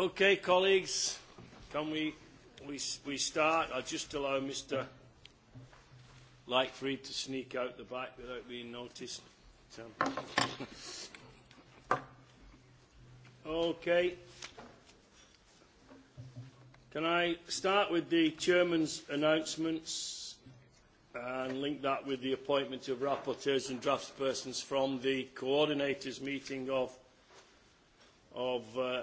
Okay, colleagues, can we, we, we start? I'll just allow Mr. Lightfried to sneak out the back without being noticed. Okay. Can I start with the chairman's announcements and link that with the appointment of rapporteurs and draftspersons from the coordinators meeting of, of uh,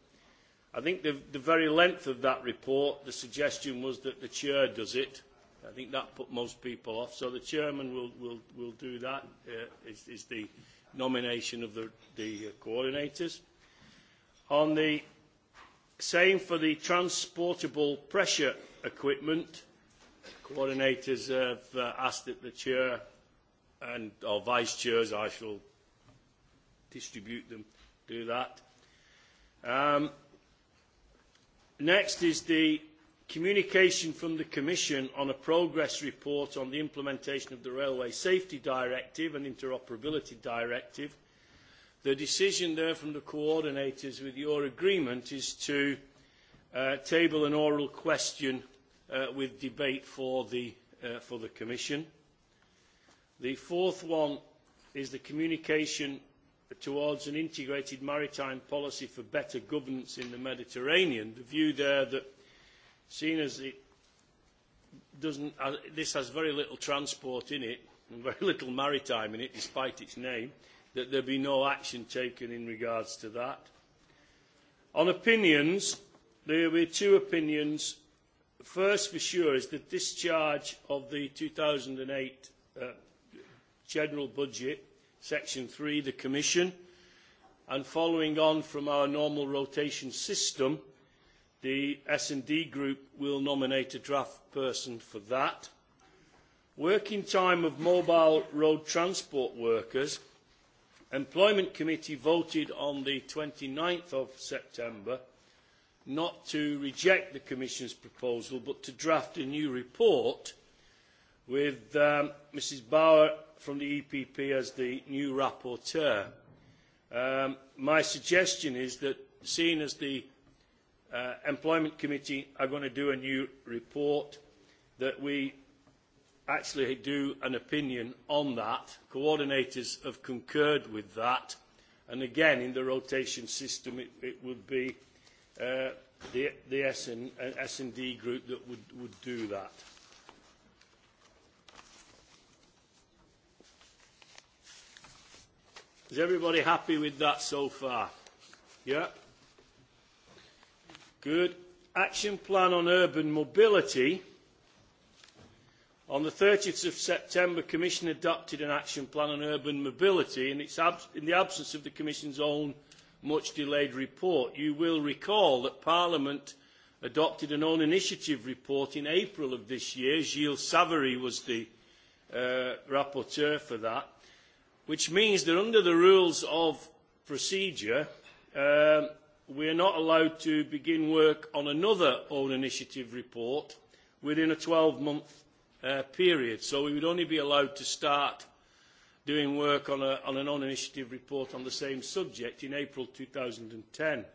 I think the, the very length of that report, the suggestion was that the chair does it. I think that put most people off. So the chairman will, will, will do that, uh, is, is the nomination of the, the uh, coordinators. On the same for the transportable pressure equipment, coordinators have uh, asked that the chair and or vice chairs, I shall distribute them, do that. Um, Next is the communication from the Commission on a progress report on the implementation of the Railway Safety Directive and Interoperability Directive. The decision there from the coordinators with your agreement is to uh, table an oral question uh, with debate for the, uh, for the Commission. The fourth one is the communication towards an integrated maritime policy for better governance in the Mediterranean, the view there that seeing as it doesn't, uh, this has very little transport in it and very little maritime in it, despite its name, that there be no action taken in regards to that. On opinions, there will be two opinions. First, for sure, is the discharge of the 2008 uh, general budget Section 3, the Commission. And following on from our normal rotation system, the S&D group will nominate a draft person for that. Working time of mobile road transport workers. Employment Committee voted on the 29th of September not to reject the Commission's proposal but to draft a new report with um, Mrs Bauer from the EPP as the new rapporteur. Um, my suggestion is that seeing as the uh, Employment Committee are going to do a new report, that we actually do an opinion on that. Coordinators have concurred with that. And again, in the rotation system, it, it would be uh, the, the S&D group that would, would do that. Is everybody happy with that so far? Yeah? Good. Action plan on urban mobility. On the 30th of September, Commission adopted an action plan on urban mobility in, its ab in the absence of the Commission's own much-delayed report. You will recall that Parliament adopted an own initiative report in April of this year. Gilles Savary was the uh, rapporteur for that which means that under the rules of procedure, um, we are not allowed to begin work on another own initiative report within a 12-month uh, period. So we would only be allowed to start doing work on, a, on an own initiative report on the same subject in April 2010.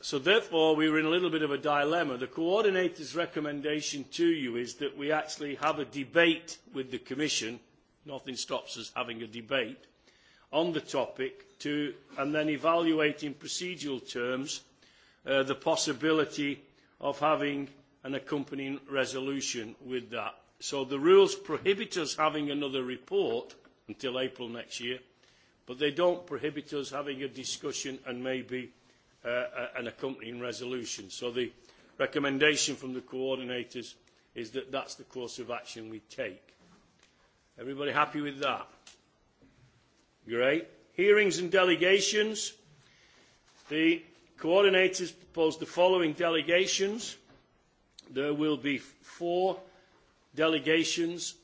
So therefore, we were in a little bit of a dilemma. The coordinator's recommendation to you is that we actually have a debate with the Commission – nothing stops us having a debate on the topic to, and then evaluate in procedural terms uh, the possibility of having an accompanying resolution with that. So the rules prohibit us having another report until April next year, but they don't prohibit us having a discussion and maybe uh, an accompanying resolution. So the recommendation from the coordinators is that that's the course of action we take. Everybody happy with that? Great. Hearings and delegations. The coordinators propose the following delegations. There will be four delegations,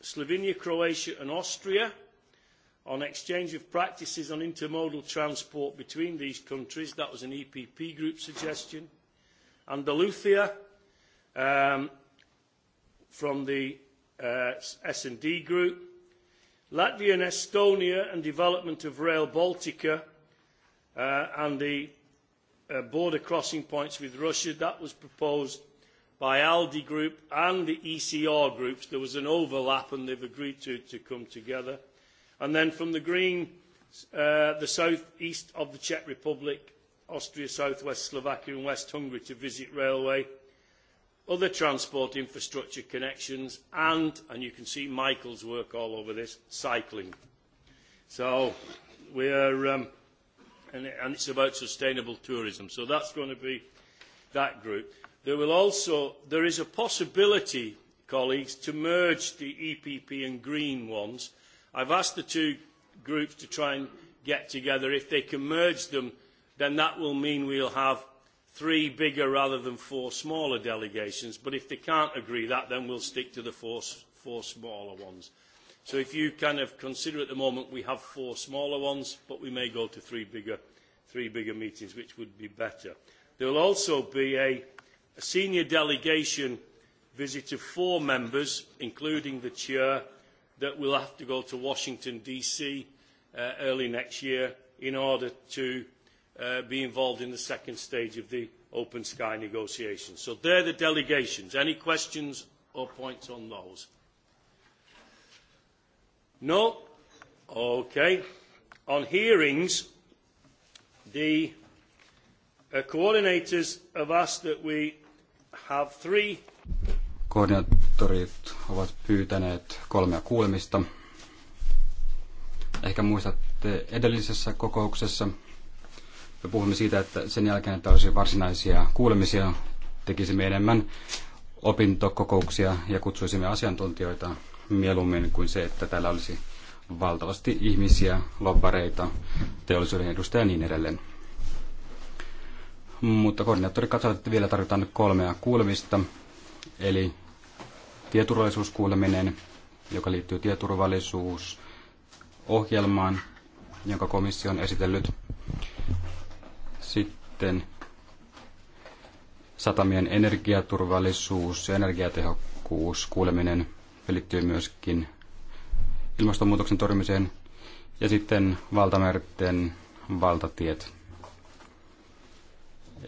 Slovenia, Croatia and Austria, on exchange of practices on intermodal transport between these countries. That was an EPP group suggestion. Andalusia, um, from the uh, S&D Group, Latvia and Estonia and development of Rail Baltica uh, and the uh, border crossing points with Russia. That was proposed by ALDI Group and the ECR groups. There was an overlap and they've agreed to, to come together. And then from the Green, uh, the east of the Czech Republic, Austria, Southwest Slovakia and West Hungary to visit railway other transport infrastructure connections and, and you can see Michael's work all over this, cycling. So we're, um, and, and it's about sustainable tourism. So that's going to be that group. There will also, there is a possibility, colleagues, to merge the EPP and Green ones. I've asked the two groups to try and get together. If they can merge them, then that will mean we'll have three bigger rather than four smaller delegations. But if they can't agree that, then we'll stick to the four, four smaller ones. So if you kind of consider at the moment we have four smaller ones, but we may go to three bigger, three bigger meetings, which would be better. There will also be a, a senior delegation visit of four members, including the chair, that will have to go to Washington, D.C. Uh, early next year in order to Uh, be involved in the second stage of the open sky negotiations. So they're the delegations. Any questions or points on those? No? Okay. On hearings, the uh, coordinators have asked that we have three koordinaattorit ovat pyytäneet kolmea kuulemista. Ehkä muistatte edellisessä kokouksessa me puhumme siitä, että sen jälkeen, että olisi varsinaisia kuulemisia, tekisimme enemmän opintokokouksia ja kutsuisimme asiantuntijoita mieluummin kuin se, että täällä olisi valtavasti ihmisiä, lobbareita, teollisuuden edustajia ja niin edelleen. Mutta koordinaattori katsoo, että vielä tarvitaan kolmea kuulemista, eli tieturvallisuuskuuleminen, joka liittyy tieturvallisuusohjelmaan, jonka komissio on esitellyt. Sitten satamien energiaturvallisuus ja energiatehokkuus kuuleminen liittyy myöskin ilmastonmuutoksen torjumiseen. Ja sitten valtamerten valtatiet.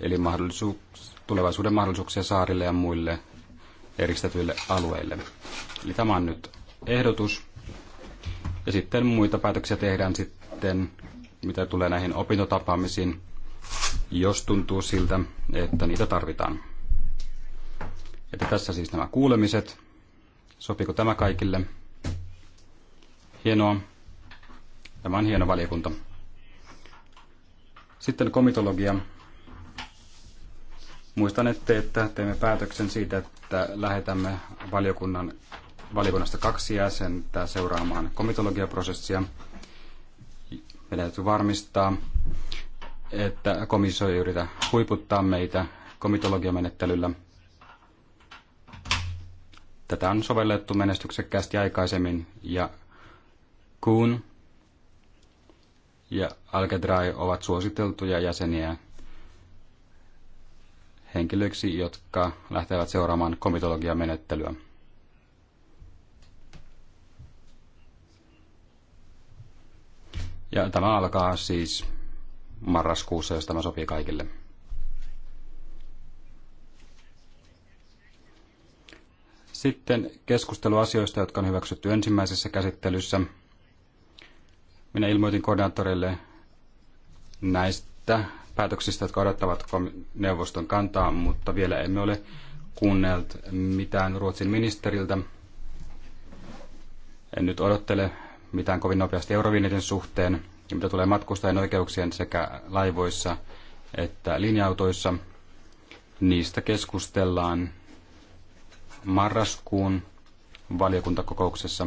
Eli mahdollisuus, tulevaisuuden mahdollisuuksia saarille ja muille eristetyille alueille. Eli tämä on nyt ehdotus. Ja sitten muita päätöksiä tehdään sitten, mitä tulee näihin opintotapaamisiin jos tuntuu siltä, että niitä tarvitaan. Että tässä siis nämä kuulemiset. Sopiko tämä kaikille? Hienoa. Tämä on hieno valiokunta. Sitten komitologia. Muistan, ette, että teemme päätöksen siitä, että lähetämme valiokunnan, valiokunnasta kaksi jäsentä seuraamaan komitologiaprosessia. Meidän täytyy varmistaa, että komissio ei yritä huiputtaa meitä komitologiamenettelyllä. Tätä on sovellettu menestyksekkäästi aikaisemmin ja Kuun ja Algedrai ovat suositeltuja jäseniä henkilöiksi, jotka lähtevät seuraamaan komitologiamenettelyä. Ja tämä alkaa siis marraskuussa, jos tämä sopii kaikille. Sitten keskustelu asioista, jotka on hyväksytty ensimmäisessä käsittelyssä. Minä ilmoitin koordinaattorille näistä päätöksistä, jotka odottavat neuvoston kantaa, mutta vielä emme ole kuunnelleet mitään Ruotsin ministeriltä. En nyt odottele mitään kovin nopeasti Eurovinetin suhteen, ja mitä tulee matkustajien oikeuksien sekä laivoissa että linja-autoissa, niistä keskustellaan marraskuun valiokuntakokouksessa.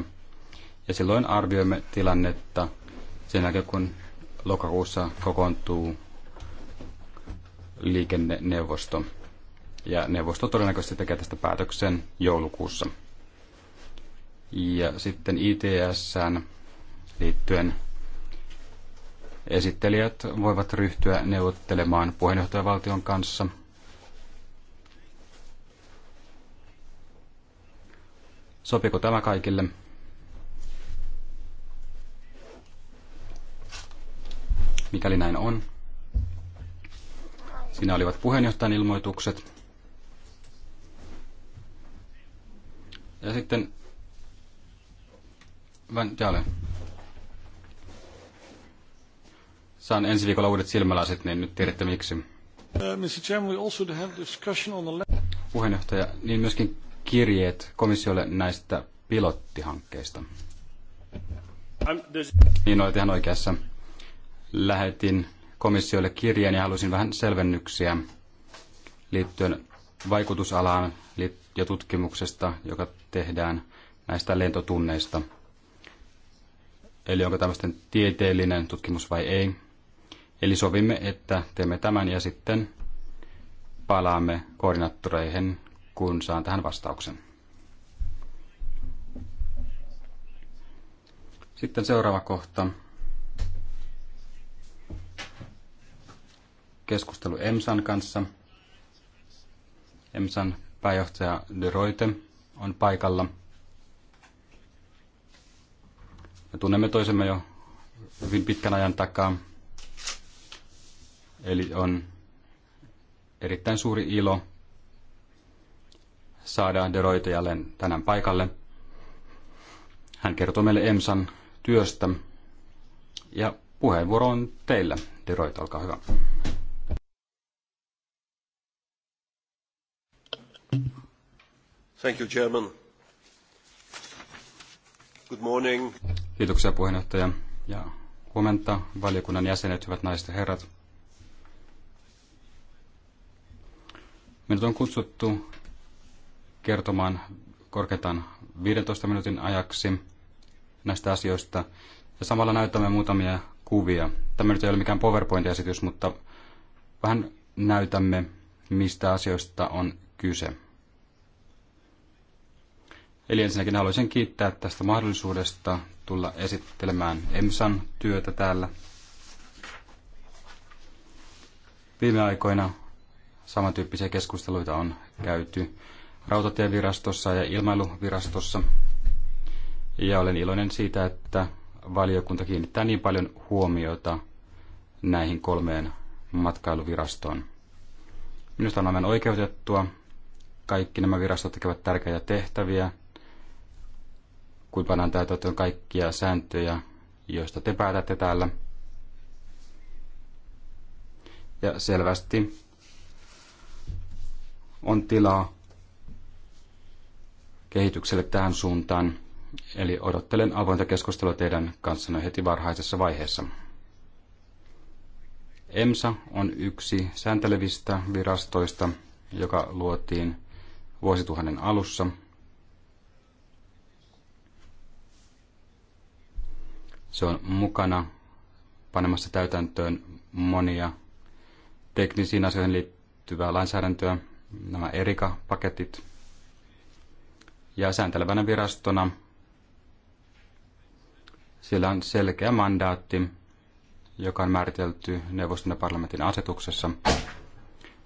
Ja silloin arvioimme tilannetta sen jälkeen, kun lokakuussa kokoontuu liikenneneuvosto. Ja neuvosto todennäköisesti tekee tästä päätöksen joulukuussa. Ja sitten ITS liittyen esittelijät voivat ryhtyä neuvottelemaan puheenjohtajavaltion kanssa. Sopiko tämä kaikille? Mikäli näin on. Siinä olivat puheenjohtajan ilmoitukset. Ja sitten Van Jalen saan ensi viikolla uudet silmälasit, niin nyt tiedätte miksi. Uh, Puheenjohtaja, niin myöskin kirjeet komissiolle näistä pilottihankkeista. Um, niin olet ihan oikeassa. Lähetin komissiolle kirjeen ja halusin vähän selvennyksiä liittyen vaikutusalaan ja tutkimuksesta, joka tehdään näistä lentotunneista. Eli onko tämmöisten tieteellinen tutkimus vai ei. Eli sovimme, että teemme tämän ja sitten palaamme koordinaattoreihin, kun saan tähän vastauksen. Sitten seuraava kohta. Keskustelu EMSAN kanssa. EMSAN pääjohtaja De Roite on paikalla. Me tunnemme toisemme jo hyvin pitkän ajan takaa. Eli on erittäin suuri ilo saada deroitajalle tänään paikalle. Hän kertoo meille EMSAn työstä ja puheenvuoro on teillä. Deroit, olkaa hyvä. Thank you, Chairman. Good morning. Kiitoksia puheenjohtaja ja huomenta valiokunnan jäsenet, hyvät naiset ja herrat. Minut on kutsuttu kertomaan korkeintaan 15 minuutin ajaksi näistä asioista. Ja samalla näytämme muutamia kuvia. Tämä nyt ei ole mikään PowerPoint-esitys, mutta vähän näytämme, mistä asioista on kyse. Eli ensinnäkin haluaisin kiittää tästä mahdollisuudesta tulla esittelemään EMSAn työtä täällä. Viime aikoina Samantyyppisiä keskusteluita on käyty rautatievirastossa ja ilmailuvirastossa. Ja olen iloinen siitä, että valiokunta kiinnittää niin paljon huomiota näihin kolmeen matkailuvirastoon. Minusta on aivan oikeutettua. Kaikki nämä virastot tekevät tärkeitä tehtäviä, kun pannaan täytäntöön kaikkia sääntöjä, joista te päätätte täällä. Ja selvästi on tilaa kehitykselle tähän suuntaan, eli odottelen avointa keskustelua teidän kanssanne heti varhaisessa vaiheessa. EMSA on yksi sääntelevistä virastoista, joka luotiin vuosituhannen alussa. Se on mukana panemassa täytäntöön monia teknisiin asioihin liittyvää lainsäädäntöä, nämä Erika-paketit. Ja sääntelevänä virastona siellä on selkeä mandaatti, joka on määritelty neuvoston ja parlamentin asetuksessa.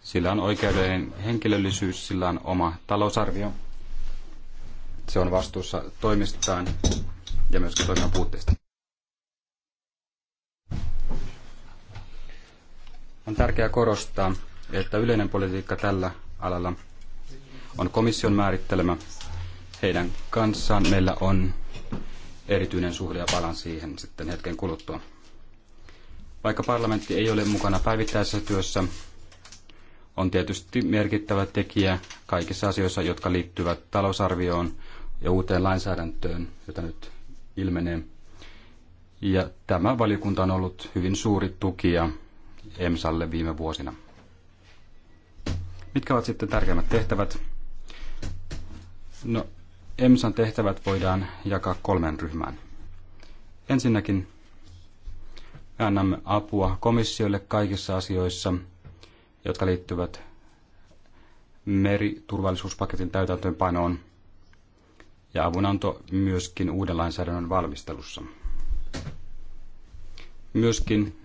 Sillä on oikeudellinen henkilöllisyys, sillä on oma talousarvio. Se on vastuussa toimistaan ja myöskin toiminnan puutteista. On tärkeää korostaa, että yleinen politiikka tällä alalla on komission määrittelemä. Heidän kanssaan meillä on erityinen suhde ja palaan siihen sitten hetken kuluttua. Vaikka parlamentti ei ole mukana päivittäisessä työssä, on tietysti merkittävä tekijä kaikissa asioissa, jotka liittyvät talousarvioon ja uuteen lainsäädäntöön, jota nyt ilmenee. Ja tämä valiokunta on ollut hyvin suuri tukija EMSalle viime vuosina. Mitkä ovat sitten tärkeimmät tehtävät? No, EMSAn tehtävät voidaan jakaa kolmen ryhmään. Ensinnäkin me annamme apua komissiolle kaikissa asioissa, jotka liittyvät meriturvallisuuspaketin täytäntöönpanoon ja avunanto myöskin uuden lainsäädännön valmistelussa. Myöskin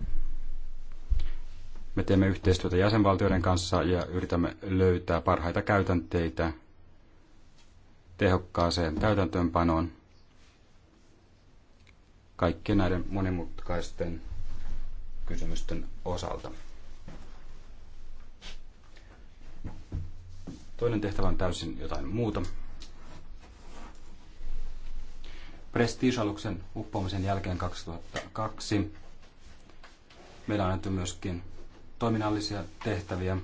me teemme yhteistyötä jäsenvaltioiden kanssa ja yritämme löytää parhaita käytänteitä tehokkaaseen täytäntöönpanoon kaikkien näiden monimutkaisten kysymysten osalta. Toinen tehtävä on täysin jotain muuta. Prestige-aluksen uppoamisen jälkeen 2002 meillä on annettu myöskin toiminnallisia tehtäviä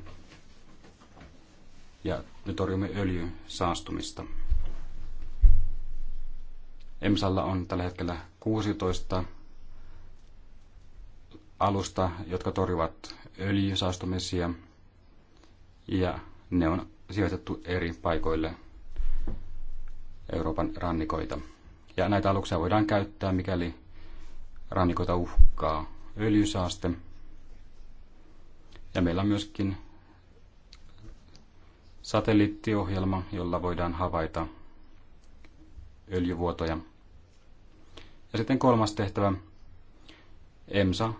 ja me torjumme öljyn saastumista. EMSalla on tällä hetkellä 16 alusta, jotka torjuvat öljysaastumisia ja ne on sijoitettu eri paikoille Euroopan rannikoita. Ja näitä aluksia voidaan käyttää, mikäli rannikoita uhkaa öljysaaste – ja meillä on myöskin satelliittiohjelma, jolla voidaan havaita öljyvuotoja. Ja sitten kolmas tehtävä. EMSA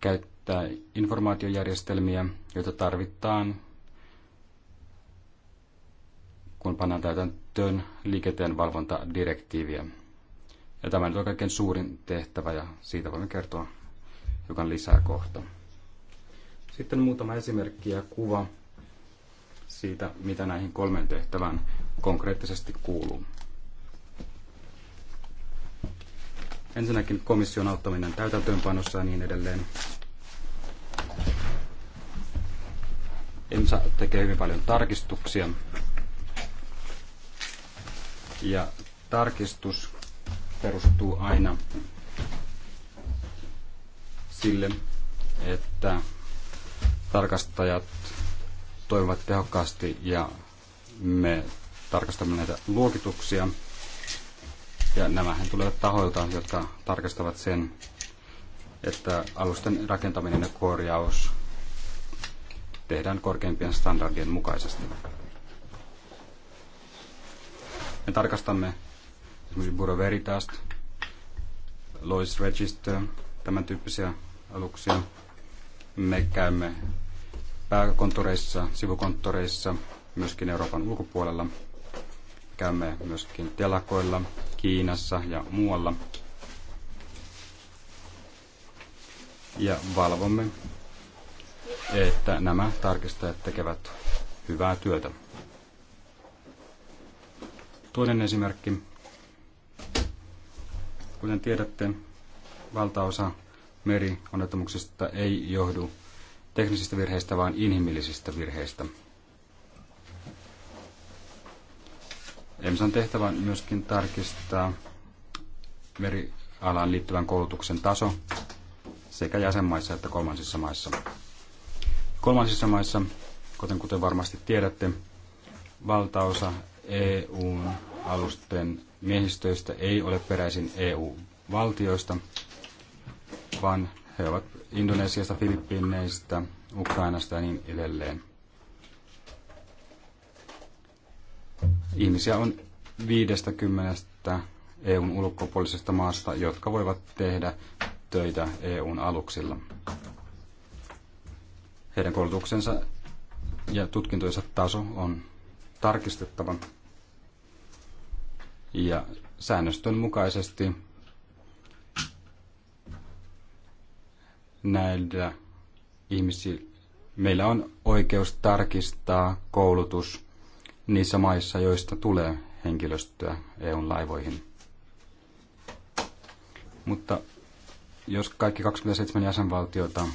käyttää informaatiojärjestelmiä, joita tarvitaan, kun pannaan täytäntöön liikenteen valvontadirektiiviä. Ja tämä nyt on kaikkein suurin tehtävä ja siitä voimme kertoa joka on lisää kohta. Sitten muutama esimerkki ja kuva siitä, mitä näihin kolmeen tehtävään konkreettisesti kuuluu. Ensinnäkin komission auttaminen täytäntöönpanossa ja niin edelleen. EMSA tekee hyvin paljon tarkistuksia. Ja tarkistus perustuu aina sille, että tarkastajat toimivat tehokkaasti ja me tarkastamme näitä luokituksia. Ja nämähän tulevat tahoilta, jotka tarkastavat sen, että alusten rakentaminen ja korjaus tehdään korkeimpien standardien mukaisesti. Me tarkastamme esimerkiksi Bureau Veritas, Lois Register, tämän tyyppisiä aluksia. Me käymme pääkonttoreissa, sivukonttoreissa, myöskin Euroopan ulkopuolella. Käymme myöskin telakoilla, Kiinassa ja muualla. Ja valvomme, että nämä tarkistajat tekevät hyvää työtä. Toinen esimerkki. Kuten tiedätte, valtaosa merionnettomuuksista ei johdu teknisistä virheistä, vaan inhimillisistä virheistä. EMSAn tehtävä on myöskin tarkistaa merialaan liittyvän koulutuksen taso sekä jäsenmaissa että kolmansissa maissa. Kolmansissa maissa, kuten kuten varmasti tiedätte, valtaosa eu alusten miehistöistä ei ole peräisin EU-valtioista, vaan he ovat Indonesiasta, Filippiineistä, Ukrainasta ja niin edelleen. Ihmisiä on 50 EUn ulkopuolisesta maasta, jotka voivat tehdä töitä EUn aluksilla. Heidän koulutuksensa ja tutkintojensa taso on tarkistettava. Ja säännöstön mukaisesti näillä ihmisillä, meillä on oikeus tarkistaa koulutus niissä maissa, joista tulee henkilöstöä EUn laivoihin. Mutta jos kaikki 27 jäsenvaltiota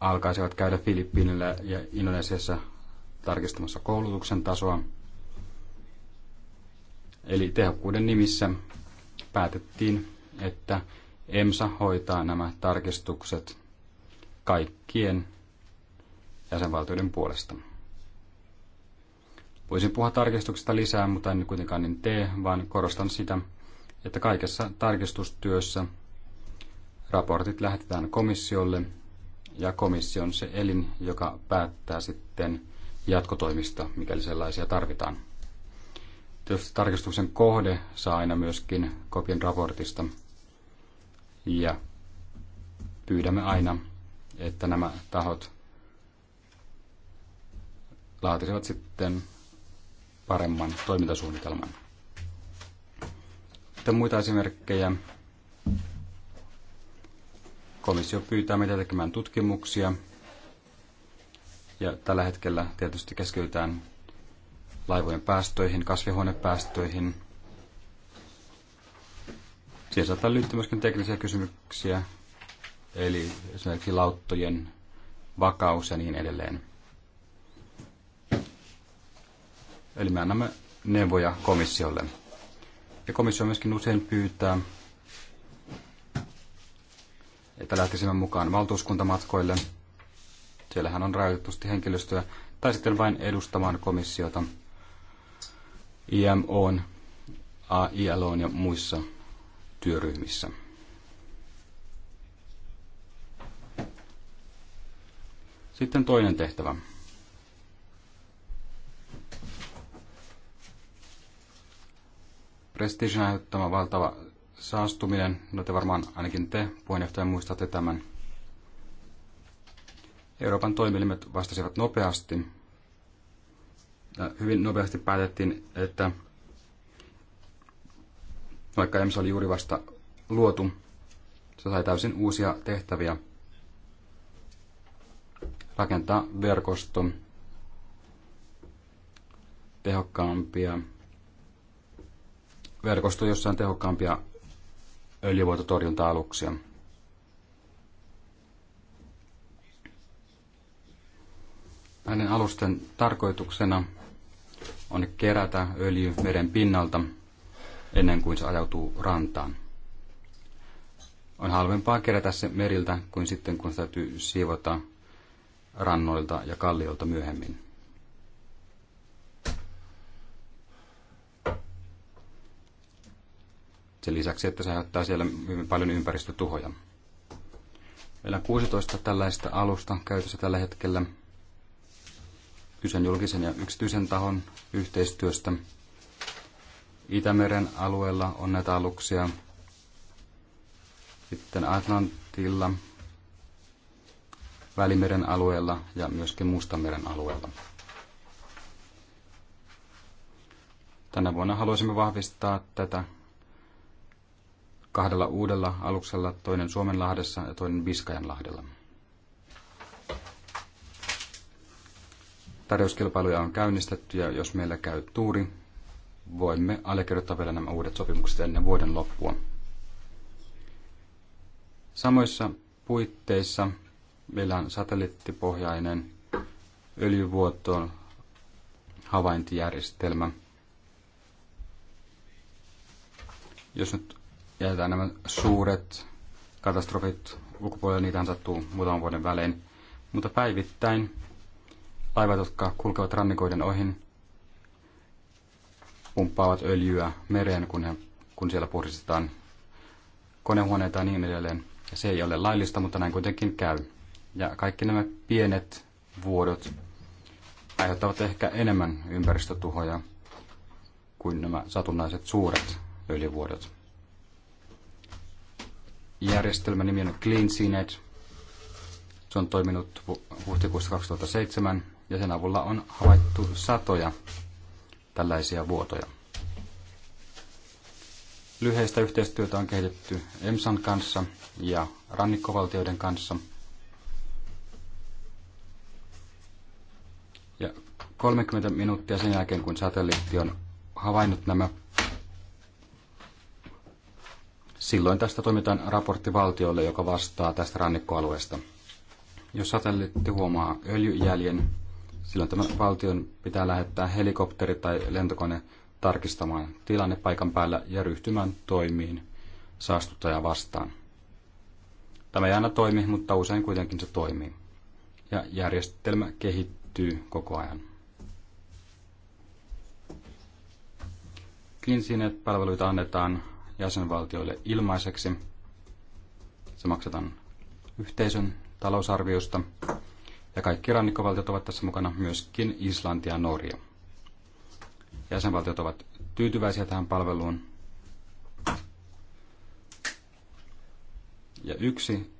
alkaisivat käydä Filippiinillä ja Indonesiassa tarkistamassa koulutuksen tasoa, eli tehokkuuden nimissä päätettiin, että EMSA hoitaa nämä tarkistukset kaikkien jäsenvaltioiden puolesta. Voisin puhua tarkistuksista lisää, mutta en kuitenkaan niin tee, vaan korostan sitä, että kaikessa tarkistustyössä raportit lähetetään komissiolle ja komissio on se elin, joka päättää sitten jatkotoimista, mikäli sellaisia tarvitaan. Tietysti tarkistuksen kohde saa aina myöskin kopin raportista – ja pyydämme aina, että nämä tahot laatisivat sitten paremman toimintasuunnitelman. Sitten muita esimerkkejä. Komissio pyytää meitä tekemään tutkimuksia. Ja tällä hetkellä tietysti keskitytään laivojen päästöihin, kasvihuonepäästöihin – Siihen saattaa liittyä myöskin teknisiä kysymyksiä, eli esimerkiksi lauttojen vakaus ja niin edelleen. Eli me annamme neuvoja komissiolle. Ja komissio myöskin usein pyytää, että lähtisimme mukaan valtuuskuntamatkoille. Siellähän on rajoitetusti henkilöstöä. Tai sitten vain edustamaan komissiota IMO, ILO ja muissa työryhmissä. Sitten toinen tehtävä. Prestigein aiheuttama valtava saastuminen, no te varmaan ainakin te puheenjohtaja muistatte tämän. Euroopan toimielimet vastasivat nopeasti. Hyvin nopeasti päätettiin, että vaikka EMS oli juuri vasta luotu, se sai täysin uusia tehtäviä rakentaa verkosto tehokkaampia verkosto, jossa on tehokkaampia öljyvuototorjunta-aluksia. Näiden alusten tarkoituksena on kerätä öljy meren pinnalta – ennen kuin se ajautuu rantaan. On halvempaa kerätä se meriltä kuin sitten, kun se täytyy siivota rannoilta ja kalliolta myöhemmin. Sen lisäksi, että se aiheuttaa siellä hyvin paljon ympäristötuhoja. Meillä on 16 tällaista alusta käytössä tällä hetkellä. Kyse julkisen ja yksityisen tahon yhteistyöstä. Itämeren alueella on näitä aluksia. Sitten Atlantilla, Välimeren alueella ja myöskin Mustameren alueella. Tänä vuonna haluaisimme vahvistaa tätä kahdella uudella aluksella, toinen Suomenlahdessa ja toinen Biskajanlahdella. Tarjouskilpailuja on käynnistetty ja jos meillä käy tuuri, voimme allekirjoittaa vielä nämä uudet sopimukset ennen vuoden loppua. Samoissa puitteissa meillä on satelliittipohjainen öljyvuotoon havaintijärjestelmä. Jos nyt jätetään nämä suuret katastrofit ulkopuolelle, niitä sattuu muutaman vuoden välein, mutta päivittäin laivat, jotka kulkevat rannikoiden ohin, pumppaavat öljyä mereen, kun, he, kun siellä puhdistetaan konehuoneita ja niin edelleen. Se ei ole laillista, mutta näin kuitenkin käy. Ja kaikki nämä pienet vuodot aiheuttavat ehkä enemmän ympäristötuhoja kuin nämä satunnaiset suuret öljyvuodot. Järjestelmän nimi on Clean Seanet. Se on toiminut huhtikuussa 2007 ja sen avulla on havaittu satoja tällaisia vuotoja. Lyheistä yhteistyötä on kehitetty EMSAn kanssa ja rannikkovaltioiden kanssa. Ja 30 minuuttia sen jälkeen, kun satelliitti on havainnut nämä, silloin tästä toimitaan raportti valtiolle, joka vastaa tästä rannikkoalueesta. Jos satelliitti huomaa öljyjäljen, silloin tämän valtion pitää lähettää helikopteri tai lentokone tarkistamaan tilanne paikan päällä ja ryhtymään toimiin saastuttajaa vastaan. Tämä ei aina toimi, mutta usein kuitenkin se toimii. Ja järjestelmä kehittyy koko ajan. palveluita annetaan jäsenvaltioille ilmaiseksi. Se maksetaan yhteisön talousarviosta ja kaikki rannikkovaltiot ovat tässä mukana, myöskin Islanti ja Norja. Jäsenvaltiot ovat tyytyväisiä tähän palveluun. Ja yksi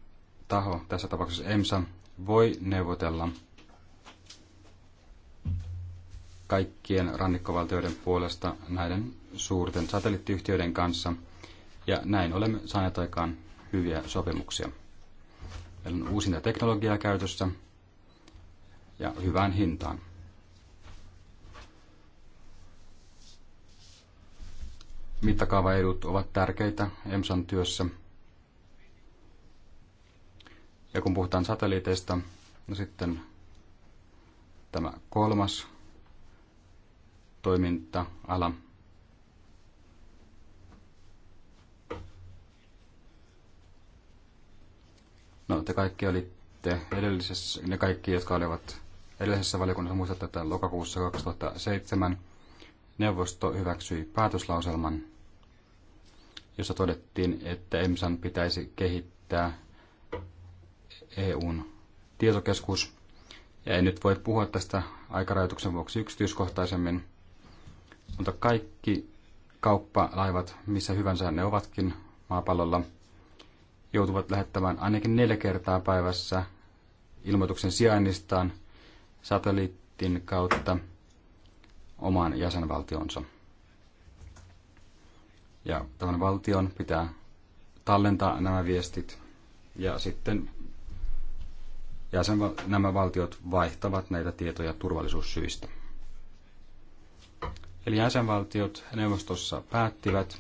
taho, tässä tapauksessa EMSA, voi neuvotella kaikkien rannikkovaltioiden puolesta näiden suurten satelliittiyhtiöiden kanssa. Ja näin olemme saaneet aikaan hyviä sopimuksia. Meillä on uusinta teknologiaa käytössä, ja hyvään hintaan. Mittakaavaedut ovat tärkeitä EMSAn työssä. Ja kun puhutaan satelliiteista, no sitten tämä kolmas toiminta-ala. No te kaikki olitte edellisessä, ne kaikki, jotka olivat edellisessä valiokunnassa muistatte, että lokakuussa 2007 neuvosto hyväksyi päätöslauselman, jossa todettiin, että EMSAn pitäisi kehittää EUn tietokeskus. Ja en nyt voi puhua tästä aikarajoituksen vuoksi yksityiskohtaisemmin, mutta kaikki kauppalaivat, missä hyvänsä ne ovatkin maapallolla, joutuvat lähettämään ainakin neljä kertaa päivässä ilmoituksen sijainnistaan – satelliittin kautta omaan jäsenvaltionsa. Ja tämän valtion pitää tallentaa nämä viestit ja sitten jäsenval- nämä valtiot vaihtavat näitä tietoja turvallisuussyistä. Eli jäsenvaltiot neuvostossa päättivät,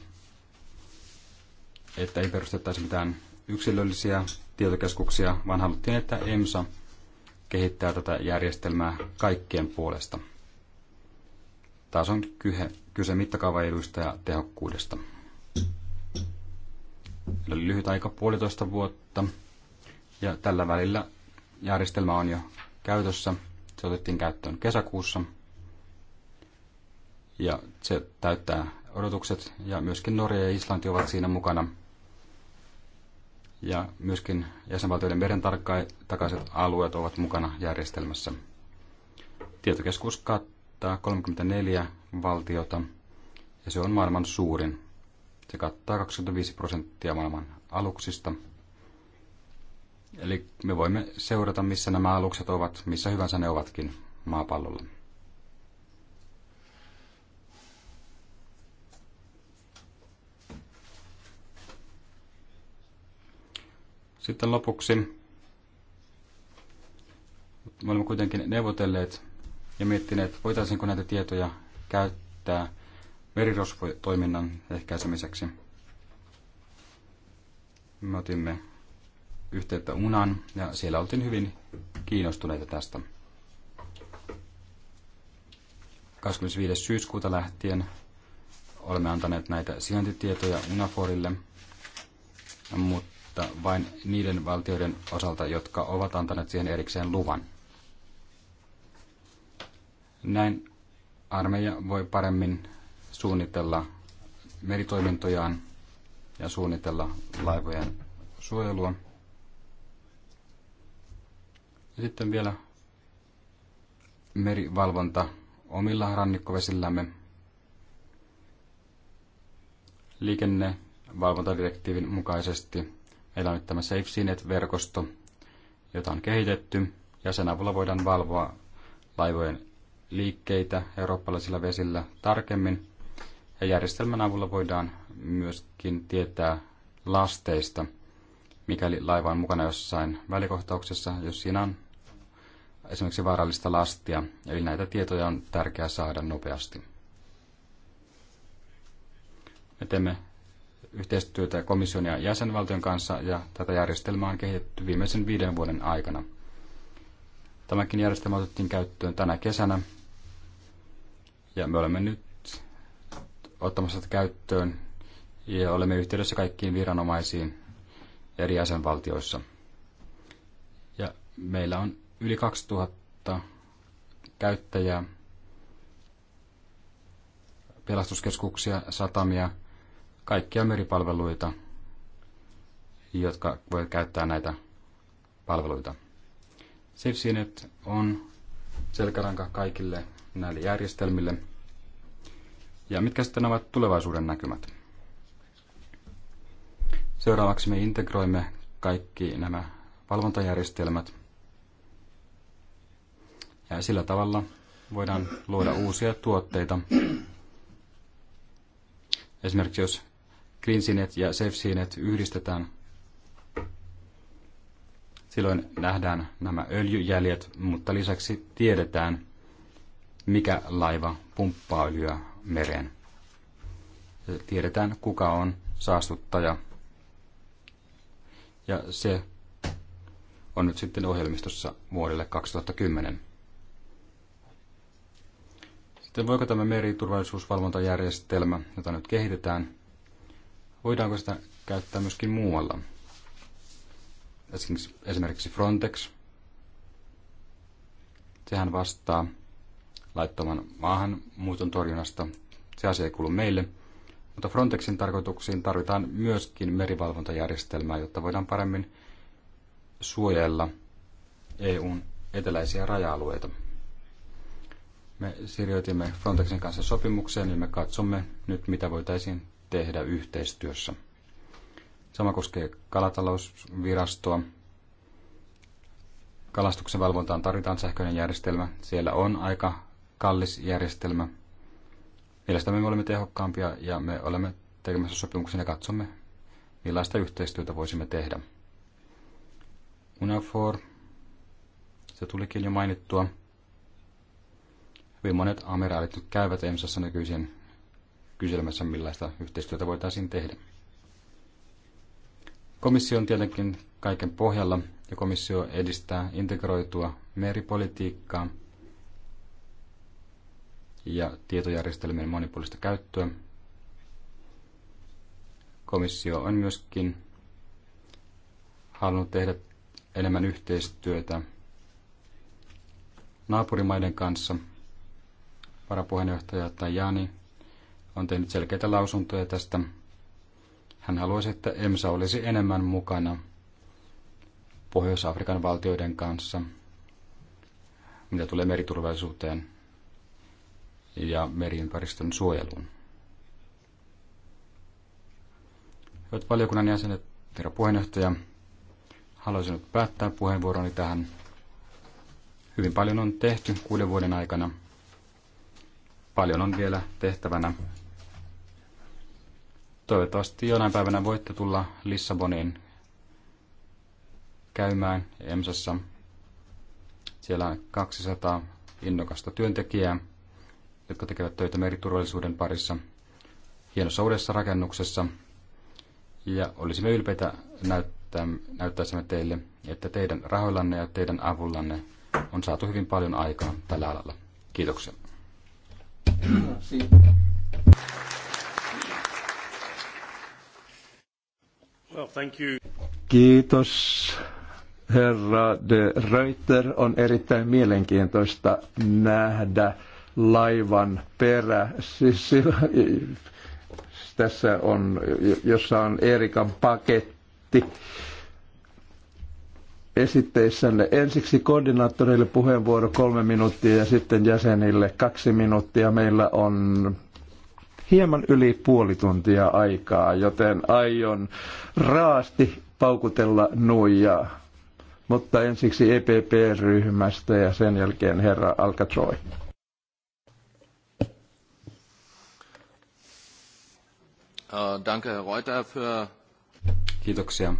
että ei perustettaisi mitään yksilöllisiä tietokeskuksia, vaan haluttiin, että EMSA – kehittää tätä järjestelmää kaikkien puolesta. Taas on kyse, kyse mittakaavaeduista ja tehokkuudesta. Eli lyhyt aika puolitoista vuotta, ja tällä välillä järjestelmä on jo käytössä. Se otettiin käyttöön kesäkuussa, ja se täyttää odotukset, ja myöskin Norja ja Islanti ovat siinä mukana – ja myöskin jäsenvaltioiden meren takaiset alueet ovat mukana järjestelmässä. Tietokeskus kattaa 34 valtiota ja se on maailman suurin. Se kattaa 25 prosenttia maailman aluksista. Eli me voimme seurata, missä nämä alukset ovat, missä hyvänsä ne ovatkin maapallolla. Sitten lopuksi me olemme kuitenkin neuvotelleet ja miettineet, voitaisiinko näitä tietoja käyttää merirosvotoiminnan ehkäisemiseksi. Me otimme yhteyttä UNAan ja siellä oltiin hyvin kiinnostuneita tästä. 25. syyskuuta lähtien olemme antaneet näitä sijaintitietoja UNAFORille, mutta mutta vain niiden valtioiden osalta, jotka ovat antaneet siihen erikseen luvan. Näin armeija voi paremmin suunnitella meritoimintojaan ja suunnitella laivojen suojelua. Ja sitten vielä merivalvonta omilla rannikkovesillämme. Liikennevalvontadirektiivin mukaisesti Meillä on nyt tämä Safe verkosto jota on kehitetty, ja sen avulla voidaan valvoa laivojen liikkeitä eurooppalaisilla vesillä tarkemmin. Ja järjestelmän avulla voidaan myöskin tietää lasteista, mikäli laiva on mukana jossain välikohtauksessa, jos siinä on esimerkiksi vaarallista lastia. Eli näitä tietoja on tärkeää saada nopeasti. Me teemme yhteistyötä komission ja jäsenvaltion kanssa ja tätä järjestelmää on kehitetty viimeisen viiden vuoden aikana. Tämäkin järjestelmä otettiin käyttöön tänä kesänä ja me olemme nyt ottamassa sitä käyttöön ja olemme yhteydessä kaikkiin viranomaisiin eri jäsenvaltioissa. Ja meillä on yli 2000 käyttäjää, pelastuskeskuksia, satamia – kaikkia meripalveluita, jotka voi käyttää näitä palveluita. SafeSeaNet on selkäranka kaikille näille järjestelmille. Ja mitkä sitten ovat tulevaisuuden näkymät? Seuraavaksi me integroimme kaikki nämä valvontajärjestelmät. Ja sillä tavalla voidaan luoda uusia tuotteita. Esimerkiksi jos CleanSinet ja SafeSinet yhdistetään, silloin nähdään nämä öljyjäljet, mutta lisäksi tiedetään, mikä laiva pumppaa öljyä mereen. Tiedetään, kuka on saastuttaja. Ja se on nyt sitten ohjelmistossa vuodelle 2010. Sitten voiko tämä meriturvallisuusvalvontajärjestelmä, jota nyt kehitetään, Voidaanko sitä käyttää myöskin muualla? Esimerkiksi Frontex. Sehän vastaa laittoman maahanmuuton torjunnasta. Se asia ei kuulu meille. Mutta Frontexin tarkoituksiin tarvitaan myöskin merivalvontajärjestelmää, jotta voidaan paremmin suojella EUn eteläisiä raja-alueita. Me sirjoitimme Frontexin kanssa sopimukseen, ja niin me katsomme nyt, mitä voitaisiin tehdä yhteistyössä. Sama koskee kalatalousvirastoa. Kalastuksen valvontaan tarvitaan sähköinen järjestelmä. Siellä on aika kallis järjestelmä. Mielestäni me olemme tehokkaampia ja me olemme tekemässä sopimuksen ja katsomme, millaista yhteistyötä voisimme tehdä. UNAFOR, se tulikin jo mainittua. Hyvin monet amiraalit käyvät EMSassa nykyisin kyselemässä, millaista yhteistyötä voitaisiin tehdä. Komissio on tietenkin kaiken pohjalla ja komissio edistää integroitua meripolitiikkaa ja tietojärjestelmien monipuolista käyttöä. Komissio on myöskin halunnut tehdä enemmän yhteistyötä naapurimaiden kanssa. Varapuheenjohtaja Tajani on tehnyt selkeitä lausuntoja tästä. Hän haluaisi, että EMSA olisi enemmän mukana Pohjois-Afrikan valtioiden kanssa, mitä tulee meriturvallisuuteen ja meriympäristön suojeluun. Hyvät valiokunnan jäsenet, herra puheenjohtaja, haluaisin nyt päättää puheenvuoroni tähän. Hyvin paljon on tehty kuuden vuoden aikana. Paljon on vielä tehtävänä Toivottavasti jonain päivänä voitte tulla Lissaboniin käymään EMSassa. Siellä on 200 innokasta työntekijää, jotka tekevät töitä meriturvallisuuden parissa hienossa uudessa rakennuksessa. Ja olisimme ylpeitä näyttää, näyttäisimme teille, että teidän rahoillanne ja teidän avullanne on saatu hyvin paljon aikaa tällä alalla. Kiitoksia. Kiitos. Herra de Reuter, on erittäin mielenkiintoista nähdä laivan perä. Siis, tässä on, jossa on Erikan paketti esitteissänne. Ensiksi koordinaattorille puheenvuoro kolme minuuttia ja sitten jäsenille kaksi minuuttia. Meillä on hieman yli puoli tuntia aikaa, joten aion raasti paukutella nuijaa. Mutta ensiksi EPP-ryhmästä ja sen jälkeen herra Alcatroy. Äh, danke, Reuter, Kiitoksia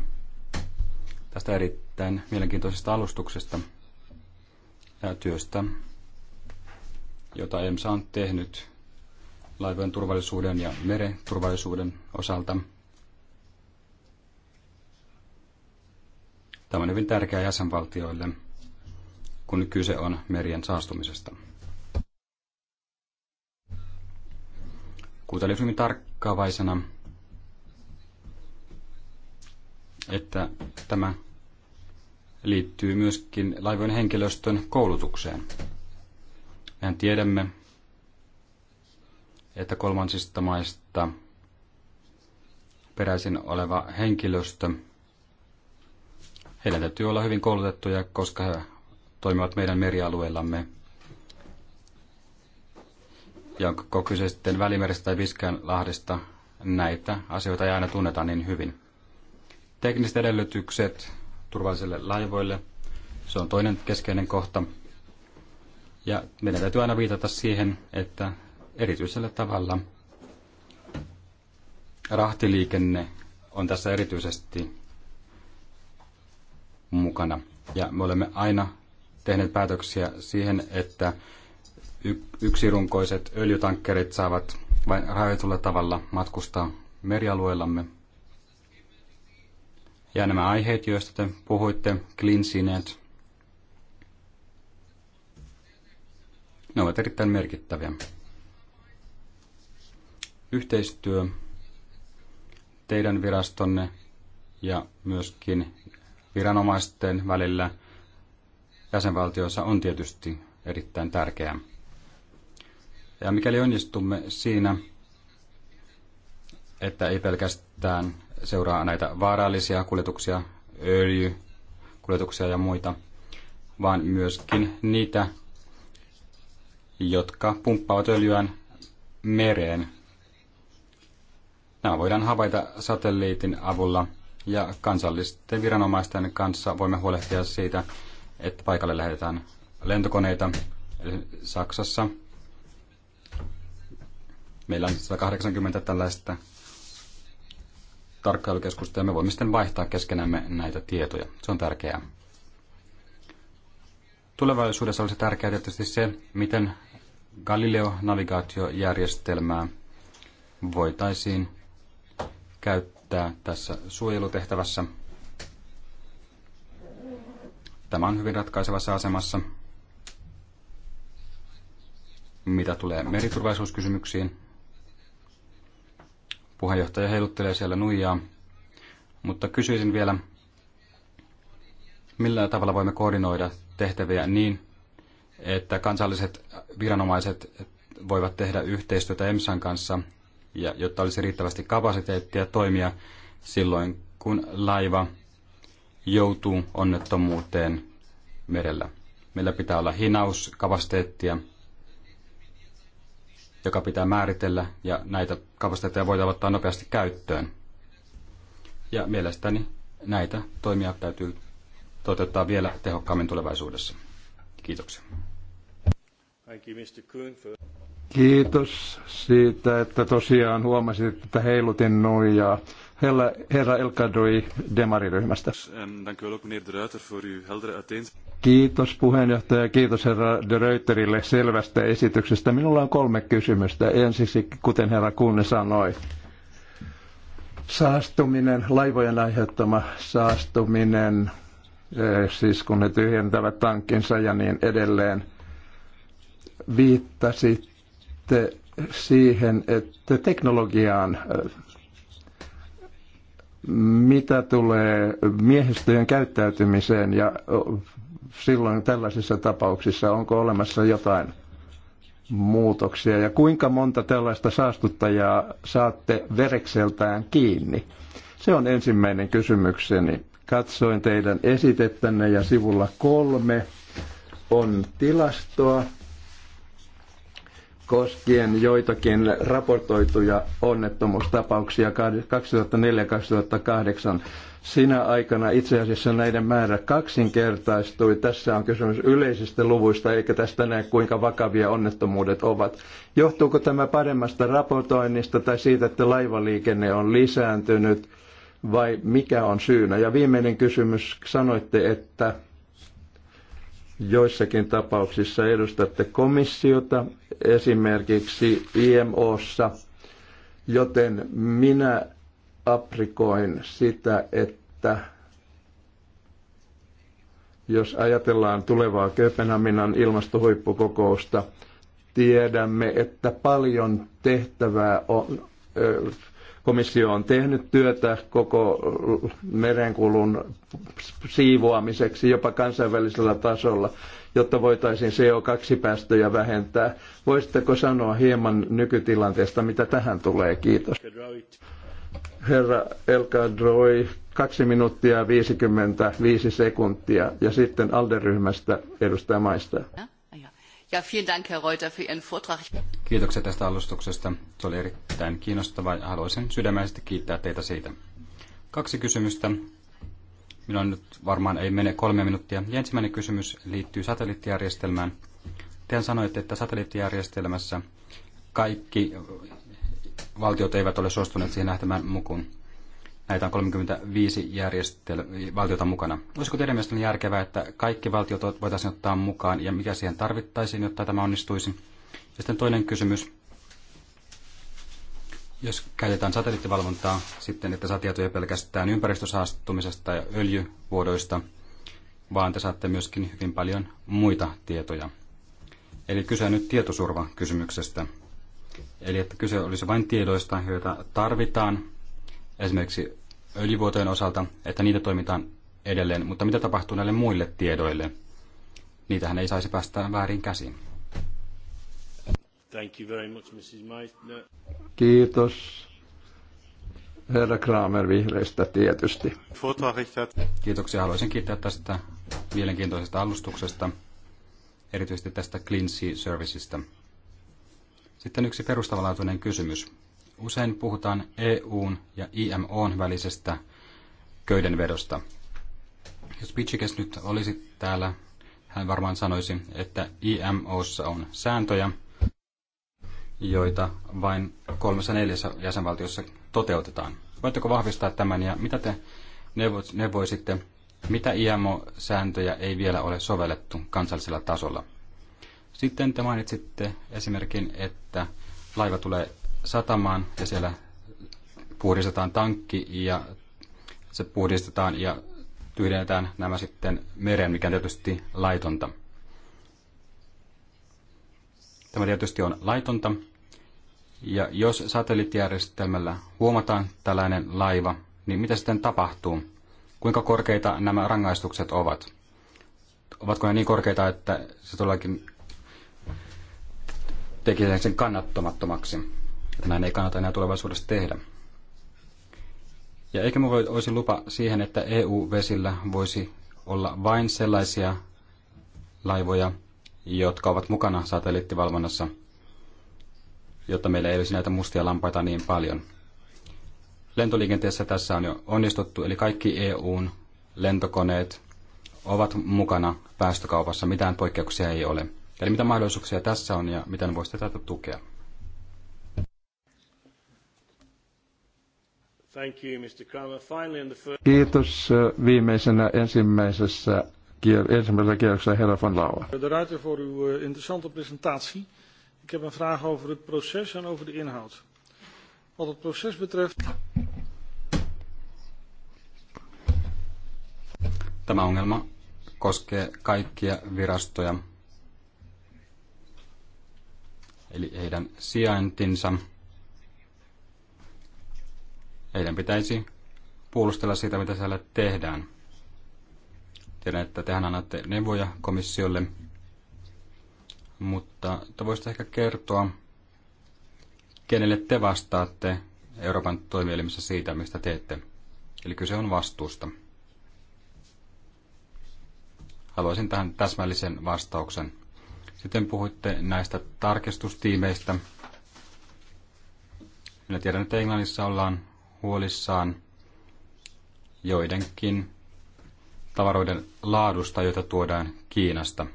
tästä erittäin mielenkiintoisesta alustuksesta ja työstä, jota EMSA on tehnyt laivojen turvallisuuden ja mereturvallisuuden osalta. Tämä on hyvin tärkeää jäsenvaltioille, kun kyse on merien saastumisesta. Kuuntelin hyvin tarkkaavaisena, että tämä liittyy myöskin laivojen henkilöstön koulutukseen. Mehän tiedämme, että kolmansista maista peräisin oleva henkilöstö, heidän täytyy olla hyvin koulutettuja, koska he toimivat meidän merialueellamme. Ja onko kyse sitten Välimerestä tai Viskänlahdesta, näitä asioita ei aina tunneta niin hyvin. Tekniset edellytykset turvallisille laivoille, se on toinen keskeinen kohta. Ja meidän täytyy aina viitata siihen, että erityisellä tavalla. Rahtiliikenne on tässä erityisesti mukana. Ja me olemme aina tehneet päätöksiä siihen, että yksirunkoiset öljytankkerit saavat vain rajoitulla tavalla matkustaa merialueellamme. Ja nämä aiheet, joista te puhuitte, clean ne ovat erittäin merkittäviä yhteistyö teidän virastonne ja myöskin viranomaisten välillä jäsenvaltioissa on tietysti erittäin tärkeää. Ja mikäli onnistumme siinä, että ei pelkästään seuraa näitä vaarallisia kuljetuksia, öljykuljetuksia ja muita, vaan myöskin niitä, jotka pumppaavat öljyään mereen Nämä voidaan havaita satelliitin avulla ja kansallisten viranomaisten kanssa voimme huolehtia siitä, että paikalle lähetetään lentokoneita. Eli Saksassa meillä on 180 tällaista tarkkailukeskusta ja me voimme sitten vaihtaa keskenämme näitä tietoja. Se on tärkeää. Tulevaisuudessa olisi tärkeää tietysti se, miten Galileo-navigaatiojärjestelmää voitaisiin käyttää tässä suojelutehtävässä. Tämä on hyvin ratkaisevassa asemassa, mitä tulee meriturvallisuuskysymyksiin. Puheenjohtaja heiluttelee siellä nuijaa, mutta kysyisin vielä, millä tavalla voimme koordinoida tehtäviä niin, että kansalliset viranomaiset voivat tehdä yhteistyötä EMSAn kanssa ja jotta olisi riittävästi kapasiteettia toimia silloin, kun laiva joutuu onnettomuuteen merellä. Meillä pitää olla hinauskapasiteettia, joka pitää määritellä, ja näitä kapasiteetteja voidaan ottaa nopeasti käyttöön. Ja mielestäni näitä toimia täytyy toteuttaa vielä tehokkaammin tulevaisuudessa. Kiitoksia. Kiitos siitä, että tosiaan huomasit, että heilutin nuijaa. Herra, herra Elkadoi Demariryhmästä. Kiitos puheenjohtaja, kiitos herra De Reuterille selvästä esityksestä. Minulla on kolme kysymystä. Ensiksi, kuten herra Kunne sanoi, saastuminen, laivojen aiheuttama saastuminen, eh, siis kun ne tyhjentävät tankinsa ja niin edelleen, viittasit sitten siihen, että teknologiaan, mitä tulee miehistöjen käyttäytymiseen ja silloin tällaisissa tapauksissa, onko olemassa jotain muutoksia ja kuinka monta tällaista saastuttajaa saatte verekseltään kiinni? Se on ensimmäinen kysymykseni. Katsoin teidän esitettänne ja sivulla kolme on tilastoa koskien joitakin raportoituja onnettomuustapauksia 2004-2008. Sinä aikana itse asiassa näiden määrä kaksinkertaistui. Tässä on kysymys yleisistä luvuista, eikä tästä näe kuinka vakavia onnettomuudet ovat. Johtuuko tämä paremmasta raportoinnista tai siitä, että laivaliikenne on lisääntynyt vai mikä on syynä? Ja viimeinen kysymys, sanoitte, että Joissakin tapauksissa edustatte komissiota, esimerkiksi IMOssa, joten minä aprikoin sitä, että jos ajatellaan tulevaa Kööpenhaminan ilmastohuippukokousta, tiedämme, että paljon tehtävää on Komissio on tehnyt työtä koko merenkulun siivoamiseksi jopa kansainvälisellä tasolla, jotta voitaisiin CO2-päästöjä vähentää. Voisitteko sanoa hieman nykytilanteesta, mitä tähän tulee? Kiitos. Herra Elka Droi, minuuttia 55 sekuntia ja sitten Alderyhmästä edustaja Maista. Ja. Ja vielen Dank, Herr Reuter, für Ihren Vortrag. Kiitoksia tästä alustuksesta. Se oli erittäin kiinnostava ja haluaisin sydämellisesti kiittää teitä siitä. Kaksi kysymystä. Minulla nyt varmaan ei mene kolme minuuttia. Ja ensimmäinen kysymys liittyy satelliittijärjestelmään. Tehän sanoitte, että satelliittijärjestelmässä kaikki valtiot eivät ole suostuneet siihen lähtemään mukaan. Näitä on 35 järjestel- valtiota mukana. Olisiko teidän mielestänne järkevää, että kaikki valtiot voitaisiin ottaa mukaan ja mikä siihen tarvittaisiin, jotta tämä onnistuisi? Ja sitten toinen kysymys. Jos käytetään satelliittivalvontaa sitten, että saa tietoja pelkästään ympäristösaastumisesta ja öljyvuodoista, vaan te saatte myöskin hyvin paljon muita tietoja. Eli kyse on nyt tietosurva-kysymyksestä. Eli että kyse olisi vain tiedoista, joita tarvitaan, esimerkiksi öljyvuotojen osalta, että niitä toimitaan edelleen, mutta mitä tapahtuu näille muille tiedoille? Niitähän ei saisi päästä väärin käsiin. Thank you very much, Mrs. Meissner. Kiitos. Herra Kramer vihreistä tietysti. Kiitoksia. Haluaisin kiittää tästä mielenkiintoisesta alustuksesta, erityisesti tästä Clean Sea Servicesta. Sitten yksi perustavanlaatuinen kysymys. Usein puhutaan EUn ja IMOn välisestä köydenvedosta. Jos Pitchikes nyt olisi täällä, hän varmaan sanoisi, että IMOssa on sääntöjä, joita vain kolmessa neljässä jäsenvaltiossa toteutetaan. Voitteko vahvistaa tämän ja mitä te neuvoisitte, mitä IMO-sääntöjä ei vielä ole sovellettu kansallisella tasolla? Sitten te mainitsitte esimerkin, että laiva tulee satamaan ja siellä puhdistetaan tankki ja se puhdistetaan ja tyhjennetään nämä sitten meren, mikä on tietysti laitonta. Tämä tietysti on laitonta. Ja jos satelliittijärjestelmällä huomataan tällainen laiva, niin mitä sitten tapahtuu? Kuinka korkeita nämä rangaistukset ovat? Ovatko ne niin korkeita, että se todellakin tekee sen kannattamattomaksi? että näin ei kannata enää tulevaisuudessa tehdä. Ja eikä minulla olisi lupa siihen, että EU-vesillä voisi olla vain sellaisia laivoja, jotka ovat mukana satelliittivalvonnassa, jotta meillä ei olisi näitä mustia lampaita niin paljon. Lentoliikenteessä tässä on jo onnistuttu, eli kaikki EUn lentokoneet ovat mukana päästökaupassa, mitään poikkeuksia ei ole. Eli mitä mahdollisuuksia tässä on ja miten voisi tätä tukea? Thank you, Mr. Kramer. Finally, in the first... Kiitos äh, viimeisenä ensimmäisessä, ensimmäisellä kierroksella herra van Lauwe. De Ruiter voor uw eh, interessante presentatie. Ik heb een vraag over het proces en over de inhoud. Wat het proces betreft... Tämä ongelma koskee kaikkia virastoja, eli heidän sijaintinsa meidän pitäisi puolustella sitä, mitä siellä tehdään. Tiedän, että tehän annatte neuvoja komissiolle, mutta te voisitte ehkä kertoa, kenelle te vastaatte Euroopan toimielimissä siitä, mistä teette. Eli kyse on vastuusta. Haluaisin tähän täsmällisen vastauksen. Sitten puhuitte näistä tarkistustiimeistä. Minä tiedän, että Englannissa ollaan huolissaan joidenkin tavaroiden laadusta, joita tuodaan Kiinasta.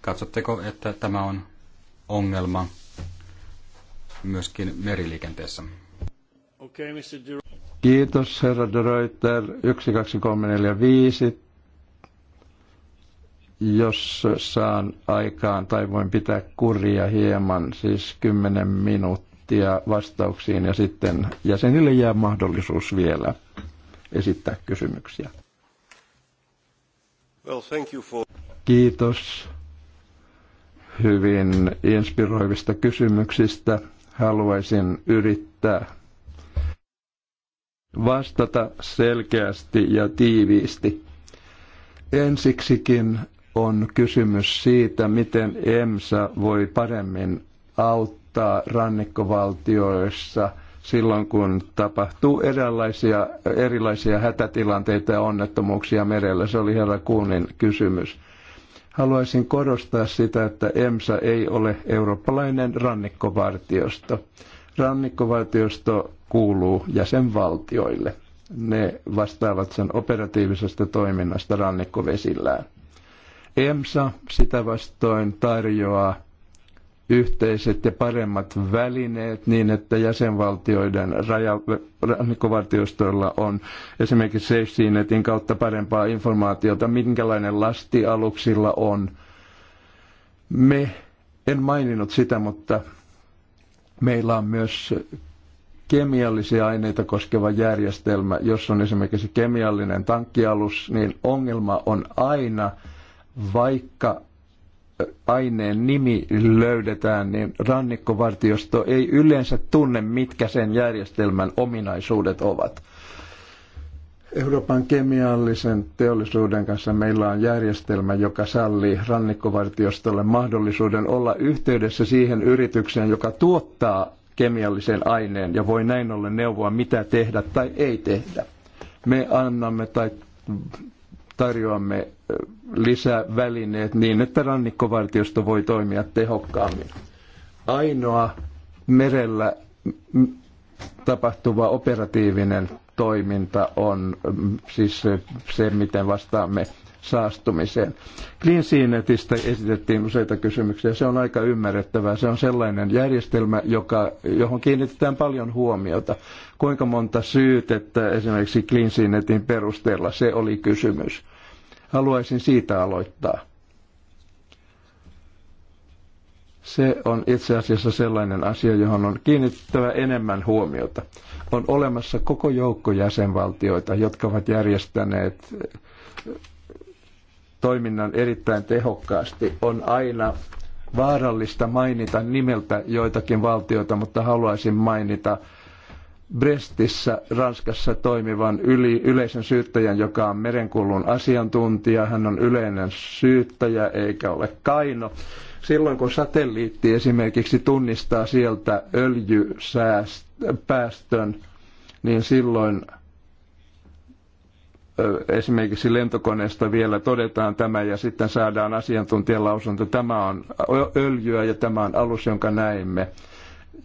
Katsotteko, että tämä on ongelma myöskin meriliikenteessä? Okay, Mr. Kiitos, herra de Reuter. 12345. Jos saan aikaan tai voin pitää kuria hieman, siis 10 minuuttia vastauksiin ja sitten jäsenille jää mahdollisuus vielä esittää kysymyksiä. Well, thank you for... Kiitos hyvin inspiroivista kysymyksistä. Haluaisin yrittää vastata selkeästi ja tiiviisti. Ensiksikin on kysymys siitä, miten EMSA voi paremmin auttaa rannikkovaltioissa silloin, kun tapahtuu erilaisia, erilaisia hätätilanteita ja onnettomuuksia merellä. Se oli herra Kuunin kysymys. Haluaisin korostaa sitä, että EMSA ei ole eurooppalainen rannikkovartiosto. Rannikkovartiosto kuuluu jäsenvaltioille. Ne vastaavat sen operatiivisesta toiminnasta rannikkovesillään. EMSA sitä vastoin tarjoaa yhteiset ja paremmat välineet niin, että jäsenvaltioiden rannikkovartiostoilla on esimerkiksi Netin kautta parempaa informaatiota, minkälainen lasti aluksilla on. Me, en maininnut sitä, mutta meillä on myös kemiallisia aineita koskeva järjestelmä, jos on esimerkiksi kemiallinen tankkialus, niin ongelma on aina, vaikka aineen nimi löydetään, niin rannikkovartiosto ei yleensä tunne, mitkä sen järjestelmän ominaisuudet ovat. Euroopan kemiallisen teollisuuden kanssa meillä on järjestelmä, joka sallii rannikkovartiostolle mahdollisuuden olla yhteydessä siihen yritykseen, joka tuottaa kemiallisen aineen ja voi näin ollen neuvoa, mitä tehdä tai ei tehdä. Me annamme tai tarjoamme lisävälineet niin, että rannikkovartiosto voi toimia tehokkaammin. Ainoa merellä tapahtuva operatiivinen toiminta on siis se, miten vastaamme saastumiseen. Clean Seanetistä esitettiin useita kysymyksiä. Se on aika ymmärrettävää. Se on sellainen järjestelmä, joka, johon kiinnitetään paljon huomiota. Kuinka monta syytettä esimerkiksi Clean Seanetin perusteella, se oli kysymys. Haluaisin siitä aloittaa. Se on itse asiassa sellainen asia, johon on kiinnittävä enemmän huomiota. On olemassa koko joukko jäsenvaltioita, jotka ovat järjestäneet toiminnan erittäin tehokkaasti. On aina vaarallista mainita nimeltä joitakin valtioita, mutta haluaisin mainita Brestissä Ranskassa toimivan yli, yleisen syyttäjän, joka on merenkulun asiantuntija. Hän on yleinen syyttäjä eikä ole kaino. Silloin kun satelliitti esimerkiksi tunnistaa sieltä öljypäästön, niin silloin esimerkiksi lentokoneesta vielä todetaan tämä ja sitten saadaan asiantuntijalausunto. Tämä on öljyä ja tämä on alus, jonka näimme.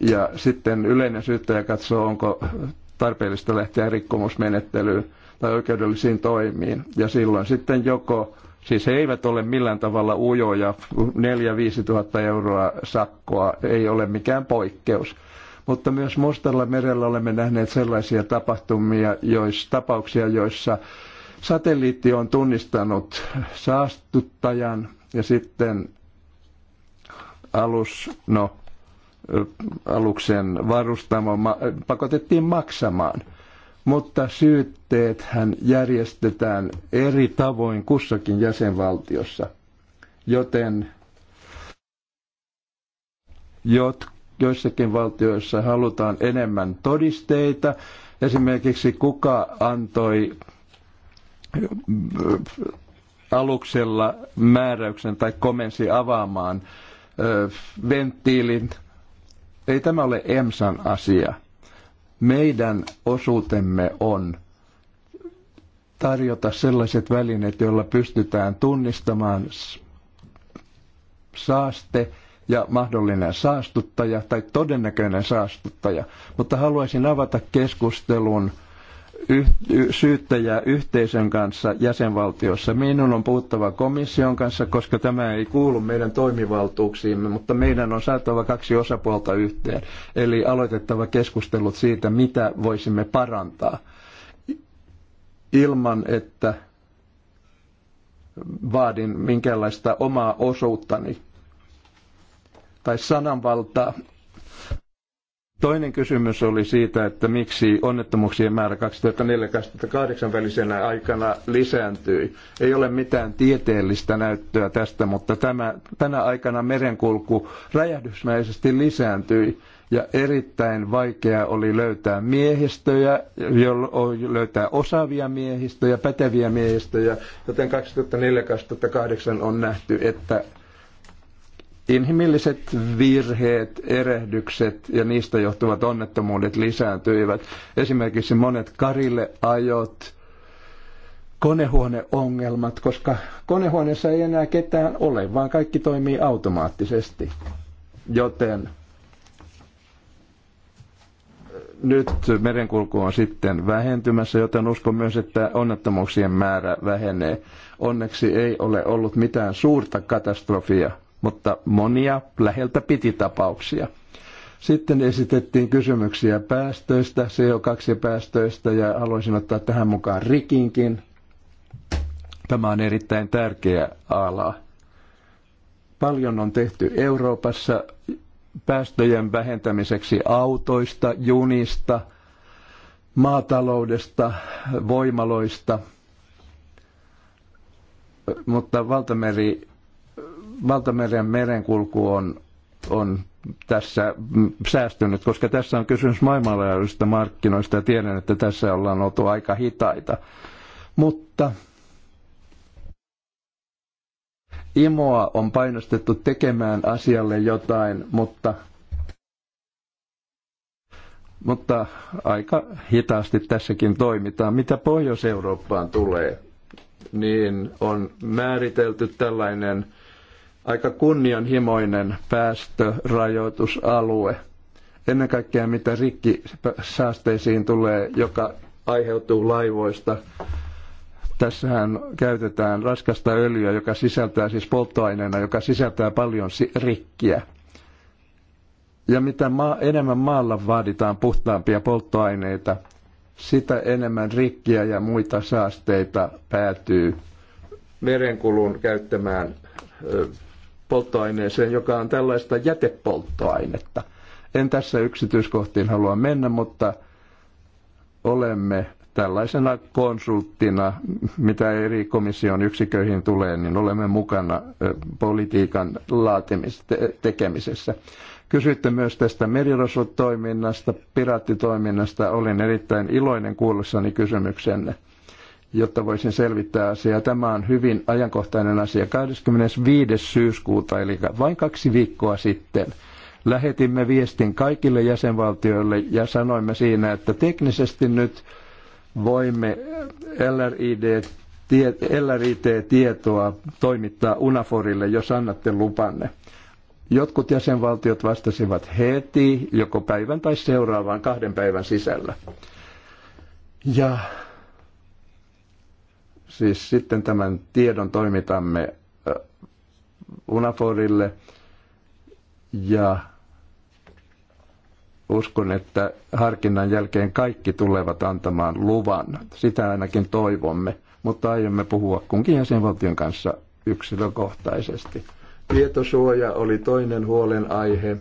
Ja sitten yleinen syyttäjä katsoo, onko tarpeellista lähteä rikkomusmenettelyyn tai oikeudellisiin toimiin. Ja silloin sitten joko, siis he eivät ole millään tavalla ujoja, 4-5 tuhatta euroa sakkoa ei ole mikään poikkeus – mutta myös Mustalla merellä olemme nähneet sellaisia tapahtumia, joissa, tapauksia, joissa satelliitti on tunnistanut saastuttajan ja sitten alus, no, aluksen varustamo pakotettiin maksamaan. Mutta syytteet hän järjestetään eri tavoin kussakin jäsenvaltiossa, joten jotkut joissakin valtioissa halutaan enemmän todisteita. Esimerkiksi kuka antoi äh, aluksella määräyksen tai komensi avaamaan äh, venttiilin. Ei tämä ole EMSAn asia. Meidän osuutemme on tarjota sellaiset välineet, joilla pystytään tunnistamaan saaste ja mahdollinen saastuttaja tai todennäköinen saastuttaja. Mutta haluaisin avata keskustelun syyttäjää yhteisön kanssa jäsenvaltiossa. Minun on puhuttava komission kanssa, koska tämä ei kuulu meidän toimivaltuuksiimme, mutta meidän on saatava kaksi osapuolta yhteen. Eli aloitettava keskustelut siitä, mitä voisimme parantaa ilman, että vaadin minkäänlaista omaa osuuttani tai sananvaltaa. Toinen kysymys oli siitä, että miksi onnettomuuksien määrä 2004-2008 välisenä aikana lisääntyi. Ei ole mitään tieteellistä näyttöä tästä, mutta tämä, tänä aikana merenkulku räjähdysmäisesti lisääntyi ja erittäin vaikea oli löytää miehistöjä, löytää osaavia miehistöjä, päteviä miehistöjä, joten 2004-2008 on nähty, että Inhimilliset virheet, erehdykset ja niistä johtuvat onnettomuudet lisääntyivät. Esimerkiksi monet karille ajot, konehuoneongelmat, koska konehuoneessa ei enää ketään ole, vaan kaikki toimii automaattisesti. Joten eh, nyt merenkulku on sitten vähentymässä, joten uskon myös, että onnettomuuksien määrä vähenee. Onneksi ei ole ollut mitään suurta katastrofia mutta monia läheltä piti tapauksia. Sitten esitettiin kysymyksiä päästöistä, CO2-päästöistä ja haluaisin ottaa tähän mukaan rikinkin. Tämä on erittäin tärkeä ala. Paljon on tehty Euroopassa päästöjen vähentämiseksi autoista, junista, maataloudesta, voimaloista, mutta valtameri valtameren merenkulku on, on tässä säästynyt, koska tässä on kysymys maailmanlaajuisista markkinoista ja tiedän, että tässä ollaan oltu aika hitaita. Mutta Imoa on painostettu tekemään asialle jotain, mutta, mutta aika hitaasti tässäkin toimitaan. Mitä Pohjois-Eurooppaan tulee, niin on määritelty tällainen – aika kunnianhimoinen päästörajoitusalue. Ennen kaikkea mitä rikki saasteisiin tulee, joka aiheutuu laivoista. Tässähän käytetään raskasta öljyä, joka sisältää siis polttoaineena, joka sisältää paljon rikkiä. Ja mitä maa, enemmän maalla vaaditaan puhtaampia polttoaineita, sitä enemmän rikkiä ja muita saasteita päätyy merenkulun käyttämään polttoaineeseen, joka on tällaista jätepolttoainetta. En tässä yksityiskohtiin halua mennä, mutta olemme tällaisena konsulttina, mitä eri komission yksiköihin tulee, niin olemme mukana politiikan laatimis- tekemisessä. Kysyitte myös tästä merirosvotoiminnasta, piraattitoiminnasta. Olin erittäin iloinen kuullessani kysymyksenne jotta voisin selvittää asiaa. Tämä on hyvin ajankohtainen asia. 25. syyskuuta, eli vain kaksi viikkoa sitten, lähetimme viestin kaikille jäsenvaltioille ja sanoimme siinä, että teknisesti nyt voimme LRID, LRIT-tietoa toimittaa Unaforille, jos annatte lupanne. Jotkut jäsenvaltiot vastasivat heti, joko päivän tai seuraavaan kahden päivän sisällä. Ja Siis sitten tämän tiedon toimitamme Unaforille ja uskon, että harkinnan jälkeen kaikki tulevat antamaan luvan. Sitä ainakin toivomme, mutta aiomme puhua kunkin jäsenvaltion kanssa yksilökohtaisesti. Tietosuoja oli toinen huolenaihe.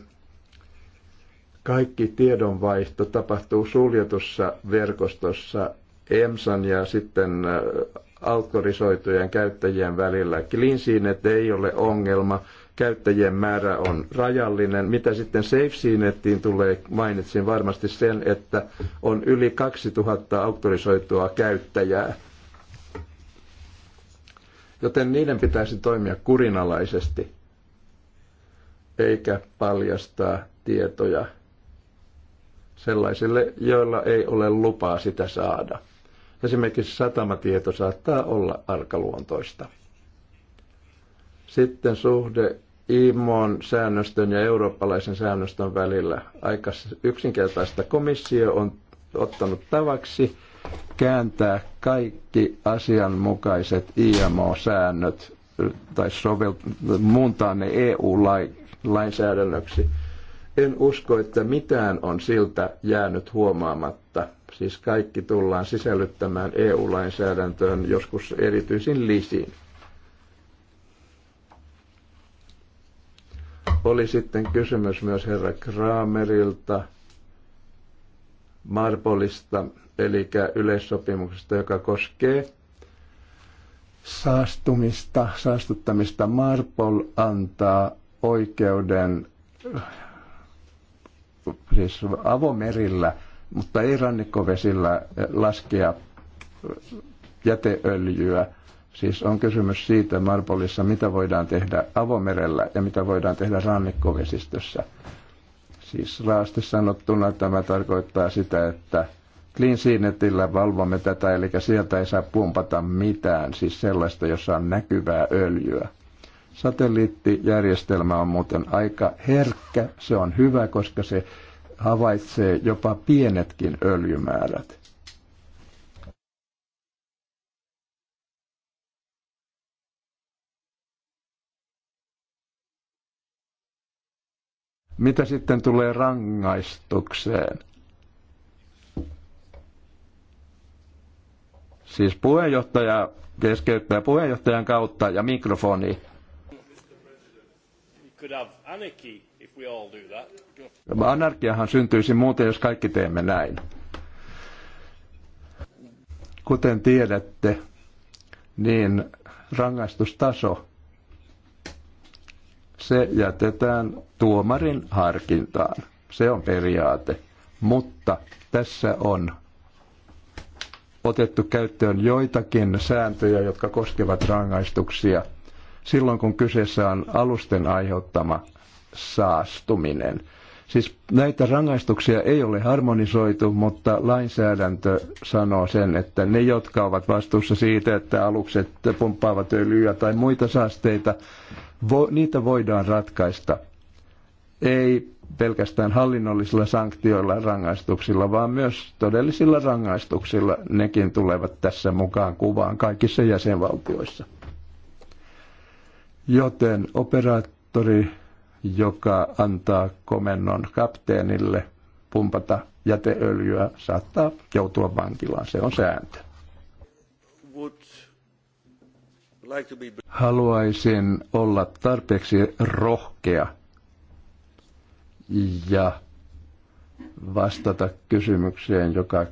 Kaikki tiedonvaihto tapahtuu suljetussa verkostossa EMSan ja sitten äh, autorisoitujen käyttäjien välillä. CleanSeaNet ei ole ongelma, käyttäjien määrä on rajallinen. Mitä sitten SafeSeaNetiin tulee, mainitsin varmasti sen, että on yli 2000 autorisoitua käyttäjää. Joten niiden pitäisi toimia kurinalaisesti, eikä paljastaa tietoja sellaisille, joilla ei ole lupaa sitä saada. Esimerkiksi satamatieto saattaa olla arkaluontoista. Sitten suhde IMOn säännöstön ja eurooppalaisen säännöstön välillä. Aika yksinkertaista komissio on ottanut tavaksi kääntää kaikki asianmukaiset IMO-säännöt tai sovelt muuntaa ne EU-lainsäädännöksi. En usko, että mitään on siltä jäänyt huomaamatta Siis kaikki tullaan sisällyttämään EU-lainsäädäntöön joskus erityisin lisiin. Oli sitten kysymys myös herra Kramerilta Marpolista, eli yleissopimuksesta, joka koskee saastumista, saastuttamista. Marpol antaa oikeuden siis avomerillä – mutta ei rannikkovesillä eh, laskea eh, jäteöljyä. Siis on kysymys siitä Marpolissa, mitä voidaan tehdä avomerellä ja mitä voidaan tehdä rannikkovesistössä. Siis raasti sanottuna tämä tarkoittaa sitä, että Clean Seanetillä valvomme tätä, eli sieltä ei saa pumpata mitään, siis sellaista, jossa on näkyvää öljyä. Satelliittijärjestelmä on muuten aika herkkä, se on hyvä, koska se havaitsee jopa pienetkin öljymäärät. Mitä sitten tulee rangaistukseen? Siis puheenjohtaja keskeyttää puheenjohtajan kautta ja mikrofoni. could have anarchy Anarkiahan syntyisi muuten, jos kaikki teemme näin. Kuten tiedätte, niin rangaistustaso se jätetään tuomarin harkintaan. Se on periaate. Mutta tässä on otettu käyttöön joitakin sääntöjä, jotka koskevat rangaistuksia silloin, kun kyseessä on alusten aiheuttama saastuminen. Siis näitä rangaistuksia ei ole harmonisoitu, mutta lainsäädäntö sanoo sen, että ne, jotka ovat vastuussa siitä, että alukset pumppaavat öljyä tai muita saasteita, vo, niitä voidaan ratkaista. Ei pelkästään hallinnollisilla sanktioilla ja rangaistuksilla, vaan myös todellisilla rangaistuksilla. Nekin tulevat tässä mukaan kuvaan kaikissa jäsenvaltioissa. Joten operaattori joka antaa komennon kapteenille pumpata jäteöljyä, saattaa joutua vankilaan. Se on sääntö. Haluaisin olla tarpeeksi rohkea ja vastata kysymykseen, joka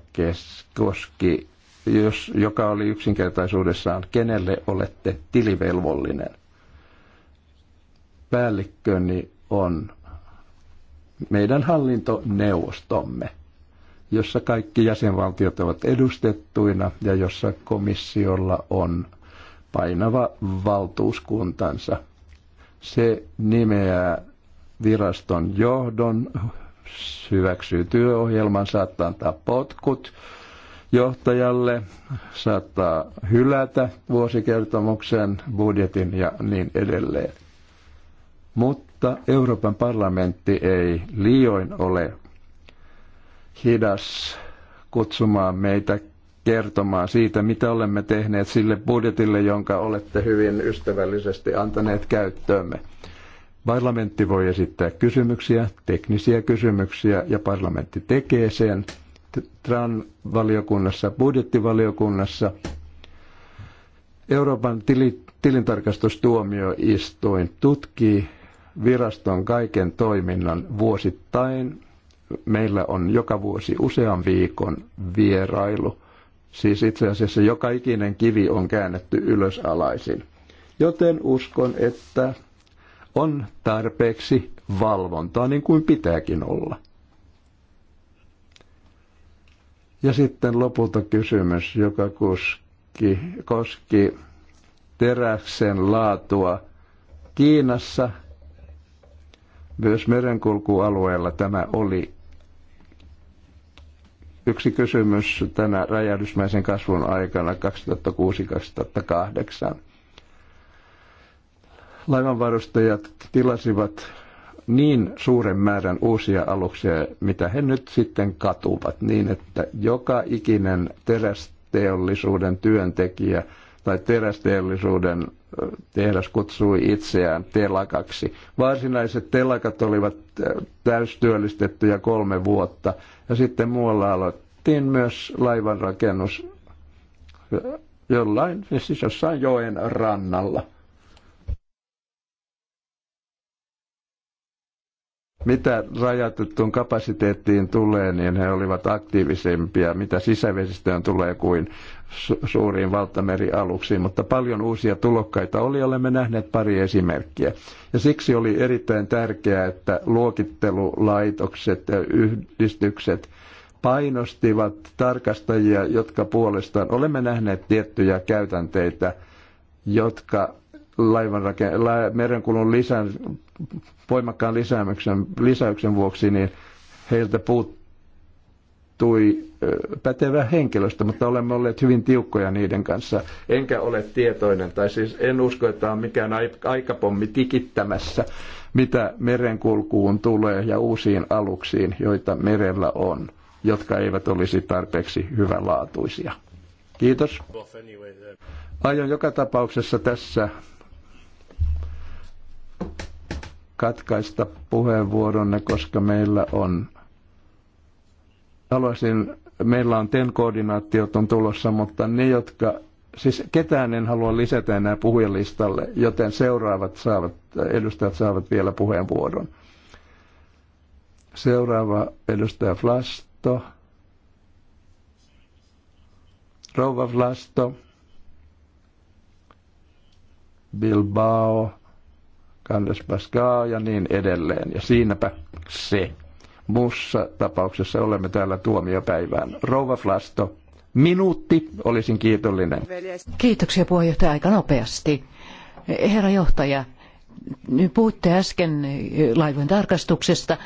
koski, jos, joka oli yksinkertaisuudessaan, kenelle olette tilivelvollinen – päällikköni on meidän hallintoneuvostomme, jossa kaikki jäsenvaltiot ovat edustettuina ja jossa komissiolla on painava valtuuskuntansa. Se nimeää viraston johdon, hyväksyy työohjelman, saattaa antaa potkut johtajalle, saattaa hylätä vuosikertomuksen, budjetin ja niin edelleen. Mutta Euroopan parlamentti ei liioin ole hidas kutsumaan meitä kertomaan siitä, mitä olemme tehneet sille budjetille, jonka olette hyvin ystävällisesti antaneet käyttöömme. Parlamentti voi esittää kysymyksiä, teknisiä kysymyksiä, ja parlamentti tekee sen. TRAN-valiokunnassa, budjettivaliokunnassa, Euroopan tili, tilintarkastustuomioistuin tutkii viraston kaiken toiminnan vuosittain. Meillä on joka vuosi usean viikon vierailu. Siis itse asiassa joka ikinen kivi on käännetty ylös alaisin. Joten uskon, että on tarpeeksi valvontaa niin kuin pitääkin olla. Ja sitten lopulta kysymys, joka koski, koski teräksen laatua Kiinassa – myös merenkulkualueella tämä oli yksi kysymys tänä räjähdysmäisen kasvun aikana 2006-2008. Laivanvarustajat tilasivat niin suuren määrän uusia aluksia, mitä he nyt sitten katuvat, niin että joka ikinen terästeollisuuden työntekijä tai terästeollisuuden tehdas kutsui itseään telakaksi. Varsinaiset telakat olivat täystyöllistettyjä kolme vuotta ja sitten muualla aloittiin myös laivanrakennus jollain, siis jossain joen rannalla. Mitä rajatettuun kapasiteettiin tulee, niin he olivat aktiivisempia, mitä sisävesistöön tulee kuin su- suuriin valtamerialuksiin, mutta paljon uusia tulokkaita oli, olemme nähneet pari esimerkkiä. Ja siksi oli erittäin tärkeää, että luokittelulaitokset ja yhdistykset painostivat tarkastajia, jotka puolestaan olemme nähneet tiettyjä käytänteitä, jotka laivan la, merenkulun lisän, voimakkaan lisäyksen, lisäyksen vuoksi, niin heiltä puuttuu Tui pätevä henkilöstö, mutta olemme olleet hyvin tiukkoja niiden kanssa. Enkä ole tietoinen, tai siis en usko, että on mikään aikapommi tikittämässä, mitä merenkulkuun tulee ja uusiin aluksiin, joita merellä on, jotka eivät olisi tarpeeksi hyvänlaatuisia. Kiitos. Aion joka tapauksessa tässä katkaista puheenvuoronne, koska meillä on Haluaisin, meillä on TEN-koordinaatiot on tulossa, mutta ne, jotka, siis ketään en halua lisätä enää puhujalistalle, joten seuraavat saavat, edustajat saavat vielä puheenvuoron. Seuraava edustaja Flasto. Rouva Flasto. Bilbao, Candes Pascal ja niin edelleen. Ja siinäpä se. Muussa tapauksessa olemme täällä tuomiopäivään. Rouva Flasto, minuutti, olisin kiitollinen. Kiitoksia puheenjohtaja aika nopeasti. Herra johtaja, puhutte äsken laivojen tarkastuksesta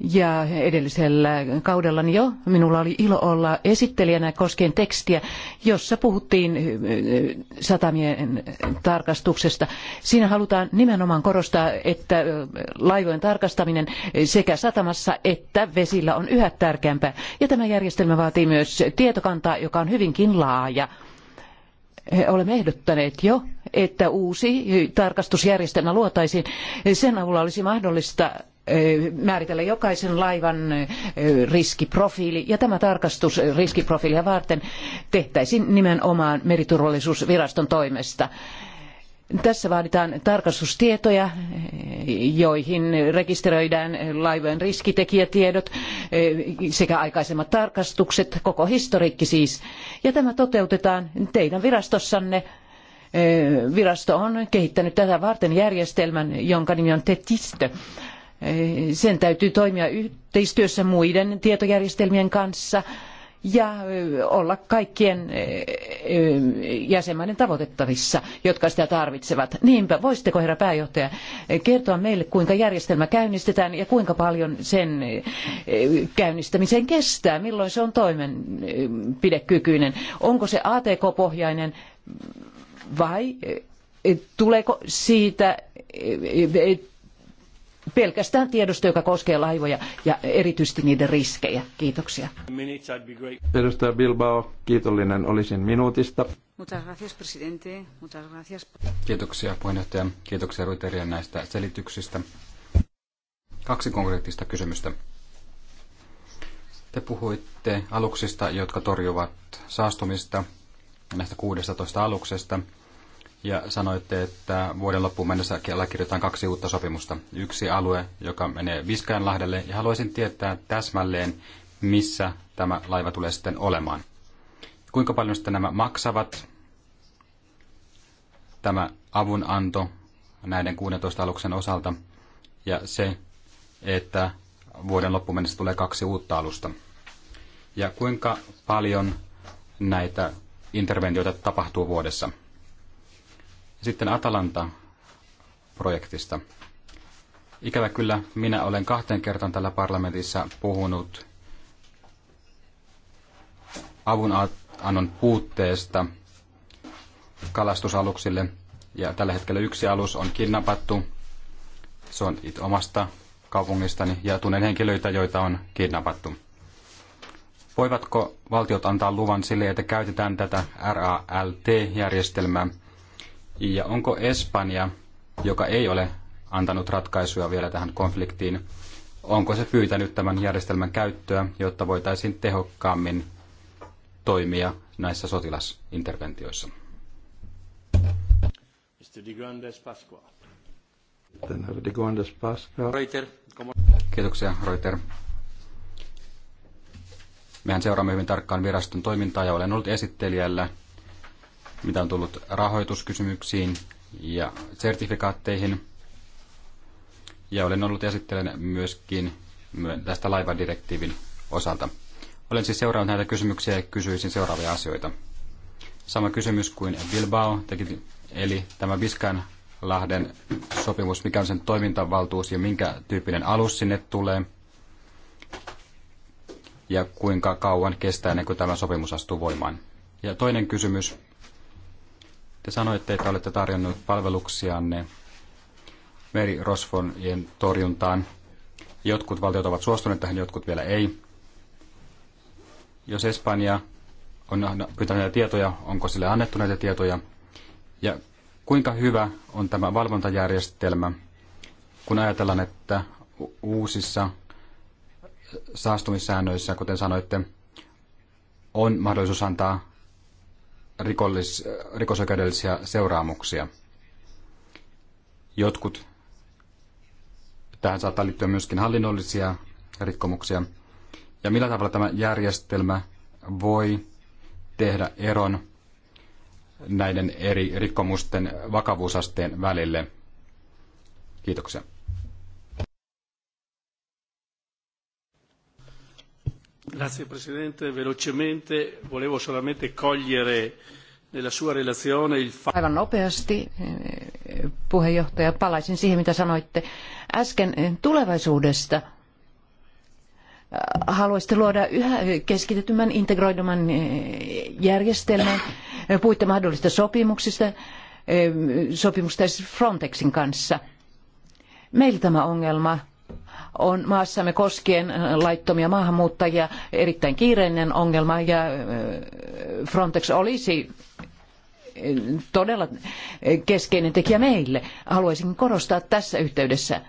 ja edellisellä kaudellani jo minulla oli ilo olla esittelijänä koskien tekstiä, jossa puhuttiin eh, eh, satamien tarkastuksesta. Siinä halutaan nimenomaan korostaa, että eh, laivojen tarkastaminen sekä satamassa että vesillä on yhä tärkeämpää. Ja tämä järjestelmä vaatii myös tietokantaa, joka on hyvinkin laaja. Olemme ehdottaneet jo, että uusi tarkastusjärjestelmä luotaisiin. Sen avulla olisi mahdollista määritellä jokaisen laivan riskiprofiili ja tämä tarkastus riskiprofiilia varten tehtäisiin nimenomaan meriturvallisuusviraston toimesta. Tässä vaaditaan tarkastustietoja, joihin rekisteröidään laivojen riskitekijätiedot sekä aikaisemmat tarkastukset, koko historiikki siis. Ja tämä toteutetaan teidän virastossanne virasto on kehittänyt tätä varten järjestelmän, jonka nimi on Tetistö. Sen täytyy toimia yhteistyössä muiden tietojärjestelmien kanssa ja olla kaikkien jäsenmaiden tavoitettavissa, jotka sitä tarvitsevat. Niinpä, voisitteko herra pääjohtaja kertoa meille, kuinka järjestelmä käynnistetään ja kuinka paljon sen käynnistämiseen kestää, milloin se on toimenpidekykyinen, onko se ATK-pohjainen vai tuleeko siitä pelkästään tiedosta, joka koskee laivoja ja erityisesti niiden riskejä. Kiitoksia. Edustaja Bilbao, kiitollinen olisin minuutista. Kiitoksia puheenjohtaja. Kiitoksia Ruiteria näistä selityksistä. Kaksi konkreettista kysymystä. Te puhuitte aluksista, jotka torjuvat saastumista, näistä 16 aluksesta – ja sanoitte, että vuoden loppuun mennessä allekirjoitetaan kaksi uutta sopimusta. Yksi alue, joka menee Viskäänlahdelle, ja haluaisin tietää täsmälleen, missä tämä laiva tulee sitten olemaan. Kuinka paljon sitten nämä maksavat, tämä avunanto näiden 16 aluksen osalta, ja se, että vuoden loppuun mennessä tulee kaksi uutta alusta. Ja kuinka paljon näitä interventioita tapahtuu vuodessa? Sitten Atalanta-projektista. Ikävä kyllä, minä olen kahteen kertaan tällä parlamentissa puhunut avunannon puutteesta kalastusaluksille. Ja tällä hetkellä yksi alus on kidnappattu. Se on it omasta kaupungistani ja tunnen henkilöitä, joita on kidnappattu. Voivatko valtiot antaa luvan sille, että käytetään tätä RALT-järjestelmää – ja onko Espanja, joka ei ole antanut ratkaisuja vielä tähän konfliktiin, onko se pyytänyt tämän järjestelmän käyttöä, jotta voitaisiin tehokkaammin toimia näissä sotilasinterventioissa? Kiitoksia, Reuter. Mehän seuraamme hyvin tarkkaan viraston toimintaa ja olen ollut esittelijällä mitä on tullut rahoituskysymyksiin ja sertifikaatteihin. Ja olen ollut esittelen myöskin tästä laivadirektiivin osalta. Olen siis seurannut näitä kysymyksiä ja kysyisin seuraavia asioita. Sama kysymys kuin Bilbao teki, eli tämä Biskan Lahden sopimus, mikä on sen toimintavaltuus ja minkä tyyppinen alus sinne tulee ja kuinka kauan kestää ennen kuin tämä sopimus astuu voimaan. Ja toinen kysymys te sanoitte, että olette tarjonnut palveluksianne merirosvojen torjuntaan. Jotkut valtiot ovat suostuneet tähän, jotkut vielä ei. Jos Espanja on pyytänyt näitä tietoja, onko sille annettu näitä tietoja? Ja kuinka hyvä on tämä valvontajärjestelmä, kun ajatellaan, että uusissa saastumissäännöissä, kuten sanoitte, on mahdollisuus antaa rikollis, rikosoikeudellisia seuraamuksia. Jotkut, tähän saattaa liittyä myöskin hallinnollisia rikkomuksia. Ja millä tavalla tämä järjestelmä voi tehdä eron näiden eri rikkomusten vakavuusasteen välille? Kiitoksia. Grazie Presidente. Velocemente volevo solamente cogliere nella sua relazione il fatto. Aivan nopeasti eh, puheenjohtaja, palaisin siihen mitä sanoitte äsken eh, tulevaisuudesta. Eh, haluaisitte luoda yhä keskitetymmän integroidumman järjestelmän puitte mahdollisista sopimuksista, sopimusta siis Frontexin kanssa. Meillä tämä ongelma on maassamme koskien äh, laittomia maahanmuuttajia erittäin kiireinen ongelma ja äh, Frontex olisi äh, todella keskeinen tekijä meille. Haluaisin korostaa tässä yhteydessä,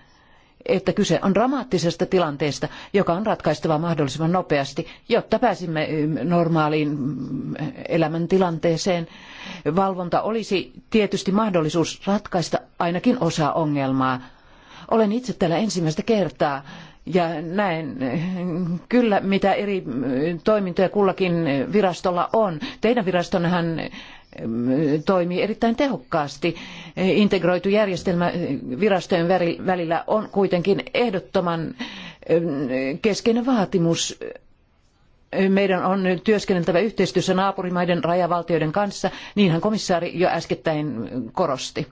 että kyse on dramaattisesta tilanteesta, joka on ratkaistava mahdollisimman nopeasti, jotta pääsimme normaaliin elämäntilanteeseen. Valvonta olisi tietysti mahdollisuus ratkaista ainakin osa ongelmaa olen itse täällä ensimmäistä kertaa ja näen kyllä, mitä eri toimintoja kullakin virastolla on. Teidän virastonnehan mm, toimii erittäin tehokkaasti. Integroitu järjestelmä virastojen välillä on kuitenkin ehdottoman mm, keskeinen vaatimus meidän on työskenneltävä yhteistyössä naapurimaiden rajavaltioiden kanssa, niinhän komissaari jo äskettäin korosti.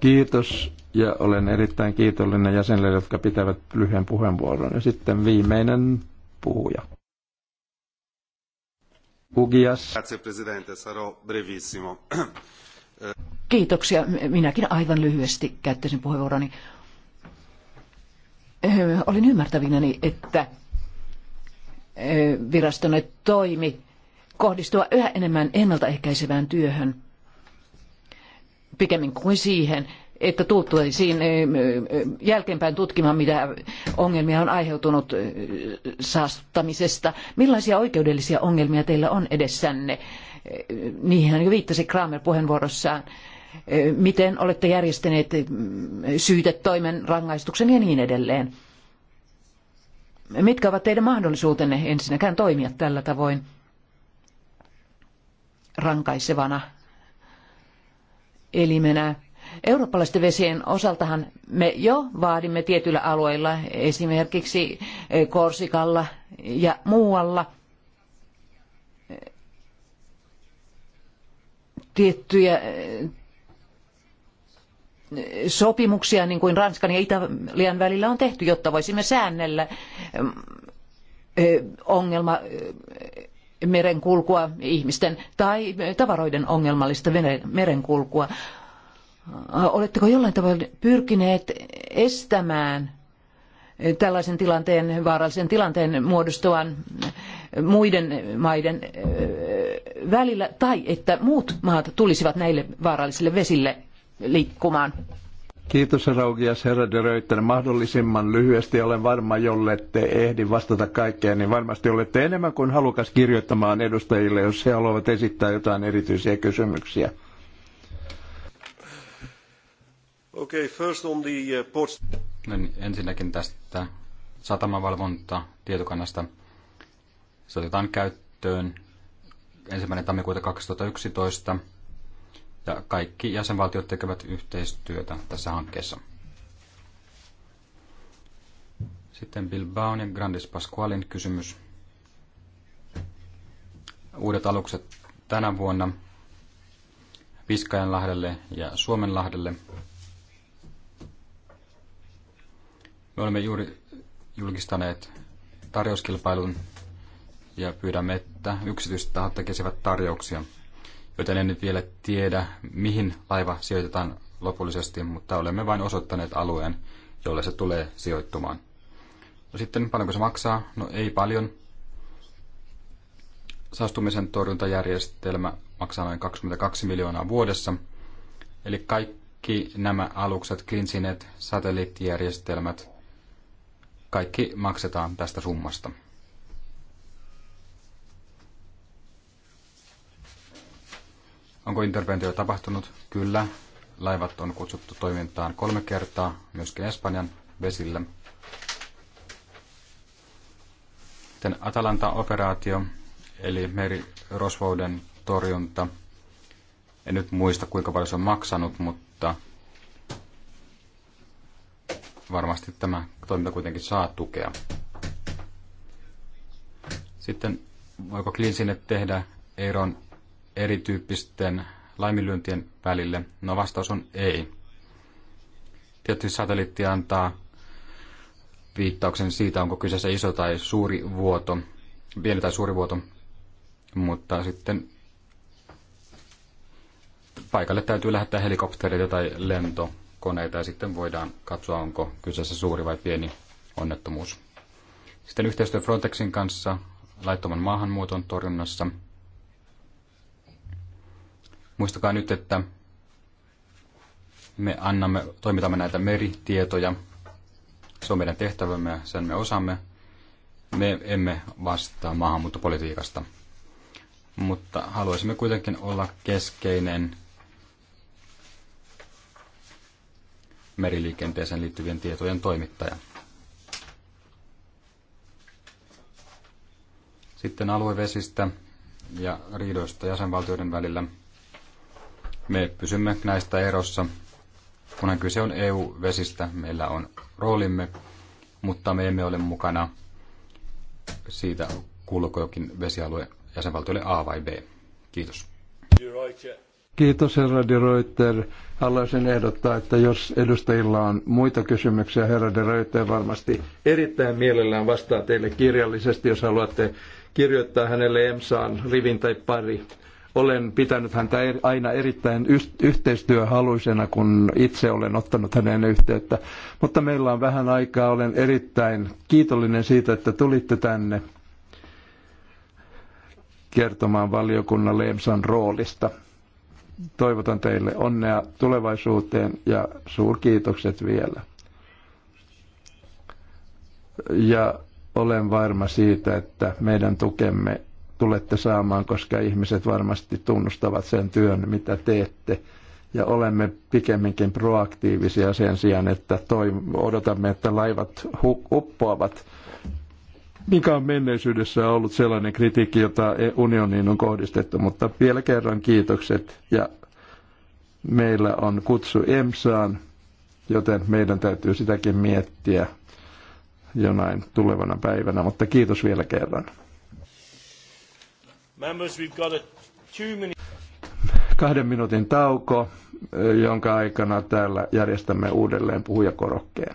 Kiitos ja olen erittäin kiitollinen jäsenille, jotka pitävät lyhyen puheenvuoron. Ja sitten viimeinen puhuja. Ugias. Kiitoksia. Minäkin aivan lyhyesti käyttäisin puheenvuoroni. Olin ymmärtävinäni, että eh, virastonne toimi kohdistua yhä enemmän ennaltaehkäisevään työhön – pikemmin kuin siihen, että tultuisiin eh, eh, jälkeenpäin tutkimaan, mitä ongelmia on aiheutunut eh, saastuttamisesta. Millaisia oikeudellisia ongelmia teillä on edessänne? Niihin jo viittasi Kramer puheenvuorossaan. Miten olette järjestäneet syytetoimen, rangaistuksen ja niin edelleen? Mitkä ovat teidän mahdollisuutenne ensinnäkään toimia tällä tavoin rankaisevana elimenä. Eurooppalaisten vesien osaltahan me jo vaadimme tietyillä alueilla, esimerkiksi eh, Korsikalla ja muualla, eh, tiettyjä eh, sopimuksia, niin kuin Ranskan ja Italian välillä on tehty, jotta voisimme säännellä ongelma merenkulkua, ihmisten tai tavaroiden ongelmallista merenkulkua. Oletteko jollain tavalla pyrkineet estämään tällaisen tilanteen, vaarallisen tilanteen muodostuvan muiden maiden välillä tai että muut maat tulisivat näille vaarallisille vesille liikkumaan? Kiitos Raukias herra de Röyttänen. Mahdollisimman lyhyesti olen varma, jollette ehdi vastata kaikkeen, niin varmasti olette enemmän kuin halukas kirjoittamaan edustajille, jos he haluavat esittää jotain erityisiä kysymyksiä. Okay, first on the eh, ports. No niin, ensinnäkin tästä satamavalvonta tietokannasta. Se otetaan käyttöön ensimmäinen tammikuuta 2011 ja kaikki jäsenvaltiot tekevät yhteistyötä tässä hankkeessa. Sitten Bilbaon ja Grandis Pasqualin kysymys. Uudet alukset tänä vuonna Piskajanlahdelle ja Suomenlahdelle. Me olemme juuri julkistaneet tarjouskilpailun ja pyydämme, että yksityiset tahot tekisivät tarjouksia – joten en nyt vielä tiedä, mihin laiva sijoitetaan lopullisesti, mutta olemme vain osoittaneet alueen, jolle se tulee sijoittumaan. No sitten paljonko se maksaa? No ei paljon. Saastumisen torjuntajärjestelmä maksaa noin 22 miljoonaa vuodessa. Eli kaikki nämä alukset, klinsinet, satelliittijärjestelmät, kaikki maksetaan tästä summasta. Onko interventio tapahtunut? Kyllä. Laivat on kutsuttu toimintaan kolme kertaa, myöskin Espanjan vesillä. Sitten Atalanta-operaatio, eli meri Rosvouden torjunta. En nyt muista, kuinka paljon se on maksanut, mutta varmasti tämä toiminta kuitenkin saa tukea. Sitten voiko Klinsinne tehdä Eiron erityyppisten laiminlyöntien välille? No vastaus on ei. Tietysti satelliitti antaa viittauksen siitä, onko kyseessä iso tai suuri vuoto, pieni tai suuri vuoto, mutta sitten paikalle täytyy lähettää helikoptereita tai lentokoneita ja sitten voidaan katsoa, onko kyseessä suuri vai pieni onnettomuus. Sitten yhteistyö Frontexin kanssa laittoman maahanmuuton torjunnassa – Muistakaa nyt, että me annamme, toimitamme näitä meritietoja. Se on meidän tehtävämme ja sen me osaamme. Me emme vastaa maahanmuuttopolitiikasta. Mutta haluaisimme kuitenkin olla keskeinen meriliikenteeseen liittyvien tietojen toimittaja. Sitten aluevesistä ja riidoista jäsenvaltioiden välillä – me pysymme näistä erossa. Kunhan kyse on EU-vesistä, meillä on roolimme, mutta me emme ole mukana siitä, kuuluuko jokin vesialue jäsenvaltiolle A vai B. Kiitos. Kiitos herra de Reuter. Haluaisin ehdottaa, että jos edustajilla on muita kysymyksiä, herra de Reuter varmasti erittäin mielellään vastaa teille kirjallisesti, jos haluatte kirjoittaa hänelle EMSAan rivin tai pari. Olen pitänyt häntä aina erittäin yhteistyöhaluisena, kun itse olen ottanut häneen yhteyttä. Mutta meillä on vähän aikaa. Olen erittäin kiitollinen siitä, että tulitte tänne kertomaan valiokunnan leemsan roolista. Toivotan teille onnea tulevaisuuteen ja suurkiitokset vielä. Ja olen varma siitä, että meidän tukemme tulette saamaan, koska ihmiset varmasti tunnustavat sen työn, mitä teette. Ja olemme pikemminkin proaktiivisia sen sijaan, että toi, odotamme, että laivat hu- uppoavat. Mikä on menneisyydessä ollut sellainen kritiikki, jota e- unioniin on kohdistettu, mutta vielä kerran kiitokset. Ja meillä on kutsu EMSAan, joten meidän täytyy sitäkin miettiä jonain tulevana päivänä, mutta kiitos vielä kerran. Kahden minuutin tauko, jonka aikana täällä järjestämme uudelleen puhujakorokkeen.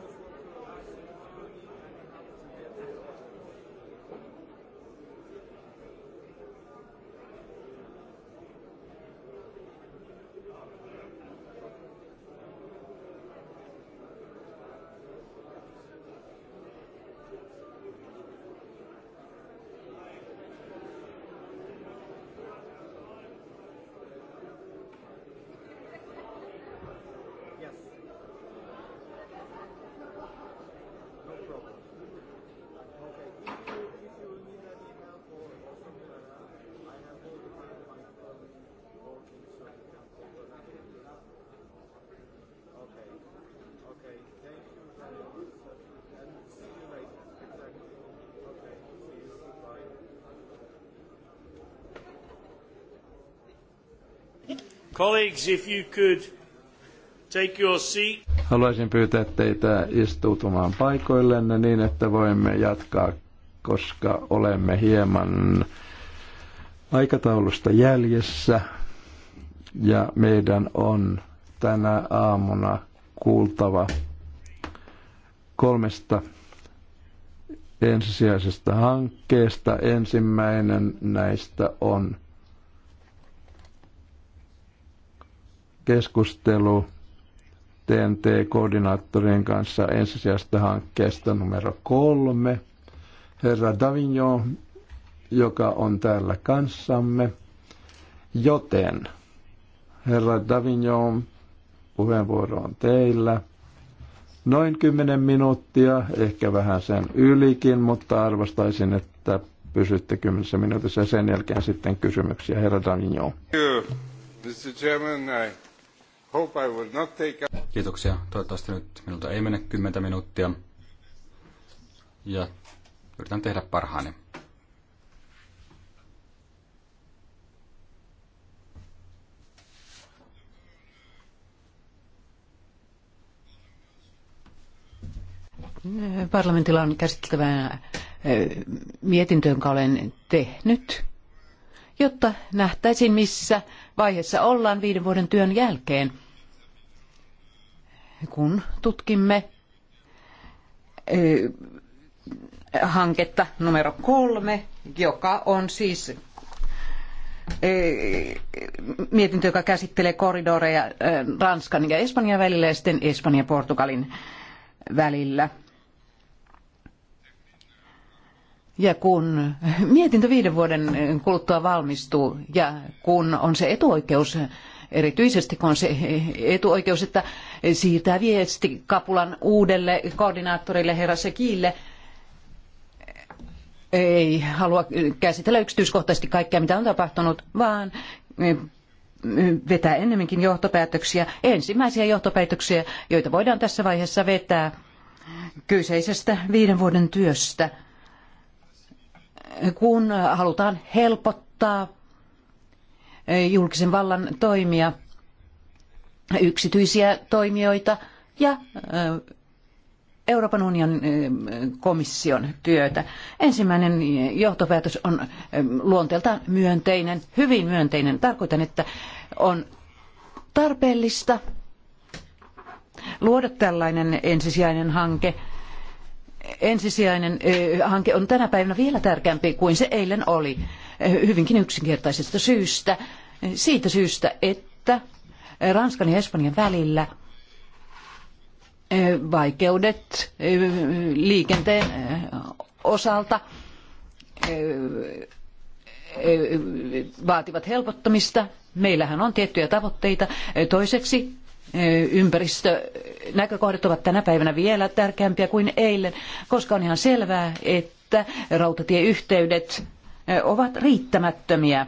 Colleagues, if you could take your seat. Haluaisin pyytää teitä istuutumaan paikoillenne niin, että voimme jatkaa, koska olemme hieman aikataulusta jäljessä ja meidän on tänä aamuna kuultava kolmesta ensisijaisesta hankkeesta. Ensimmäinen näistä on keskustelu TNT-koordinaattorien kanssa ensisijaisesta hankkeesta numero kolme, herra Davignon, joka on täällä kanssamme. Joten, herra Davignon, puheenvuoro on teillä. Noin kymmenen minuuttia, ehkä vähän sen ylikin, mutta arvostaisin, että pysytte kymmenessä minuutissa ja sen jälkeen sitten kysymyksiä. Herra Davignon. Mr. Chairman, I Kiitoksia. Toivottavasti nyt minulta ei mene kymmentä minuuttia. Ja yritän tehdä parhaani. Parlamentilla on käsiteltävänä äh, mietintö, jonka olen tehnyt, jotta nähtäisin missä vaiheessa ollaan viiden vuoden työn jälkeen, kun tutkimme hanketta numero kolme, joka on siis mietintö, joka käsittelee koridoreja Ranskan ja Espanjan välillä ja sitten Espanjan ja Portugalin välillä. Ja kun mietintö viiden vuoden kuluttua valmistuu ja kun on se etuoikeus, erityisesti kun on se etuoikeus, että siirtää viesti Kapulan uudelle koordinaattorille herra Sekille, ei halua käsitellä yksityiskohtaisesti kaikkea, mitä on tapahtunut, vaan vetää ennemminkin johtopäätöksiä, ensimmäisiä johtopäätöksiä, joita voidaan tässä vaiheessa vetää kyseisestä viiden vuoden työstä – kun halutaan helpottaa eh, julkisen vallan toimia, yksityisiä toimijoita ja eh, Euroopan unionin eh, komission työtä. Ensimmäinen johtopäätös on luonteeltaan myönteinen, hyvin myönteinen. Tarkoitan, että on tarpeellista luoda tällainen ensisijainen hanke – ensisijainen hanke on tänä päivänä vielä tärkeämpi kuin se eilen oli. Hyvinkin yksinkertaisesta syystä. Siitä syystä, että Ranskan ja Espanjan välillä vaikeudet liikenteen osalta vaativat helpottamista. Meillähän on tiettyjä tavoitteita. Toiseksi ympäristönäkökohdat ovat tänä päivänä vielä tärkeämpiä kuin eilen, koska on ihan selvää, että rautatieyhteydet ovat riittämättömiä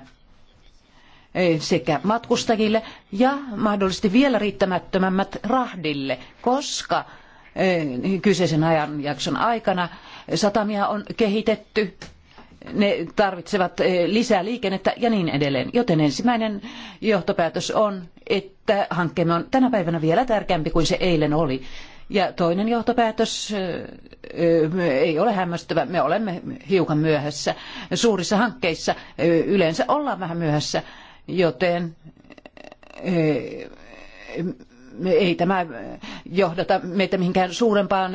sekä matkustajille ja mahdollisesti vielä riittämättömämmät rahdille, koska kyseisen ajanjakson aikana satamia on kehitetty ne tarvitsevat eh, lisää liikennettä ja niin edelleen. Joten ensimmäinen johtopäätös on, että hankkeemme on tänä päivänä vielä tärkeämpi kuin se eilen oli. Ja toinen johtopäätös eh, eh, ei ole hämmästyvä. Me olemme hiukan myöhässä. Suurissa hankkeissa yleensä ollaan vähän myöhässä, joten ei tämä johdata meitä mihinkään suurempaan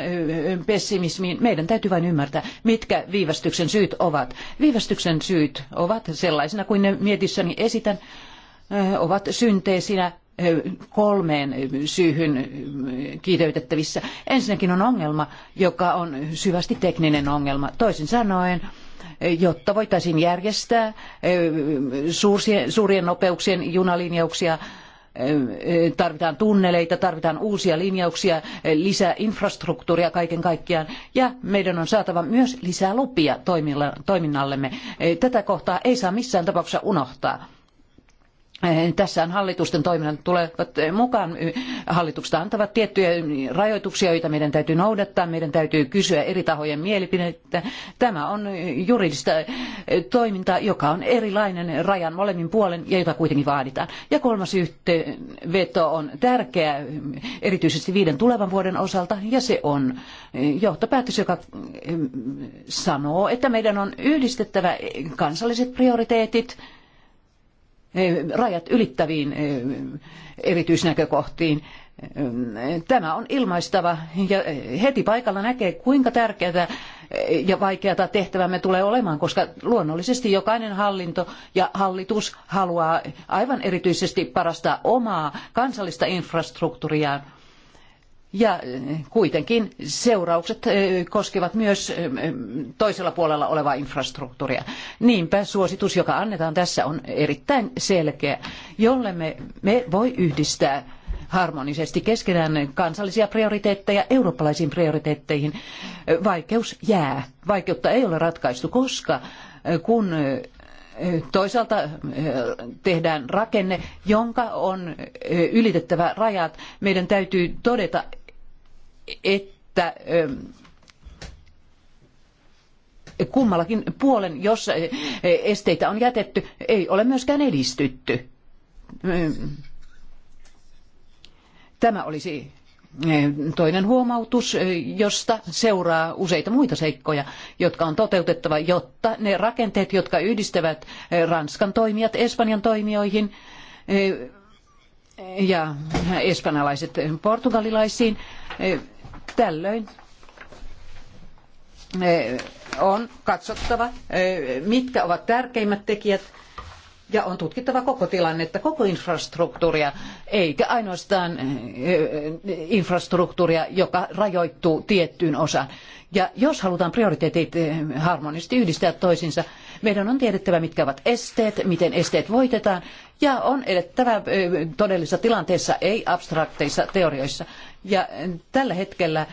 pessimismiin. Meidän täytyy vain ymmärtää, mitkä viivästyksen syyt ovat. Viivästyksen syyt ovat sellaisina kuin ne mietissäni esitän, ovat synteesinä kolmeen syyhyn kiteytettävissä. Ensinnäkin on ongelma, joka on syvästi tekninen ongelma. Toisin sanoen, jotta voitaisiin järjestää suurien nopeuksien junalinjauksia tarvitaan tunneleita, tarvitaan uusia linjauksia, lisää infrastruktuuria kaiken kaikkiaan ja meidän on saatava myös lisää lupia toiminnallemme. Tätä kohtaa ei saa missään tapauksessa unohtaa. Eh, tässä on hallitusten toiminnan tulevat mukaan. Hallitukset antavat tiettyjä rajoituksia, joita meidän täytyy noudattaa. Meidän täytyy kysyä eri tahojen mielipidettä. Tämä on juridista eh, toimintaa, joka on erilainen rajan molemmin puolen ja jota kuitenkin vaaditaan. Ja kolmas yhteenveto on tärkeä erityisesti viiden tulevan vuoden osalta ja se on eh, johtopäätös, joka sanoo, että meidän on yhdistettävä kansalliset prioriteetit – Eh, rajat ylittäviin eh, erityisnäkökohtiin. Eh, tämä on ilmaistava ja heti paikalla näkee, kuinka tärkeää ja vaikeata tehtävämme tulee olemaan, koska luonnollisesti jokainen hallinto ja hallitus haluaa aivan erityisesti parastaa omaa kansallista infrastruktuuriaan ja eh, kuitenkin seuraukset eh, koskevat myös eh, toisella puolella olevaa infrastruktuuria. Niinpä suositus, joka annetaan tässä, on erittäin selkeä, jolle me, me voi yhdistää harmonisesti keskenään kansallisia prioriteetteja eurooppalaisiin prioriteetteihin. Vaikeus jää. Vaikeutta ei ole ratkaistu, koska kun Toisaalta eh, tehdään rakenne, jonka on eh, ylitettävä rajat. Meidän täytyy todeta, että eh, kummallakin puolen, jos esteitä on jätetty, ei ole myöskään edistytty. Tämä olisi Eh, toinen huomautus, eh, josta seuraa useita muita seikkoja, jotka on toteutettava, jotta ne rakenteet, jotka yhdistävät eh, Ranskan toimijat Espanjan toimijoihin ja espanjalaiset portugalilaisiin, tällöin on katsottava, mitkä ovat tärkeimmät tekijät ja on tutkittava koko tilannetta, koko infrastruktuuria, eikä ainoastaan eh, eh, infrastruktuuria, joka rajoittuu tiettyyn osaan. Ja jos halutaan prioriteetit eh, harmonisesti yhdistää toisiinsa, meidän on tiedettävä, mitkä ovat esteet, miten esteet voitetaan, ja on edettävä todellisessa tilanteessa, ei abstrakteissa teorioissa. Ja tällä hetkellä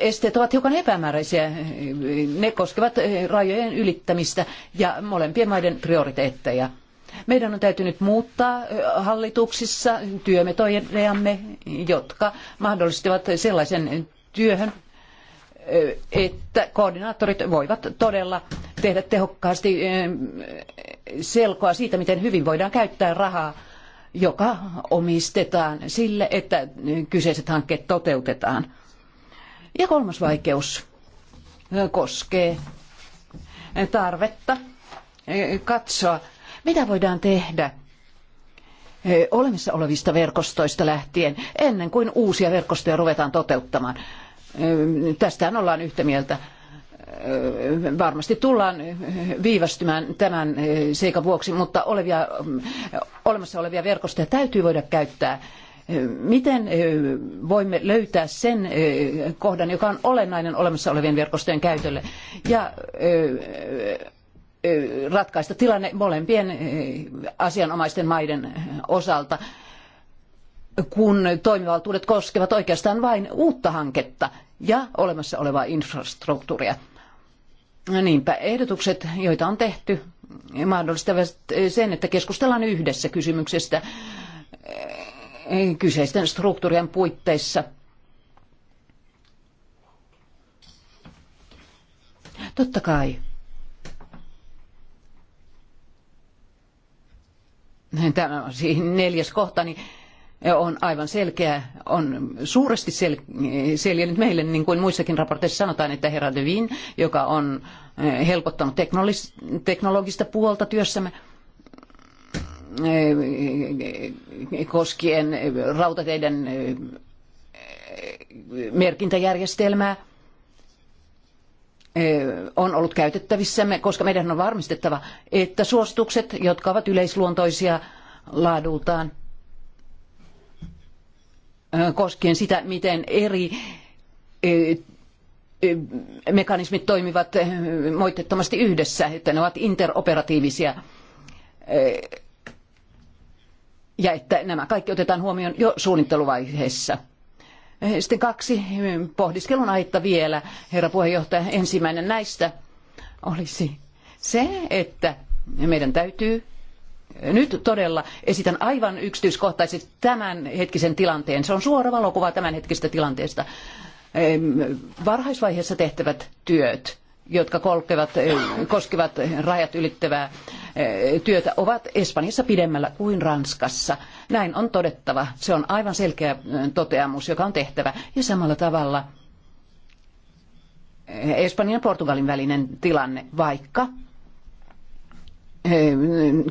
esteet ovat hiukan epämääräisiä. Ne koskevat rajojen ylittämistä ja molempien maiden prioriteetteja. Meidän on täytynyt muuttaa hallituksissa työmetodejamme, jotka mahdollistavat sellaisen työhön, että koordinaattorit voivat todella tehdä tehokkaasti eh, selkoa siitä, miten hyvin voidaan käyttää rahaa, joka omistetaan sille, että eh, kyseiset hankkeet toteutetaan ja kolmas vaikeus koskee tarvetta katsoa, mitä voidaan tehdä olemassa olevista verkostoista lähtien ennen kuin uusia verkostoja ruvetaan toteuttamaan. Tästähän ollaan yhtä mieltä. Varmasti tullaan viivästymään tämän seikan vuoksi, mutta olevia, olemassa olevia verkostoja täytyy voida käyttää Miten voimme löytää sen kohdan, joka on olennainen olemassa olevien verkostojen käytölle ja ratkaista tilanne molempien asianomaisten maiden osalta, kun toimivaltuudet koskevat oikeastaan vain uutta hanketta ja olemassa olevaa infrastruktuuria. Niinpä ehdotukset, joita on tehty, mahdollistavat sen, että keskustellaan yhdessä kysymyksestä kyseisten struktuurien puitteissa. Totta kai. Tämä on siihen neljäs kohta, niin on aivan selkeä, on suuresti sel- seljennyt meille, niin kuin muissakin raporteissa sanotaan, että herra Devin, joka on eh, helpottanut teknologista puolta työssämme, Eh, koskien rautateiden eh, merkintäjärjestelmää eh, on ollut käytettävissämme, koska meidän on varmistettava, että suositukset, jotka ovat yleisluontoisia laadultaan, koskien sitä, miten eri mekanismit toimivat moitteettomasti yhdessä, että ne ovat interoperatiivisia ja että nämä kaikki otetaan huomioon jo suunnitteluvaiheessa. Sitten kaksi pohdiskelun aihetta vielä, herra puheenjohtaja. Ensimmäinen näistä olisi se, että meidän täytyy nyt todella esitän aivan yksityiskohtaisesti tämänhetkisen tilanteen. Se on suora valokuva tämänhetkisestä tilanteesta. Varhaisvaiheessa tehtävät työt jotka kolkevat, koskevat rajat ylittävää työtä, ovat Espanjassa pidemmällä kuin Ranskassa. Näin on todettava. Se on aivan selkeä toteamus, joka on tehtävä. Ja samalla tavalla Espanjan ja Portugalin välinen tilanne, vaikka Eh,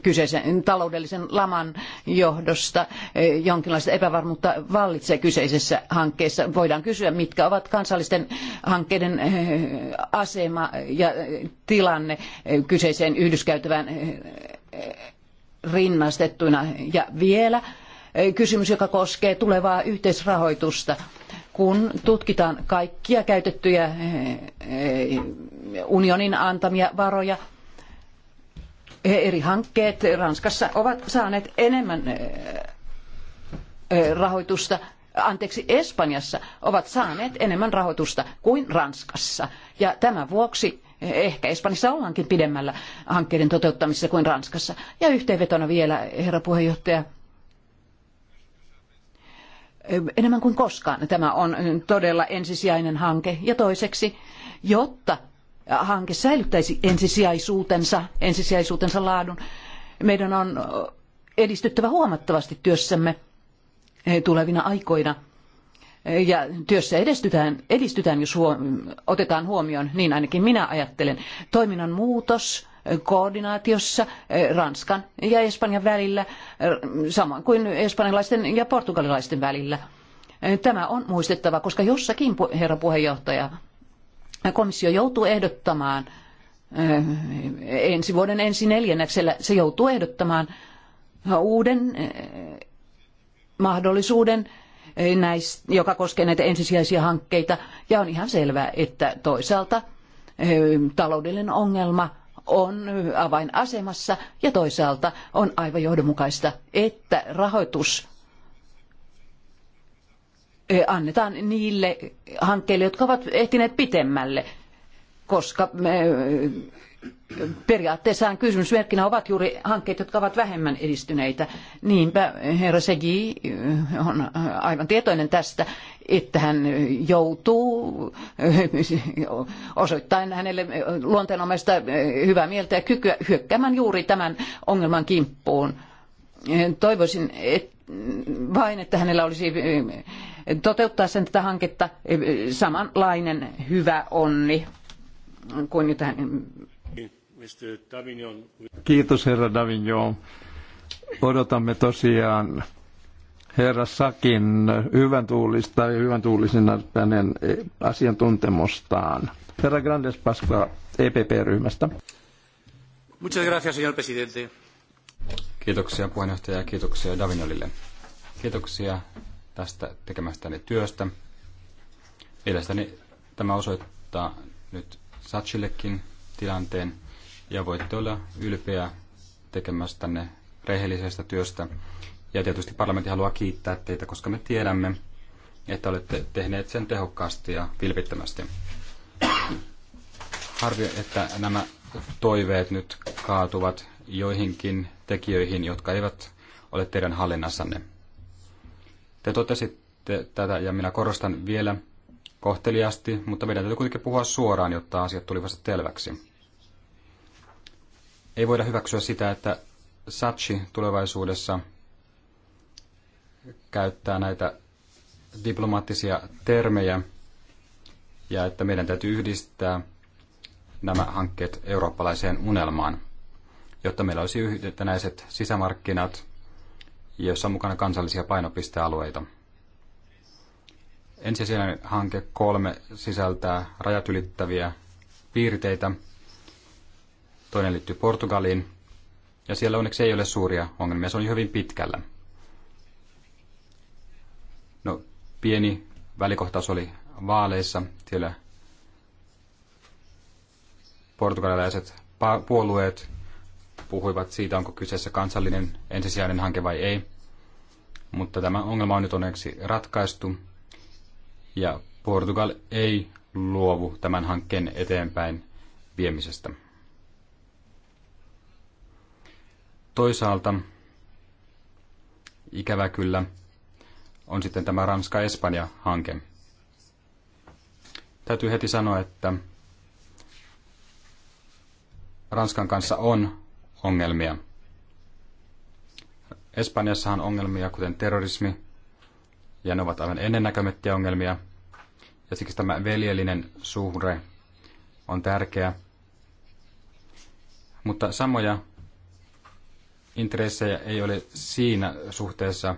kyseisen taloudellisen laman johdosta eh, jonkinlaista epävarmuutta vallitsee kyseisessä hankkeessa. Voidaan kysyä, mitkä ovat kansallisten hankkeiden eh, asema ja tilanne kyseiseen yhdyskäytävään rinnastettuina. Ja vielä kysymys, joka koskee tulevaa yhteisrahoitusta kun tutkitaan kaikkia käytettyjä unionin antamia varoja eri hankkeet Ranskassa ovat saaneet enemmän eh, eh, rahoitusta anteeksi, Espanjassa ovat saaneet enemmän rahoitusta kuin Ranskassa. Ja tämän vuoksi ehkä Espanjassa ollaankin pidemmällä hankkeiden toteuttamisessa kuin Ranskassa. Ja yhteenvetona vielä, herra puheenjohtaja, enemmän kuin koskaan tämä on todella ensisijainen hanke. Ja toiseksi, jotta hanke säilyttäisi ensisijaisuutensa, ensisijaisuutensa laadun. Meidän on edistyttävä huomattavasti työssämme tulevina aikoina. Ja työssä edistytään, edistytään jos huom otetaan huomioon, niin ainakin minä ajattelen, toiminnan muutos koordinaatiossa eh, Ranskan ja Espanjan välillä, eh, samoin kuin espanjalaisten ja portugalilaisten välillä. Eh, tämä on muistettava, koska jossakin, herra puheenjohtaja, komissio joutuu ehdottamaan eh, ensi vuoden ensi neljänneksellä, se joutuu ehdottamaan uuden eh, mahdollisuuden, eh, joka koskee näitä ensisijaisia hankkeita. Ja on ihan selvää, että toisaalta taloudellinen ongelma on avainasemassa ja toisaalta on aivan johdonmukaista, että rahoitus annetaan niille hankkeille, jotka ovat ehtineet pitemmälle, koska periaatteessaan kysymysmerkkinä ovat juuri hankkeet, jotka ovat vähemmän edistyneitä. Niinpä herra Segi on aivan tietoinen tästä, että hän joutuu osoittain hänelle luonteenomaista hyvää mieltä ja kykyä hyökkäämään juuri tämän ongelman kimppuun. Toivoisin et, vain, että hänellä olisi toteuttaa tätä hanketta e, e, samanlainen hyvä onni kuin nyt hän... Kiitos herra Davignon. Odotamme tosiaan herra Sakin hyvän tuulista ja hyvän tuulisena hänen asiantuntemustaan. Herra Grandes Pasqua EPP-ryhmästä. Muchas gracias, señor presidente. Kiitoksia puheenjohtaja ja kiitoksia Davinolille. Kiitoksia tästä tekemästäni työstä. Mielestäni tämä osoittaa nyt Satchillekin tilanteen ja voitte olla ylpeä tekemästänne rehellisestä työstä. Ja tietysti parlamentti haluaa kiittää teitä, koska me tiedämme, että olette tehneet sen tehokkaasti ja vilpittömästi. Harvi, että nämä toiveet nyt kaatuvat joihinkin tekijöihin, jotka eivät ole teidän hallinnassanne. Te totesitte tätä, ja minä korostan vielä kohteliasti, mutta meidän täytyy kuitenkin puhua suoraan, jotta asiat tulivat selväksi. Ei voida hyväksyä sitä, että Satchi tulevaisuudessa käyttää näitä diplomaattisia termejä, ja että meidän täytyy yhdistää nämä hankkeet eurooppalaiseen unelmaan, jotta meillä olisi yhtenäiset sisämarkkinat, jossa on mukana kansallisia painopistealueita. Ensisijainen hanke kolme sisältää rajat ylittäviä piirteitä. Toinen liittyy Portugaliin, ja siellä onneksi ei ole suuria ongelmia, se on hyvin pitkällä. No, pieni välikohtaus oli vaaleissa, siellä portugalilaiset puolueet puhuivat siitä, onko kyseessä kansallinen ensisijainen hanke vai ei. Mutta tämä ongelma on nyt onneksi ratkaistu ja Portugal ei luovu tämän hankkeen eteenpäin viemisestä. Toisaalta ikävä kyllä on sitten tämä Ranska-Espanja-hanke. Täytyy heti sanoa, että Ranskan kanssa on ongelmia. Espanjassa on ongelmia, kuten terrorismi, ja ne ovat aivan ennennäkemättömiä ongelmia. Ja siksi tämä veljellinen suhde on tärkeä. Mutta samoja intressejä ei ole siinä suhteessa,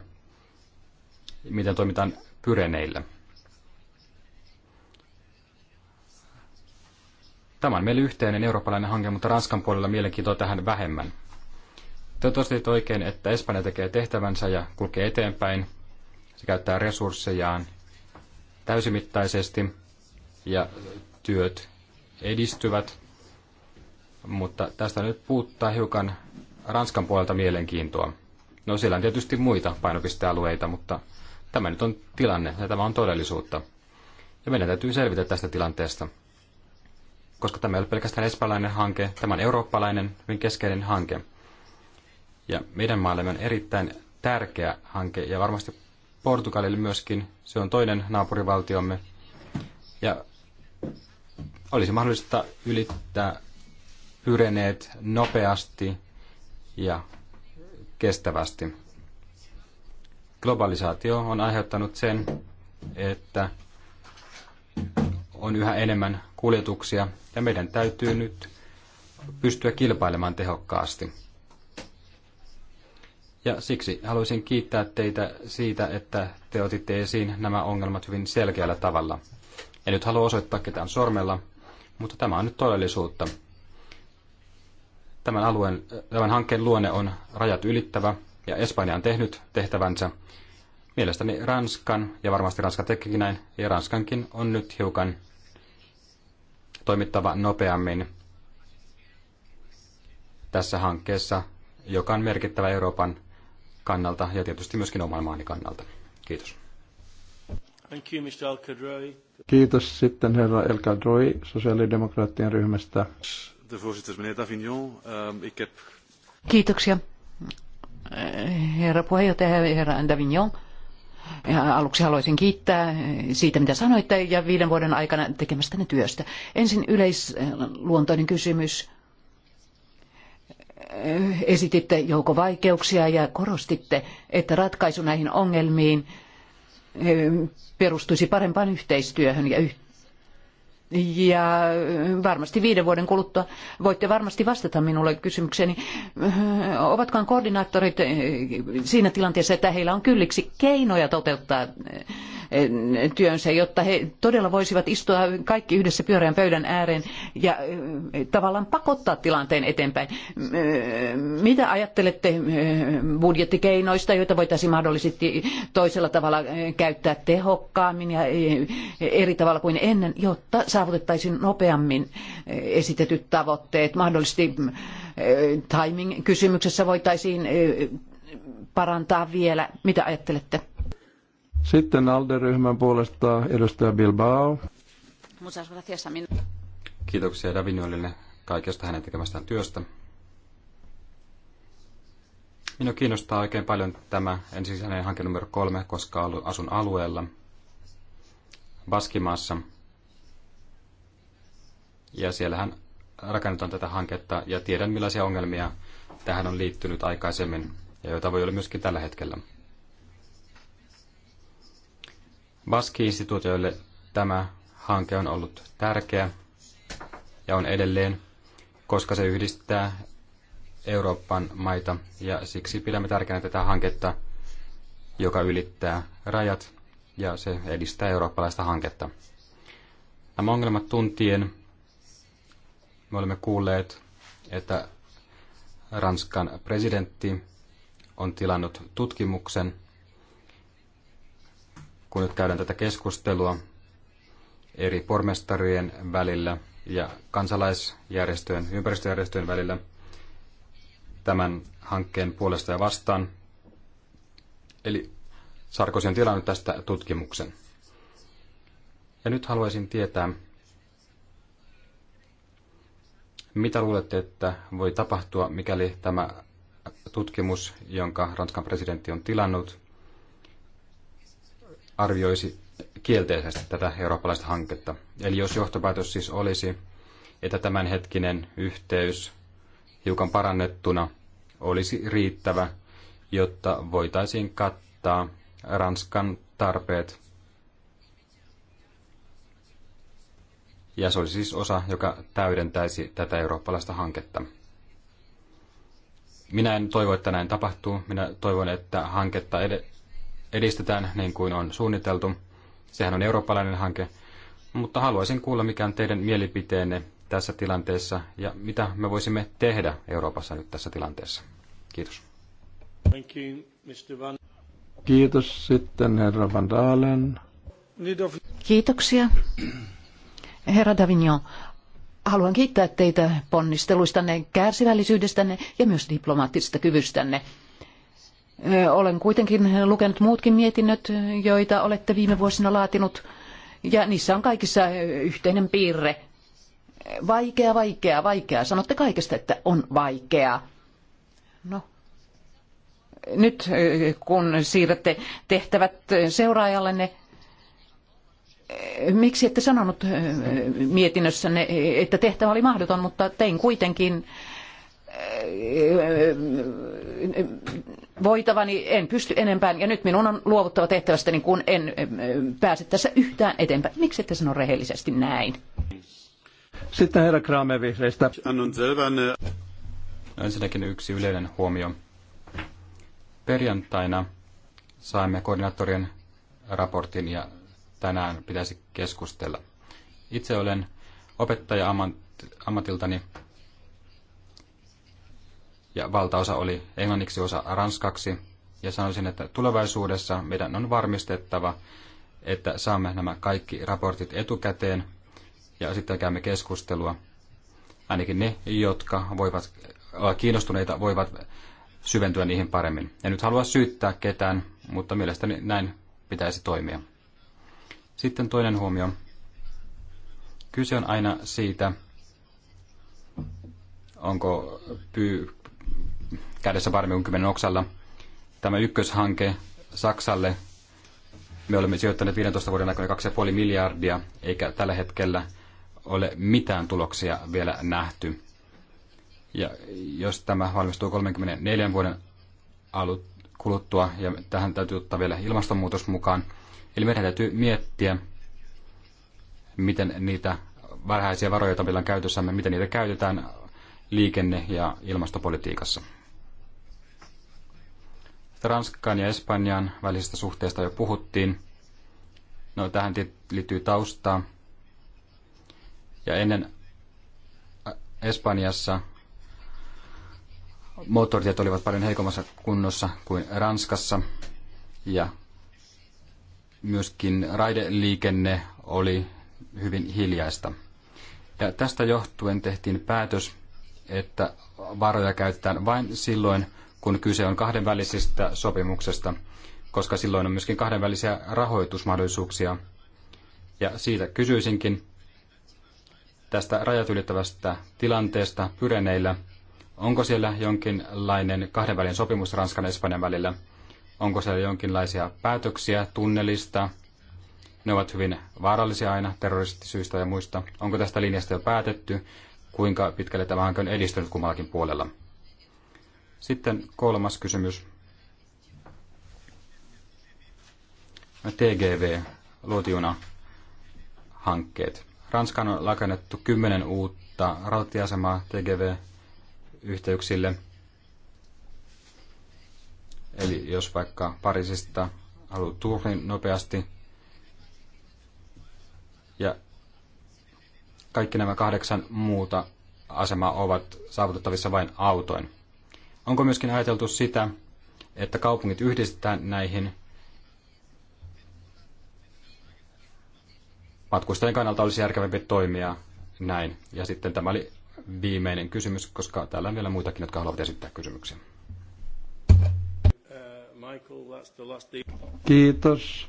miten toimitaan pyreneillä. Tämä on meille yhteinen eurooppalainen hanke, mutta Ranskan puolella mielenkiintoa tähän vähemmän. Toivottavasti tosiaan oikein, että Espanja tekee tehtävänsä ja kulkee eteenpäin. Se käyttää resurssejaan täysimittaisesti ja työt edistyvät. Mutta tästä nyt puuttaa hiukan Ranskan puolelta mielenkiintoa. No siellä on tietysti muita painopistealueita, mutta tämä nyt on tilanne ja tämä on todellisuutta. Ja meidän täytyy selvitä tästä tilanteesta koska tämä ei ole pelkästään espanjalainen hanke, tämä on eurooppalainen, hyvin keskeinen hanke. Ja meidän maallemme on erittäin tärkeä hanke ja varmasti Portugalille myöskin, se on toinen naapurivaltiomme. Ja olisi mahdollista ylittää pyreneet nopeasti ja kestävästi. Globalisaatio on aiheuttanut sen, että on yhä enemmän kuljetuksia ja meidän täytyy nyt pystyä kilpailemaan tehokkaasti. Ja siksi haluaisin kiittää teitä siitä, että te otitte esiin nämä ongelmat hyvin selkeällä tavalla. En nyt halua osoittaa ketään sormella, mutta tämä on nyt todellisuutta. Tämän, alueen, tämän hankkeen luonne on rajat ylittävä ja Espanja on tehnyt tehtävänsä. Mielestäni Ranskan, ja varmasti Ranska tekikin näin, ja Ranskankin on nyt hiukan toimittava nopeammin tässä hankkeessa, joka on merkittävä Euroopan kannalta ja tietysti myöskin oman maani kannalta. Kiitos. Thank you, Mr. Kiitos sitten herra El Kadroi sosiaalidemokraattien ryhmästä. Ehm, Kiitoksia. Eh, herra puheenjohtaja, herra Davignon. Aluksi haluaisin kiittää siitä, mitä sanoitte ja viiden vuoden aikana tekemästänne työstä. Ensin yleisluontoinen kysymys. Esititte joukko vaikeuksia ja korostitte, että ratkaisu näihin ongelmiin perustuisi parempaan yhteistyöhön ja ja eh, varmasti viiden vuoden kuluttua voitte varmasti vastata minulle kysymykseeni. Eh, ovatkohan koordinaattorit eh, siinä tilanteessa, että heillä on kylliksi keinoja toteuttaa työnsä, jotta he todella voisivat istua kaikki yhdessä pyöreän pöydän ääreen ja tavallaan pakottaa tilanteen eteenpäin. Mitä ajattelette budjettikeinoista, joita voitaisiin mahdollisesti toisella tavalla käyttää tehokkaammin ja eri tavalla kuin ennen, jotta saa saavutettaisiin nopeammin eh, esitetyt tavoitteet. Mahdollisesti eh, timing-kysymyksessä voitaisiin eh, parantaa vielä. Mitä ajattelette? Sitten ALDE-ryhmän puolesta edustaja Bilbao. Kiitoksia Davinioille kaikesta hänen tekemästään työstä. Minua kiinnostaa oikein paljon tämä ensisijainen hanke numero kolme, koska asun alueella Baskimaassa – ja siellähän rakennetaan tätä hanketta ja tiedän millaisia ongelmia tähän on liittynyt aikaisemmin ja joita voi olla myöskin tällä hetkellä. Baski-instituutioille tämä hanke on ollut tärkeä ja on edelleen, koska se yhdistää Euroopan maita ja siksi pidämme tärkeänä tätä hanketta, joka ylittää rajat ja se edistää eurooppalaista hanketta. Nämä ongelmat tuntien me olemme kuulleet, että Ranskan presidentti on tilannut tutkimuksen, kun nyt käydään tätä keskustelua eri pormestarien välillä ja kansalaisjärjestöjen, ympäristöjärjestöjen välillä tämän hankkeen puolesta ja vastaan. Eli Sarkozy on tilannut tästä tutkimuksen. Ja nyt haluaisin tietää, mitä luulette, että voi tapahtua, mikäli tämä tutkimus, jonka Ranskan presidentti on tilannut, arvioisi kielteisesti tätä eurooppalaista hanketta? Eli jos johtopäätös siis olisi, että tämänhetkinen yhteys hiukan parannettuna olisi riittävä, jotta voitaisiin kattaa Ranskan tarpeet ja se olisi siis osa, joka täydentäisi tätä eurooppalaista hanketta. Minä en toivo, että näin tapahtuu. Minä toivon, että hanketta edistetään niin kuin on suunniteltu. Sehän on eurooppalainen hanke, mutta haluaisin kuulla, mikä on teidän mielipiteenne tässä tilanteessa ja mitä me voisimme tehdä Euroopassa nyt tässä tilanteessa. Kiitos. Kiitos sitten herra Van Dalen. Kiitoksia. Herra Davignon, haluan kiittää teitä ponnisteluistanne, kärsivällisyydestänne ja myös diplomaattisesta kyvystänne. Olen kuitenkin lukenut muutkin mietinnöt, joita olette viime vuosina laatinut, ja niissä on kaikissa yhteinen piirre. Vaikea, vaikea, vaikea. Sanotte kaikesta, että on vaikeaa. No, nyt kun siirrätte tehtävät seuraajallenne, miksi ette sanonut mietinnössänne, että tehtävä oli mahdoton, mutta tein kuitenkin voitavani, en pysty enempään ja nyt minun on luovuttava tehtävästäni, kun en pääse tässä yhtään eteenpäin. Miksi ette sano rehellisesti näin? Sitten herra Kramer Ensinnäkin yksi yleinen huomio. Perjantaina saimme koordinaattorien raportin ja tänään pitäisi keskustella. Itse olen opettaja ammatiltani ja valtaosa oli englanniksi, osa ranskaksi. Ja sanoisin, että tulevaisuudessa meidän on varmistettava, että saamme nämä kaikki raportit etukäteen ja sitten käymme keskustelua. Ainakin ne, jotka voivat olla kiinnostuneita, voivat syventyä niihin paremmin. En nyt halua syyttää ketään, mutta mielestäni näin pitäisi toimia. Sitten toinen huomio. Kyse on aina siitä, onko pyy kädessä paremmin kuin kymmenen oksalla. Tämä ykköshanke Saksalle, me olemme sijoittaneet 15 vuoden aikana 2,5 miljardia, eikä tällä hetkellä ole mitään tuloksia vielä nähty. Ja jos tämä valmistuu 34 vuoden alut kuluttua, ja tähän täytyy ottaa vielä ilmastonmuutos mukaan, Eli meidän täytyy miettiä, miten niitä varhaisia varoja, joita meillä on käytössämme, miten niitä käytetään liikenne- ja ilmastopolitiikassa. Ranskan ja Espanjan välisistä suhteista jo puhuttiin. No, tähän liittyy taustaa. Ja ennen äh, Espanjassa moottoritiet olivat paljon heikommassa kunnossa kuin Ranskassa. Ja myöskin raideliikenne oli hyvin hiljaista. Ja tästä johtuen tehtiin päätös, että varoja käytetään vain silloin, kun kyse on kahdenvälisistä sopimuksesta, koska silloin on myöskin kahdenvälisiä rahoitusmahdollisuuksia. Ja siitä kysyisinkin tästä rajat ylittävästä tilanteesta Pyreneillä. Onko siellä jonkinlainen kahdenvälinen sopimus Ranskan ja Espanjan välillä? Onko siellä jonkinlaisia päätöksiä tunnelista? Ne ovat hyvin vaarallisia aina terroristisyistä ja muista. Onko tästä linjasta jo päätetty? Kuinka pitkälle tämä hanke on edistynyt kummallakin puolella? Sitten kolmas kysymys. TGV, luotijuna hankkeet. Ranskaan on lakennettu kymmenen uutta rautatieasemaa TGV-yhteyksille – Eli jos vaikka Pariisista haluat tuurin nopeasti, ja kaikki nämä kahdeksan muuta asemaa ovat saavutettavissa vain autoin. Onko myöskin ajateltu sitä, että kaupungit yhdistetään näihin? Matkustajien kannalta olisi järkevämpi toimia näin. Ja sitten tämä oli viimeinen kysymys, koska täällä on vielä muitakin, jotka haluavat esittää kysymyksiä. E- Kiitos.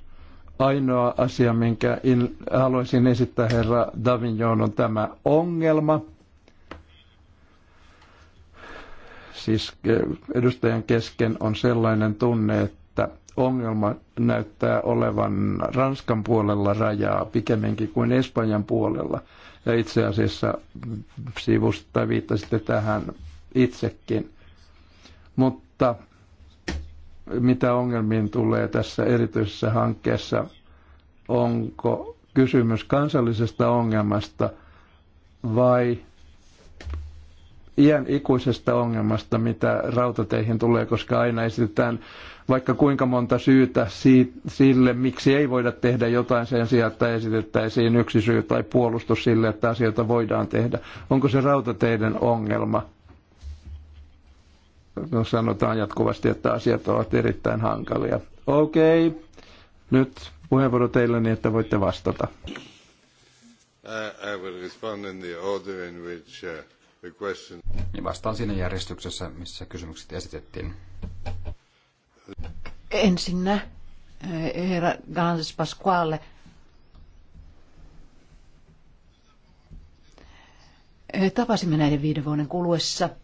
Ainoa asia, minkä in, haluaisin esittää herra Davignon, on tämä ongelma. Siis eh, edustajan kesken on sellainen tunne, että ongelma näyttää olevan Ranskan puolella rajaa pikemminkin kuin Espanjan puolella. Ja itse asiassa sivusta viittasitte tähän itsekin. Mutta mitä ongelmiin tulee tässä erityisessä hankkeessa, onko kysymys kansallisesta ongelmasta vai iän ikuisesta ongelmasta, mitä rautateihin tulee, koska aina esitetään vaikka kuinka monta syytä sille, miksi ei voida tehdä jotain sen sijaan, että esitettäisiin yksi syy tai puolustus sille, että asioita voidaan tehdä. Onko se rautateiden ongelma no sanotaan jatkuvasti, että asiat ovat erittäin hankalia. Okei, okay. nyt puheenvuoro teille niin, että voitte vastata. I will respond in the order in which uh, the question... Niin vastaan siinä järjestyksessä, missä kysymykset esitettiin. Ensinnä eh, herra Gansis Pasquale. Eh, tapasimme näiden viiden vuoden kuluessa –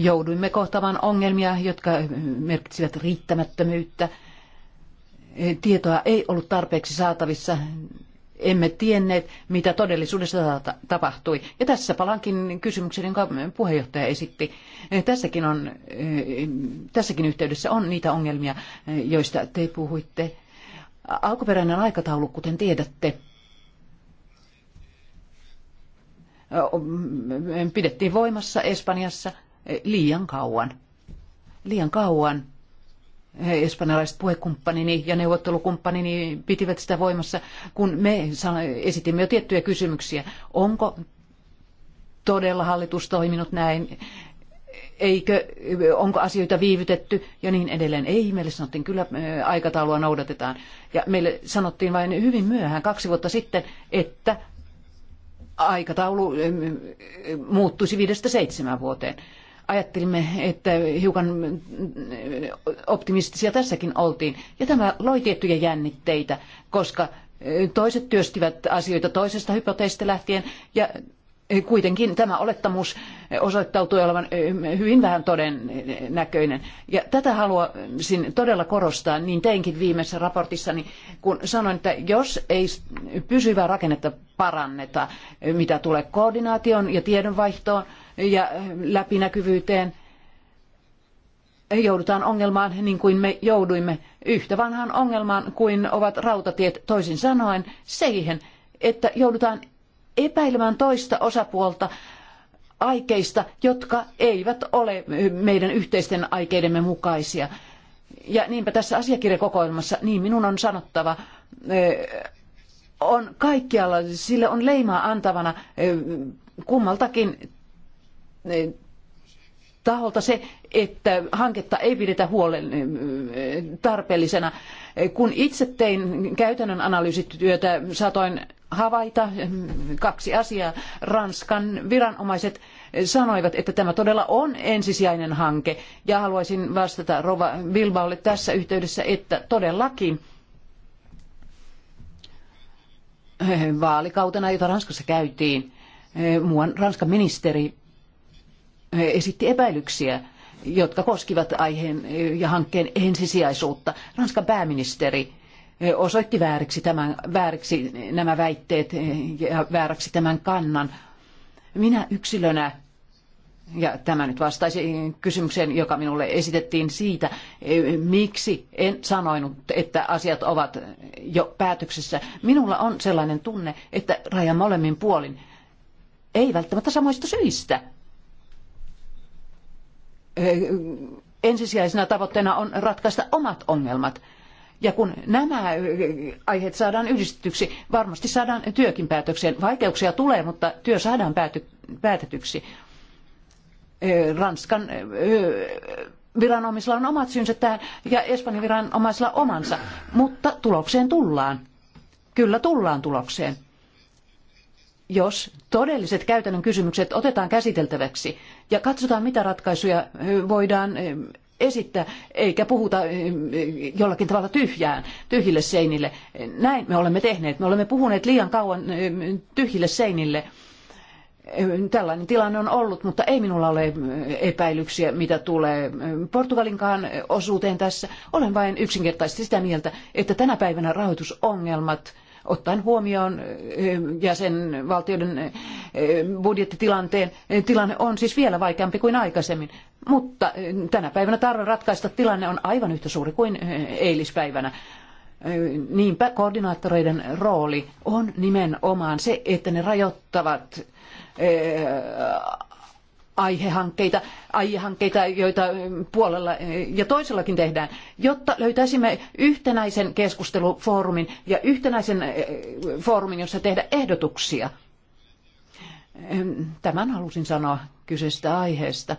jouduimme kohtaamaan ongelmia, jotka merkitsivät riittämättömyyttä. Tietoa ei ollut tarpeeksi saatavissa. Emme tienneet, mitä todellisuudessa tapahtui. Ja tässä palankin kysymykseen, jonka puheenjohtaja esitti. Tässäkin, on, tässäkin yhteydessä on niitä ongelmia, joista te puhuitte. Alkuperäinen aikataulu, kuten tiedätte, pidettiin voimassa Espanjassa – Eh, liian kauan. Liian kauan eh, espanjalaiset puhekumppanini ja neuvottelukumppanini pitivät sitä voimassa, kun me esitimme jo tiettyjä kysymyksiä. Onko todella hallitus toiminut näin? Eikö, onko asioita viivytetty ja niin edelleen. Ei, meille sanottiin kyllä eh, aikataulua noudatetaan. Ja meille sanottiin vain hyvin myöhään, kaksi vuotta sitten, että aikataulu muuttuisi viidestä seitsemän vuoteen ajattelimme, että hiukan optimistisia tässäkin oltiin. Ja tämä loi tiettyjä jännitteitä, koska toiset työstivät asioita toisesta hypoteesista lähtien ja kuitenkin tämä olettamus osoittautui olevan hyvin vähän todennäköinen. Ja tätä haluaisin todella korostaa, niin teinkin viimeisessä raportissani, kun sanoin, että jos ei pysyvää rakennetta paranneta, mitä tulee koordinaation ja tiedonvaihtoon, ja läpinäkyvyyteen joudutaan ongelmaan niin kuin me jouduimme yhtä vanhaan ongelmaan kuin ovat rautatiet toisin sanoen siihen, että joudutaan epäilemään toista osapuolta aikeista, jotka eivät ole meidän yhteisten aikeidemme mukaisia. Ja niinpä tässä asiakirjakokoelmassa, niin minun on sanottava, eh, on kaikkialla, sille on leimaa antavana eh, kummaltakin taholta se, että hanketta ei pidetä huolen tarpeellisena. Kun itse tein käytännön analyysityötä, saatoin havaita kaksi asiaa. Ranskan viranomaiset sanoivat, että tämä todella on ensisijainen hanke. Ja haluaisin vastata Rova Bilbaolle tässä yhteydessä, että todellakin vaalikautena, jota Ranskassa käytiin, eh, muuan Ranskan ministeri esitti epäilyksiä jotka koskivat aiheen ja hankkeen ensisijaisuutta. Ranskan pääministeri e, osoitti vääriksi, tämän, vääriksi nämä väitteet e, ja vääräksi tämän kannan. Minä yksilönä, ja tämä nyt vastaisi kysymykseen, joka minulle esitettiin siitä, e, miksi en sanoinut, että asiat ovat jo päätöksessä. Minulla on sellainen tunne, että rajan molemmin puolin ei välttämättä samoista syistä – ensisijaisena tavoitteena on ratkaista omat ongelmat. Ja kun nämä aiheet saadaan yhdistetyksi, varmasti saadaan työkin päätökseen. Vaikeuksia tulee, mutta työ saadaan pääty, päätetyksi. Ranskan viranomaisilla on omat syynsä tähän ja Espanjan viranomaisilla omansa, mutta tulokseen tullaan. Kyllä tullaan tulokseen jos todelliset käytännön kysymykset otetaan käsiteltäväksi ja katsotaan, mitä ratkaisuja voidaan esittää, eikä puhuta jollakin tavalla tyhjään, tyhjille seinille. Näin me olemme tehneet. Me olemme puhuneet liian kauan tyhjille seinille. Tällainen tilanne on ollut, mutta ei minulla ole epäilyksiä, mitä tulee Portugalinkaan osuuteen tässä. Olen vain yksinkertaisesti sitä mieltä, että tänä päivänä rahoitusongelmat – ottaen huomioon jäsenvaltioiden budjettitilanteen. Tilanne on siis vielä vaikeampi kuin aikaisemmin. Mutta tänä päivänä tarve ratkaista tilanne on aivan yhtä suuri kuin eilispäivänä. Niinpä koordinaattoreiden rooli on nimenomaan se, että ne rajoittavat aihehankkeita, aihehankkeita, joita mm, puolella mm, ja toisellakin tehdään, jotta löytäisimme yhtenäisen keskustelufoorumin ja yhtenäisen mm, foorumin, jossa tehdä ehdotuksia. Tämän halusin sanoa kyseisestä aiheesta.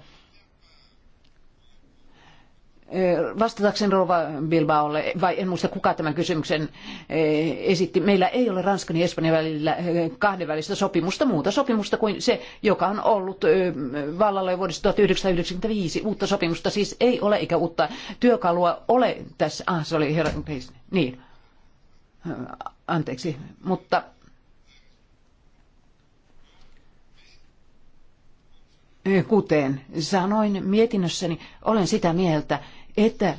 Vastatakseni rouva Bilbaolle, vai en muista kuka tämän kysymyksen esitti, meillä ei ole Ranskan ja Espanjan välillä kahdenvälistä sopimusta, muuta sopimusta kuin se, joka on ollut vallalla jo vuodesta 1995. Uutta sopimusta siis ei ole, eikä uutta työkalua ole tässä. Ah, se oli herra, niin. Anteeksi, mutta Kuten sanoin mietinnössäni, olen sitä mieltä, että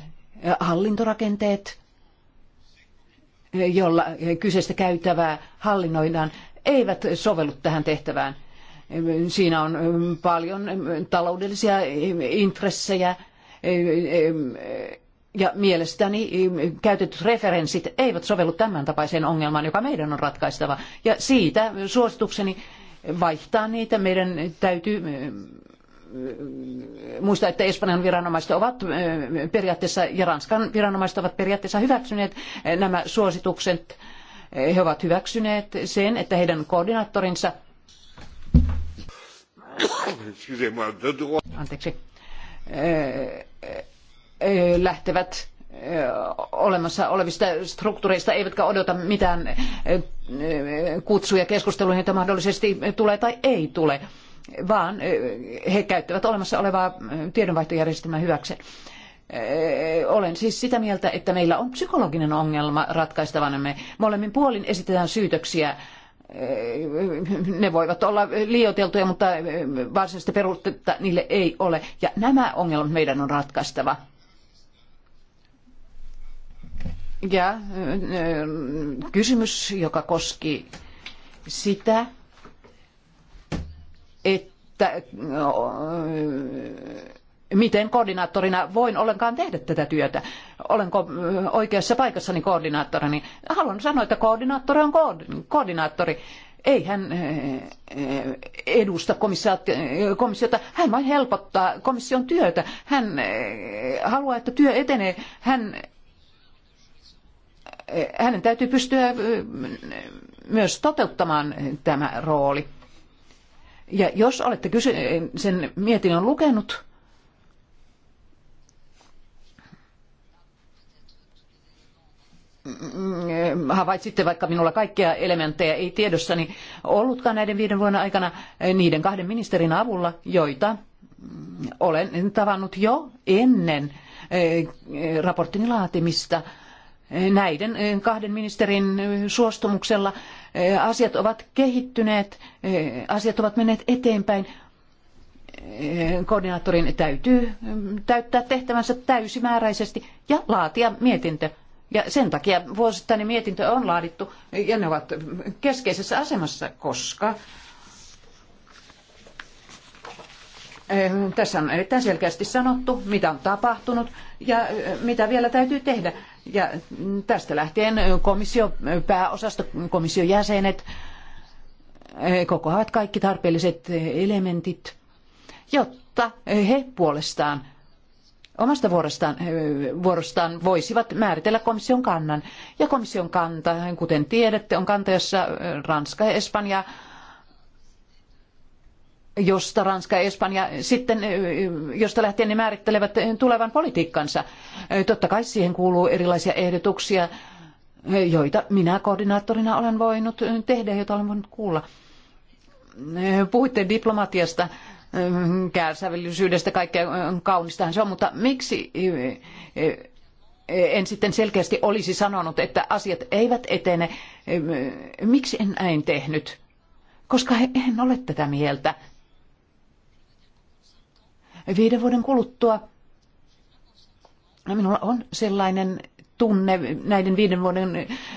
hallintorakenteet, jolla kyseistä käytävää hallinnoidaan, eivät sovellu tähän tehtävään. Siinä on paljon taloudellisia intressejä ja mielestäni käytetyt referenssit eivät sovellu tämän tapaiseen ongelmaan, joka meidän on ratkaistava. Ja siitä suositukseni vaihtaa niitä. Meidän täytyy muista, että Espanjan viranomaiset ovat periaatteessa ja Ranskan viranomaiset ovat periaatteessa hyväksyneet nämä suositukset. He ovat hyväksyneet sen, että heidän koordinaattorinsa anteeksi, lähtevät olemassa olevista struktuureista, eivätkä odota mitään kutsuja keskusteluihin, että mahdollisesti tulee tai ei tule vaan he käyttävät olemassa olevaa tiedonvaihtojärjestelmää hyväksi. Olen siis sitä mieltä, että meillä on psykologinen ongelma ratkaistavanamme. Molemmin puolin esitetään syytöksiä ne voivat olla liioiteltuja, mutta varsinaista perustetta niille ei ole. Ja nämä ongelmat meidän on ratkaistava. Ja kysymys, joka koski sitä, että no, miten koordinaattorina voin ollenkaan tehdä tätä työtä. Olenko oikeassa paikassani koordinaattorina? Haluan sanoa, että koordinaattori on koordinaattori. Ei hän edusta komissiota. Hän vain helpottaa komission työtä. Hän haluaa, että työ etenee. Hän, hänen täytyy pystyä myös toteuttamaan tämä rooli. Ja jos olette kysy- sen mietinnön lukenut, havaitsitte, vaikka minulla kaikkia elementtejä ei tiedossani ollutkaan näiden viiden vuoden aikana, niiden kahden ministerin avulla, joita olen tavannut jo ennen eh, raporttini laatimista. Näiden eh, kahden ministerin suostumuksella Asiat ovat kehittyneet, asiat ovat menneet eteenpäin. Koordinaattorin täytyy täyttää tehtävänsä täysimääräisesti ja laatia mietintö. Ja sen takia vuosittainen mietintö on laadittu ja ne ovat keskeisessä asemassa, koska tässä on erittäin selkeästi sanottu, mitä on tapahtunut ja mitä vielä täytyy tehdä. Ja tästä lähtien komissio, pääosasto, komission jäsenet eh, kokoavat kaikki tarpeelliset elementit, jotta he puolestaan omasta vuorostaan, eh, vuorostaan voisivat määritellä komission kannan. Ja komission kanta, kuten tiedätte, on kanta, jossa Ranska ja Espanja josta Ranska ja Espanja sitten, josta lähtien ne määrittelevät tulevan politiikkansa. Totta kai siihen kuuluu erilaisia ehdotuksia, joita minä koordinaattorina olen voinut tehdä, joita olen voinut kuulla. Puhuitte diplomatiasta, kärsivällisyydestä, kaikkea kaunistahan se on, mutta miksi en sitten selkeästi olisi sanonut, että asiat eivät etene. Miksi en näin tehnyt? Koska en ole tätä mieltä viiden vuoden kuluttua minulla on sellainen tunne, näiden viiden vuoden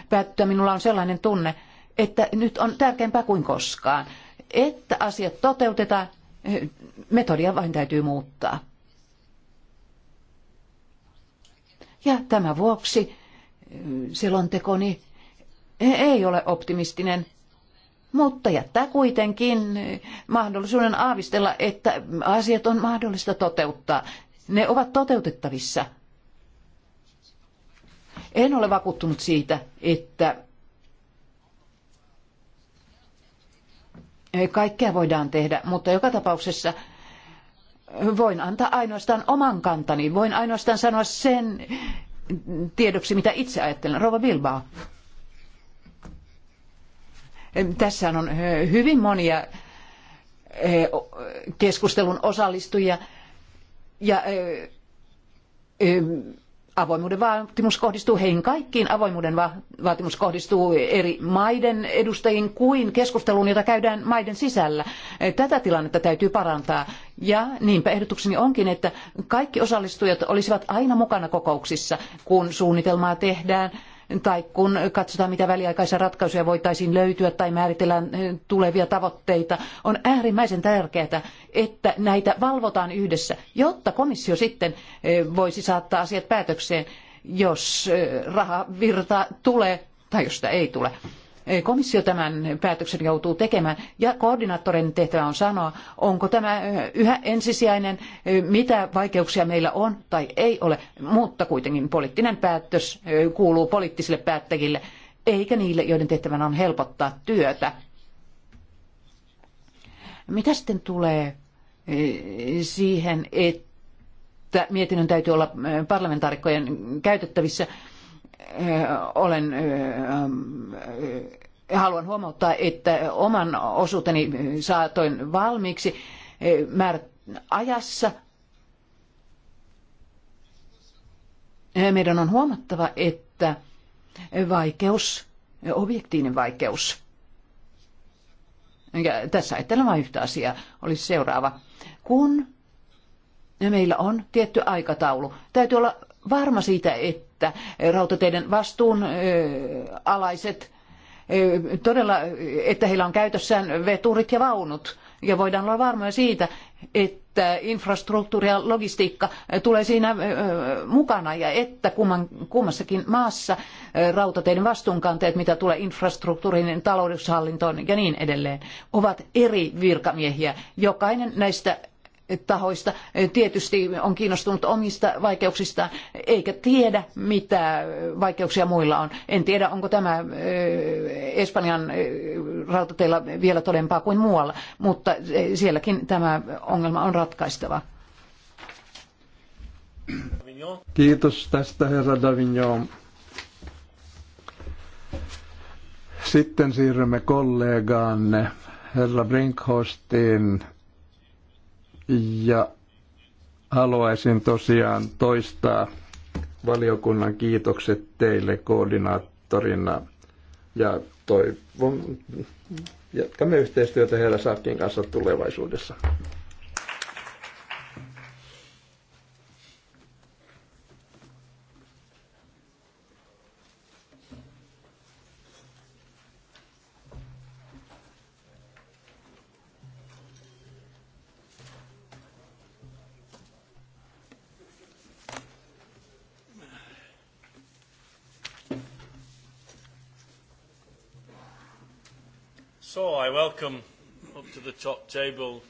päättyä minulla on sellainen tunne, että nyt on tärkeämpää kuin koskaan, että asiat toteutetaan, metodia vain täytyy muuttaa. Ja tämän vuoksi selontekoni ei ole optimistinen mutta jättää kuitenkin mahdollisuuden aavistella, että asiat on mahdollista toteuttaa. Ne ovat toteutettavissa. En ole vakuuttunut siitä, että kaikkea voidaan tehdä, mutta joka tapauksessa voin antaa ainoastaan oman kantani. Voin ainoastaan sanoa sen tiedoksi, mitä itse ajattelen. Rova Bilbao. Tässä on eh, hyvin monia eh, keskustelun osallistujia ja eh, avoimuuden vaatimus kohdistuu heihin kaikkiin. Avoimuuden vaatimus kohdistuu eri maiden edustajiin kuin keskusteluun, jota käydään maiden sisällä. Tätä tilannetta täytyy parantaa. Ja niinpä ehdotukseni onkin, että kaikki osallistujat olisivat aina mukana kokouksissa, kun suunnitelmaa tehdään – tai kun katsotaan, mitä väliaikaisia ratkaisuja voitaisiin löytyä tai määritellään eh, tulevia tavoitteita, on äärimmäisen tärkeää, että näitä valvotaan yhdessä, jotta komissio sitten eh, voisi saattaa asiat päätökseen, jos eh, rahavirta tulee tai jos sitä ei tule komissio tämän päätöksen joutuu tekemään ja koordinaattorin tehtävä on sanoa, onko tämä yhä ensisijainen, mitä vaikeuksia meillä on tai ei ole, mutta kuitenkin poliittinen päätös kuuluu poliittisille päättäjille eikä niille, joiden tehtävänä on helpottaa työtä. Mitä sitten tulee siihen, että mietinnön täytyy olla parlamentaarikkojen käytettävissä? olen, haluan huomauttaa, että oman osuuteni saatoin valmiiksi määrät ajassa. Meidän on huomattava, että vaikeus, objektiivinen vaikeus, ja tässä ajattelen vain yhtä asiaa, olisi seuraava. Kun meillä on tietty aikataulu, täytyy olla varma siitä, että rautateiden vastuun alaiset todella, että heillä on käytössään veturit ja vaunut. Ja voidaan olla varmoja siitä, että infrastruktuuri ja logistiikka tulee siinä mukana ja että kummassakin maassa rautateiden vastuunkanteet, mitä tulee infrastruktuuriin, taloudushallintoon ja niin edelleen, ovat eri virkamiehiä. Jokainen näistä tahoista tietysti on kiinnostunut omista vaikeuksistaan eikä tiedä mitä vaikeuksia muilla on. En tiedä onko tämä Espanjan rautateillä vielä todempaa kuin muualla, mutta sielläkin tämä ongelma on ratkaistava. Kiitos tästä herra Davignon. Sitten siirrymme kollegaanne herra Brinkhorstin ja haluaisin tosiaan toistaa valiokunnan kiitokset teille koordinaattorina ja toivon, jatkamme yhteistyötä Herra Saakkin kanssa tulevaisuudessa. So I welcome up to the top table.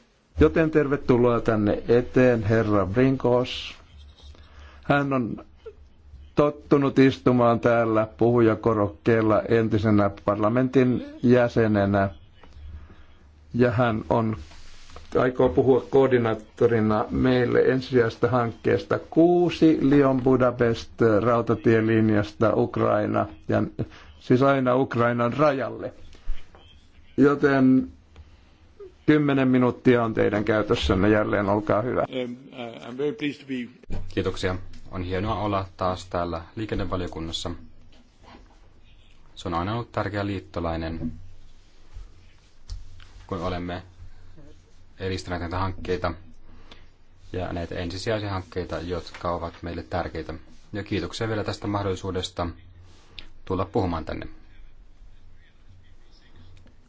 Joten tervetuloa tänne eteen, herra Brinkos. Hän on tottunut istumaan täällä puhujakorokkeella entisenä parlamentin jäsenenä. Ja hän on aikoo puhua koordinaattorina meille ensisijaisesta hankkeesta kuusi Lyon Budapest rautatielinjasta Ukraina ja siis aina Ukrainan rajalle. Joten Kymmenen minuuttia on teidän käytössänne jälleen, olkaa hyvä. Um, uh, kiitoksia. On hienoa olla taas täällä liikennevaliokunnassa. Se on aina ollut tärkeä liittolainen, kun olemme edistäneet näitä hankkeita ja näitä ensisijaisia hankkeita, jotka ovat meille tärkeitä. Ja kiitoksia vielä tästä mahdollisuudesta tulla puhumaan tänne.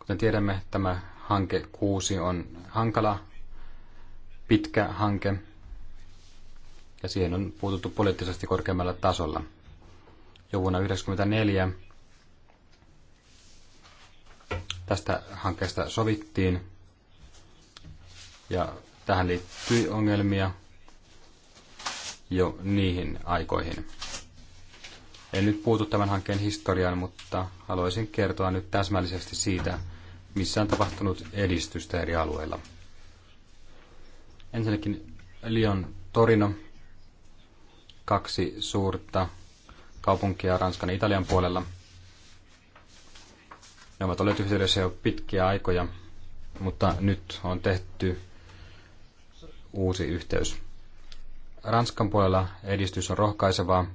Kuten tiedämme, tämä hanke 6 on hankala, pitkä hanke, ja siihen on puututtu poliittisesti korkeammalla tasolla. Jo vuonna 1994 tästä hankkeesta sovittiin, ja tähän liittyi ongelmia jo niihin aikoihin. En nyt puutu tämän hankkeen historiaan, mutta haluaisin kertoa nyt täsmällisesti siitä, missä on tapahtunut edistystä eri alueilla. Ensinnäkin Lyon Torino, kaksi suurta kaupunkia Ranskan ja Italian puolella. Ne ovat olleet yhteydessä jo pitkiä aikoja, mutta nyt on tehty uusi yhteys. Ranskan puolella edistys on rohkaisevaa.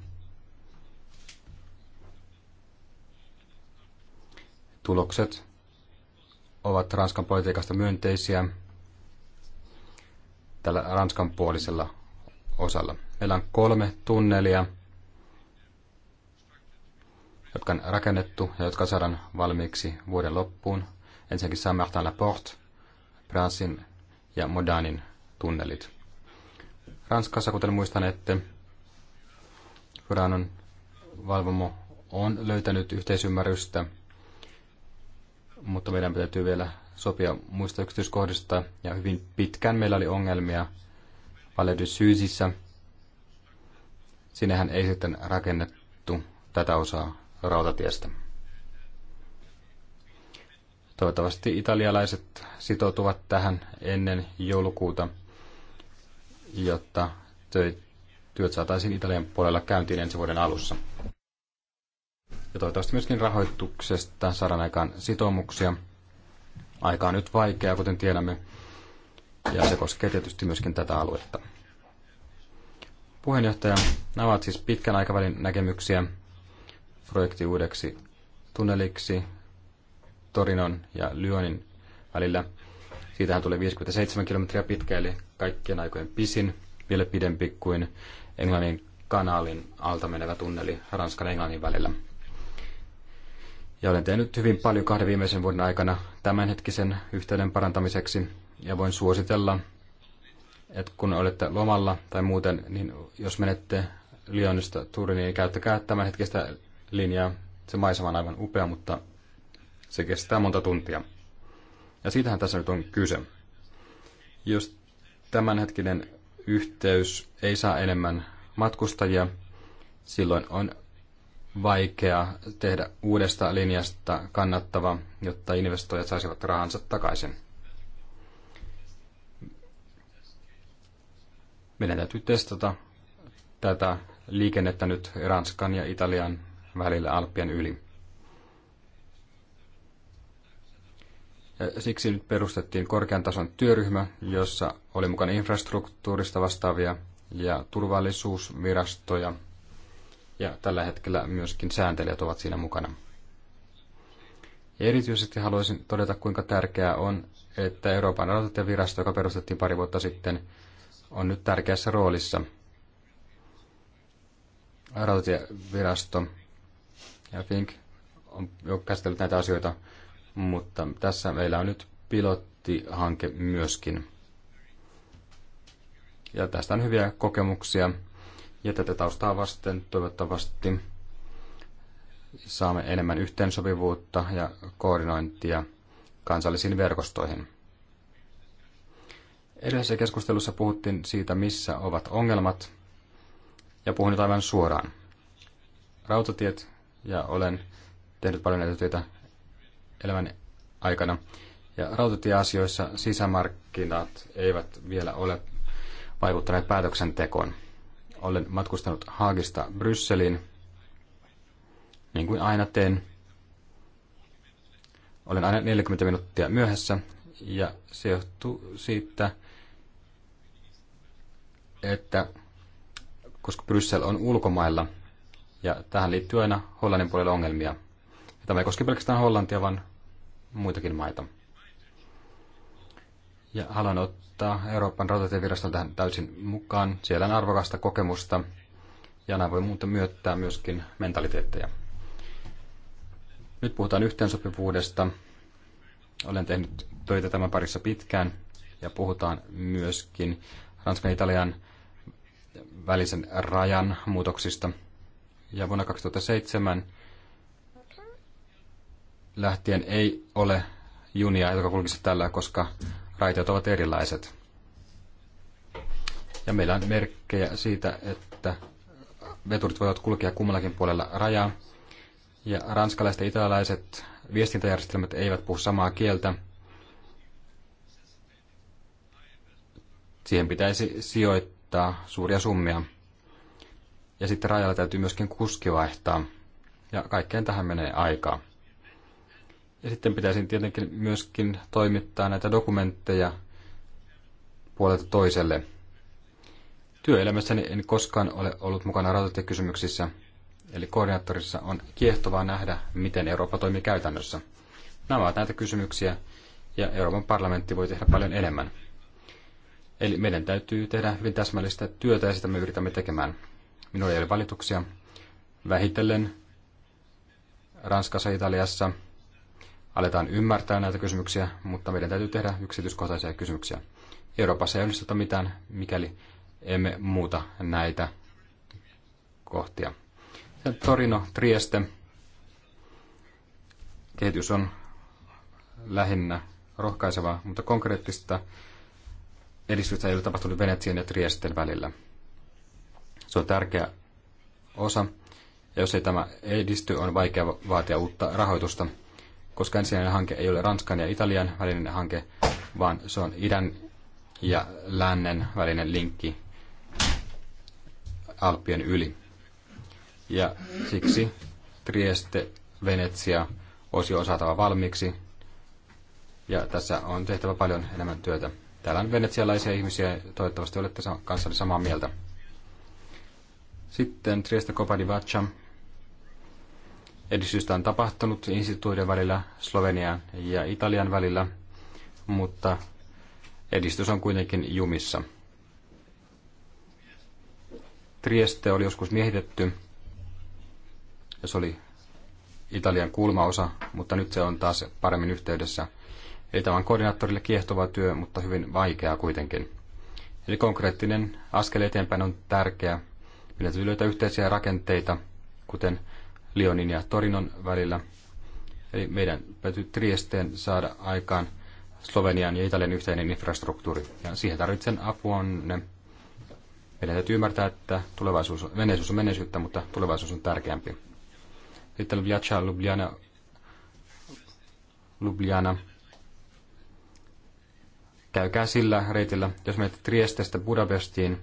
Tulokset ovat Ranskan politiikasta myönteisiä tällä Ranskan puolisella osalla. Meillä on kolme tunnelia, jotka on rakennettu ja jotka saadaan valmiiksi vuoden loppuun. Ensinnäkin Saint-Martin-la-Porte, Pransin ja Modanin tunnelit. Ranskassa, kuten että Furanon valvomo on löytänyt yhteisymmärrystä – mutta meidän täytyy vielä sopia muista yksityiskohdista. Ja hyvin pitkään meillä oli ongelmia Valedysyysissä. Sinnehän ei sitten rakennettu tätä osaa rautatiestä. Toivottavasti italialaiset sitoutuvat tähän ennen joulukuuta, jotta työt saataisiin Italian puolella käyntiin ensi vuoden alussa. Ja toivottavasti myöskin rahoituksesta saadaan aikaan sitoumuksia. Aika on nyt vaikeaa, kuten tiedämme, ja se koskee tietysti myöskin tätä aluetta. Puheenjohtaja, nämä ovat siis pitkän aikavälin näkemyksiä projekti uudeksi tunneliksi Torinon ja Lyonin välillä. Siitähän tuli 57 kilometriä pitkä, eli kaikkien aikojen pisin, vielä pidempi kuin Englannin kanaalin alta menevä tunneli Ranskan ja Englannin välillä. Ja olen tehnyt hyvin paljon kahden viimeisen vuoden aikana tämänhetkisen yhteyden parantamiseksi. Ja voin suositella, että kun olette lomalla tai muuten, niin jos menette Lyonista Turiniin, niin käyttäkää tämänhetkistä linjaa. Se maisema on aivan upea, mutta se kestää monta tuntia. Ja siitähän tässä nyt on kyse. Jos tämänhetkinen yhteys ei saa enemmän matkustajia, silloin on vaikea tehdä uudesta linjasta kannattava, jotta investoijat saisivat rahansa takaisin. Meidän täytyy testata tätä liikennettä nyt Ranskan ja Italian välillä Alppien yli. Siksi nyt perustettiin korkean tason työryhmä, jossa oli mukana infrastruktuurista vastaavia ja turvallisuusvirastoja – ja tällä hetkellä myöskin sääntelijät ovat siinä mukana. Ja erityisesti haluaisin todeta, kuinka tärkeää on, että Euroopan rautatievirasto, joka perustettiin pari vuotta sitten, on nyt tärkeässä roolissa. Rautatievirasto ja Fink on jo käsitellyt näitä asioita, mutta tässä meillä on nyt pilottihanke myöskin. Ja tästä on hyviä kokemuksia ja tätä taustaa vasten toivottavasti saamme enemmän yhteensopivuutta ja koordinointia kansallisiin verkostoihin. Edellisessä keskustelussa puhuttiin siitä, missä ovat ongelmat, ja puhun nyt aivan suoraan. Rautatiet, ja olen tehnyt paljon näitä töitä elämän aikana, ja rautatieasioissa sisämarkkinat eivät vielä ole vaikuttaneet päätöksentekoon olen matkustanut Haagista Brysseliin, niin kuin aina teen. Olen aina 40 minuuttia myöhässä ja se johtuu siitä, että koska Bryssel on ulkomailla ja tähän liittyy aina Hollannin puolella ongelmia. Ja tämä ei koske pelkästään Hollantia, vaan muitakin maita. Ja haluan ottaa Euroopan rautatieviraston tähän täysin mukaan. Siellä on arvokasta kokemusta ja nämä voi muuta myöttää myöskin mentaliteetteja. Nyt puhutaan yhteensopivuudesta. Olen tehnyt töitä tämän parissa pitkään ja puhutaan myöskin Ranskan ja Italian välisen rajan muutoksista. Ja vuonna 2007 lähtien ei ole junia, joka kulkisi tällä, koska raiteet ovat erilaiset. Ja meillä on merkkejä siitä, että veturit voivat kulkea kummallakin puolella rajaa. Ja ranskalaiset ja italialaiset viestintäjärjestelmät eivät puhu samaa kieltä. Siihen pitäisi sijoittaa suuria summia. Ja sitten rajalla täytyy myöskin kuski vaihtaa. Ja kaikkeen tähän menee aikaa. Ja sitten pitäisi tietenkin myöskin toimittaa näitä dokumentteja puolelta toiselle. Työelämässäni en koskaan ole ollut mukana rautatiekysymyksissä, eli koordinaattorissa on kiehtovaa nähdä, miten Eurooppa toimii käytännössä. Nämä ovat näitä kysymyksiä, ja Euroopan parlamentti voi tehdä paljon enemmän. Eli meidän täytyy tehdä hyvin täsmällistä työtä, ja sitä me yritämme tekemään. Minulla ei ole valituksia. Vähitellen Ranskassa, Italiassa, aletaan ymmärtää näitä kysymyksiä, mutta meidän täytyy tehdä yksityiskohtaisia kysymyksiä. Euroopassa ei onnistuta mitään, mikäli emme muuta näitä kohtia. Torino, Trieste. Kehitys on lähinnä rohkaisevaa, mutta konkreettista edistystä ei ole tapahtunut Venetsian ja Triesten välillä. Se on tärkeä osa, ja jos ei tämä edisty, on vaikea vaatia uutta rahoitusta koska ensimmäinen hanke ei ole Ranskan ja Italian välinen hanke, vaan se on idän ja lännen välinen linkki Alppien yli. Ja siksi Trieste, Venetsia, osio osaatava valmiiksi. Ja tässä on tehtävä paljon enemmän työtä. Täällä on venetsialaisia ihmisiä, toivottavasti olette kanssani samaa mieltä. Sitten Trieste Vacham, Edistystä on tapahtunut instituutioiden välillä, Slovenian ja Italian välillä, mutta edistys on kuitenkin jumissa. Trieste oli joskus miehitetty, ja se oli Italian kulmaosa, mutta nyt se on taas paremmin yhteydessä. Eli tämä on koordinaattorille kiehtova työ, mutta hyvin vaikeaa kuitenkin. Eli konkreettinen askel eteenpäin on tärkeä. Meidän täytyy löytää yhteisiä rakenteita, kuten Lionin ja Torinon välillä. Eli meidän täytyy Triesteen saada aikaan Slovenian ja Italian yhteinen infrastruktuuri. Ja siihen tarvitsen apuanne. Meidän täytyy ymmärtää, että tulevaisuus, menneisyys on menneisyyttä, mutta tulevaisuus on tärkeämpi. Sitten Ljatsa, Ljubljana, Ljubljana. Käykää sillä reitillä, jos menette Triestestä Budapestiin.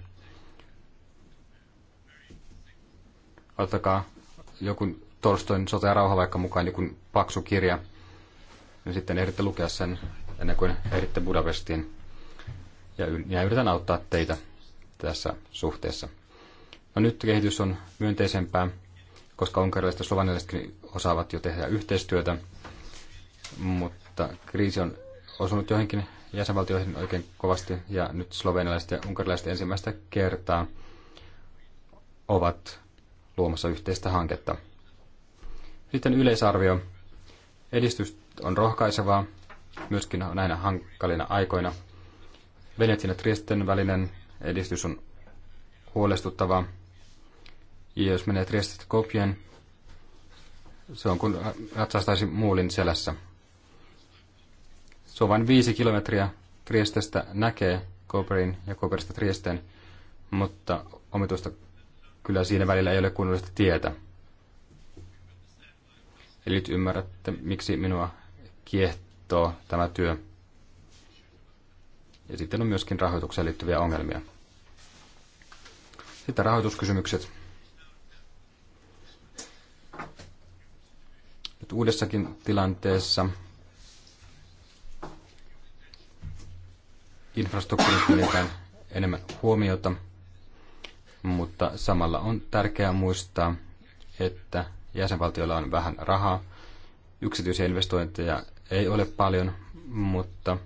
Ottakaa joku Tolstoin Sota ja rauha vaikka mukaan joku paksu kirja, niin sitten ehditte lukea sen ennen kuin ehditte Budapestiin. Ja minä yritän auttaa teitä tässä suhteessa. No nyt kehitys on myönteisempää, koska unkarilaiset ja slovanialaisetkin osaavat jo tehdä yhteistyötä, mutta kriisi on osunut joihinkin jäsenvaltioihin oikein kovasti, ja nyt slovenialaiset ja unkarilaiset ensimmäistä kertaa ovat luomassa yhteistä hanketta. Sitten yleisarvio. Edistys on rohkaisevaa, myöskin näinä hankalina aikoina. Venetsin ja Triesten välinen edistys on huolestuttavaa. Ja jos menee Triestistä Kopien, se on kuin ratsastaisi muulin selässä. Se on vain viisi kilometriä. Triestestä näkee Koperin ja Koperista Triesten, mutta omituista kyllä siinä välillä ei ole kunnollista tietä. Eli nyt ymmärrätte, miksi minua kiehtoo tämä työ. Ja sitten on myöskin rahoitukseen liittyviä ongelmia. Sitten rahoituskysymykset. Nyt uudessakin tilanteessa infrastruktuurin enemmän huomiota – mutta samalla on tärkeää muistaa, että jäsenvaltioilla on vähän rahaa, yksityisiä investointeja ei ole paljon, mutta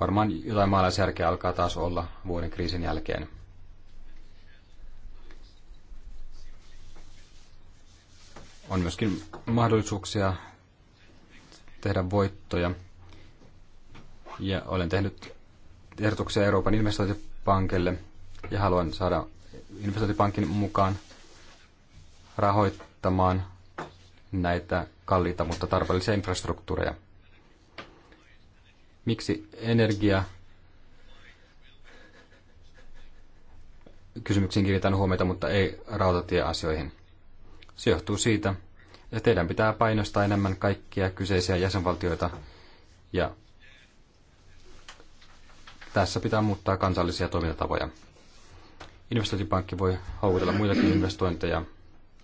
varmaan jotain maalaisjärkeä alkaa taas olla vuoden kriisin jälkeen. On myöskin mahdollisuuksia tehdä voittoja. Ja olen tehnyt ehdotuksia Euroopan investointipankille ja haluan saada investointipankin mukaan rahoittamaan näitä kalliita, mutta tarpeellisia infrastruktuureja. Miksi energia kysymyksiin kiinnitän huomiota, mutta ei rautatieasioihin. Se johtuu siitä, että teidän pitää painostaa enemmän kaikkia kyseisiä jäsenvaltioita ja tässä pitää muuttaa kansallisia toimintatapoja investointipankki voi houkutella muitakin investointeja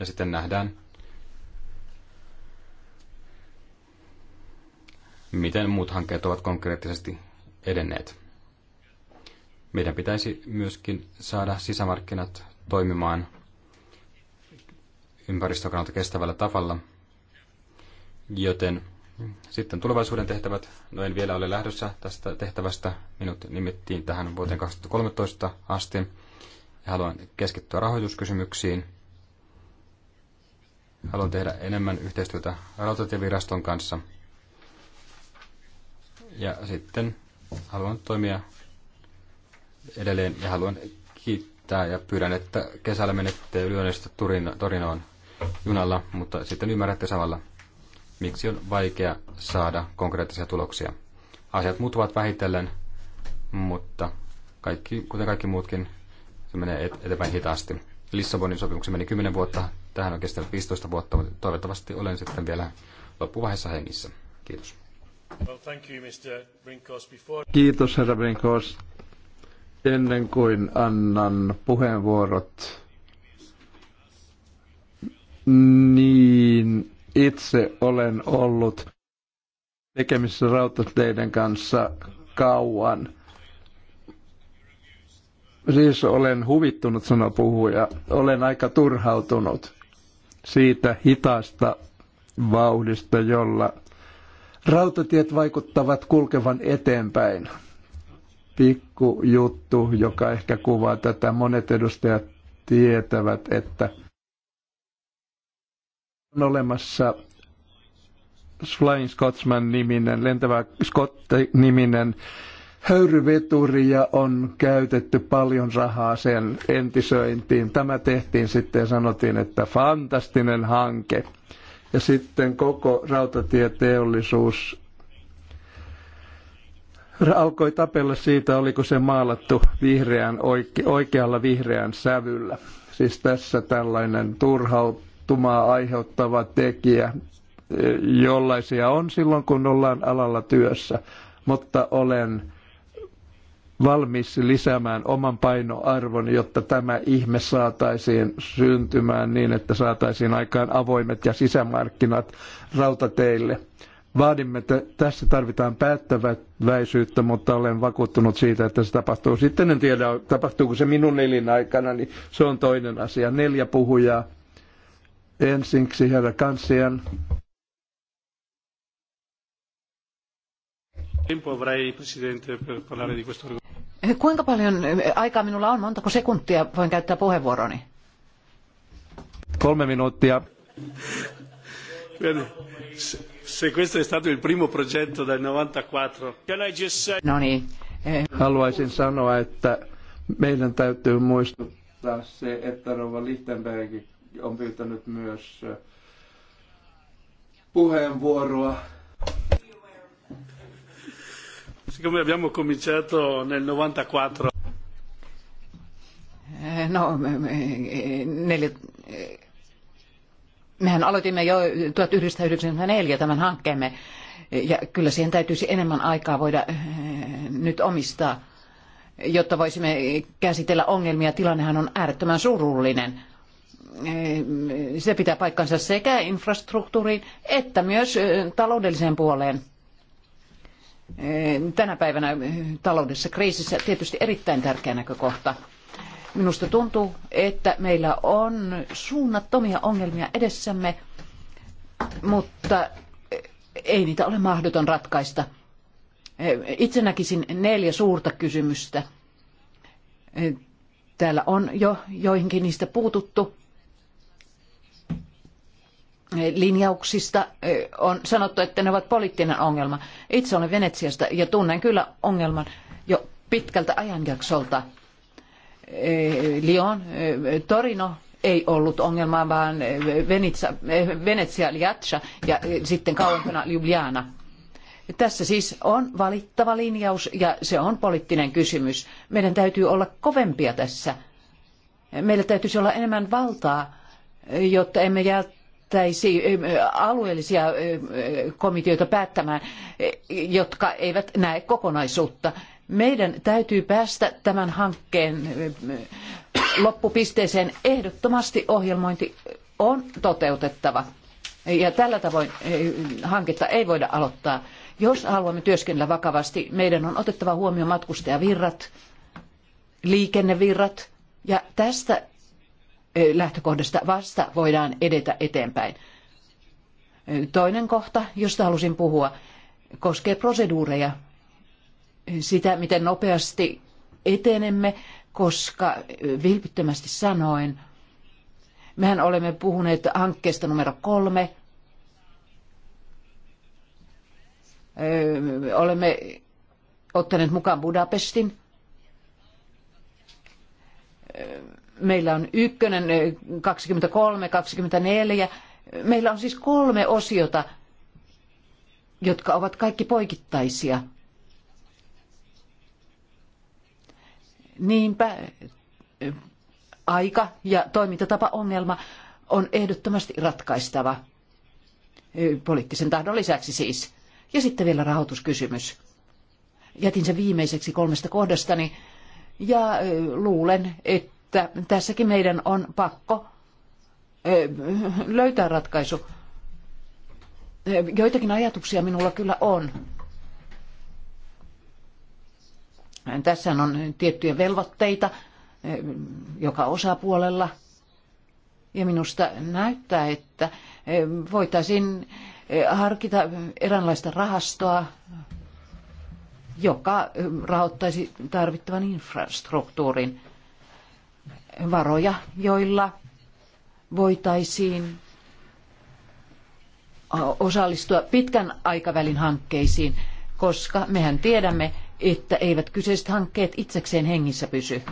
ja sitten nähdään, miten muut hankkeet ovat konkreettisesti edenneet. Meidän pitäisi myöskin saada sisämarkkinat toimimaan ympäristökannalta kestävällä tavalla, joten sitten tulevaisuuden tehtävät, no en vielä ole lähdössä tästä tehtävästä, minut nimettiin tähän vuoteen 2013 asti, haluan keskittyä rahoituskysymyksiin. Haluan tehdä enemmän yhteistyötä rautatieviraston kanssa. Ja sitten haluan toimia edelleen ja haluan kiittää ja pyydän, että kesällä menette Lyönestä Torinoon junalla, mutta sitten ymmärrätte samalla, miksi on vaikea saada konkreettisia tuloksia. Asiat muuttuvat vähitellen, mutta kaikki, kuten kaikki muutkin se menee eteenpäin hitaasti. Lissabonin sopimuksen meni 10 vuotta, tähän on kestänyt 15 vuotta, mutta toivottavasti olen sitten vielä loppuvaiheessa hengissä. Kiitos. Kiitos, herra Brinkos. Ennen kuin annan puheenvuorot, niin itse olen ollut tekemisissä rautateiden kanssa kauan. Siis olen huvittunut, sanoi puhuja. Olen aika turhautunut siitä hitaasta vauhdista, jolla rautatiet vaikuttavat kulkevan eteenpäin. Pikku juttu, joka ehkä kuvaa tätä. Monet edustajat tietävät, että on olemassa Flying Scotsman-niminen, lentävä Scott-niminen höyryveturia on käytetty paljon rahaa sen entisöintiin. Tämä tehtiin sitten ja sanottiin, että fantastinen hanke. Ja sitten koko rautatieteollisuus alkoi tapella siitä, oliko se maalattu vihreän, oikealla vihreän sävyllä. Siis tässä tällainen turhautumaa aiheuttava tekijä, jollaisia on silloin, kun ollaan alalla työssä. Mutta olen valmis lisäämään oman painoarvon, jotta tämä ihme saataisiin syntymään niin, että saataisiin aikaan avoimet ja sisämarkkinat rautateille. Vaadimme, että tässä tarvitaan päättäväisyyttä, mutta olen vakuuttunut siitä, että se tapahtuu. Sitten en tiedä, tapahtuuko se minun elinaikana, niin se on toinen asia. Neljä puhujaa. Ensiksi herra Kansian. Eh, kuinka paljon eh, aikaa minulla on? Montako sekuntia voin käyttää puheenvuoroni? Kolme minuuttia. Se questo è stato il primo progetto del 94. No niin. Eh. Haluaisin sanoa, että meidän täytyy muistuttaa se, että Rova Lichtenberg on pyytänyt myös puheenvuoroa. Siccome abbiamo cominciato nel 94. Eh, no, eh, neljä, eh, mehän aloitimme jo 1994 tämän hankkeemme ja kyllä siihen täytyisi enemmän aikaa voida nyt omistaa, jotta voisimme käsitellä ongelmia. Tilannehan on äärettömän surullinen se pitää paikkansa sekä infrastruktuuriin että myös taloudelliseen puoleen. Eh, tänä päivänä eh, taloudessa kriisissä tietysti erittäin tärkeä näkökohta. Minusta tuntuu, että meillä on suunnattomia ongelmia edessämme, mutta eh, ei niitä ole mahdoton ratkaista. Itse näkisin neljä suurta kysymystä. Täällä on jo joihinkin niistä puututtu linjauksista on sanottu, että ne ovat poliittinen ongelma. Itse olen Venetsiasta ja tunnen kyllä ongelman jo pitkältä ajanjaksolta. Lyon, Torino ei ollut ongelma, vaan Venitsa, Venetsia, Liatsa ja sitten kauempana Ljubljana. Tässä siis on valittava linjaus ja se on poliittinen kysymys. Meidän täytyy olla kovempia tässä. Meillä täytyisi olla enemmän valtaa, jotta emme jää käytettäisi alueellisia komiteoita päättämään, jotka eivät näe kokonaisuutta. Meidän täytyy päästä tämän hankkeen loppupisteeseen ehdottomasti ohjelmointi on toteutettava. Ja tällä tavoin hanketta ei voida aloittaa. Jos haluamme työskennellä vakavasti, meidän on otettava huomioon matkustajavirrat, liikennevirrat, ja tästä lähtökohdasta vasta voidaan edetä eteenpäin. Toinen kohta, josta halusin puhua, koskee proseduureja. Sitä, miten nopeasti etenemme, koska vilpittömästi sanoen, mehän olemme puhuneet hankkeesta numero kolme. Olemme ottaneet mukaan Budapestin meillä on ykkönen, 23, 24. Meillä on siis kolme osiota, jotka ovat kaikki poikittaisia. Niinpä aika ja toimintatapa ongelma on ehdottomasti ratkaistava. Poliittisen tahdon lisäksi siis. Ja sitten vielä rahoituskysymys. Jätin sen viimeiseksi kolmesta kohdastani ja luulen, että että tässäkin meidän on pakko löytää ratkaisu. Joitakin ajatuksia minulla kyllä on. Tässä on tiettyjä velvoitteita joka osapuolella. Ja minusta näyttää, että voitaisiin harkita eräänlaista rahastoa, joka rahoittaisi tarvittavan infrastruktuurin – varoja, joilla voitaisiin osallistua pitkän aikavälin hankkeisiin, koska mehän tiedämme, että eivät kyseiset hankkeet itsekseen hengissä pysy.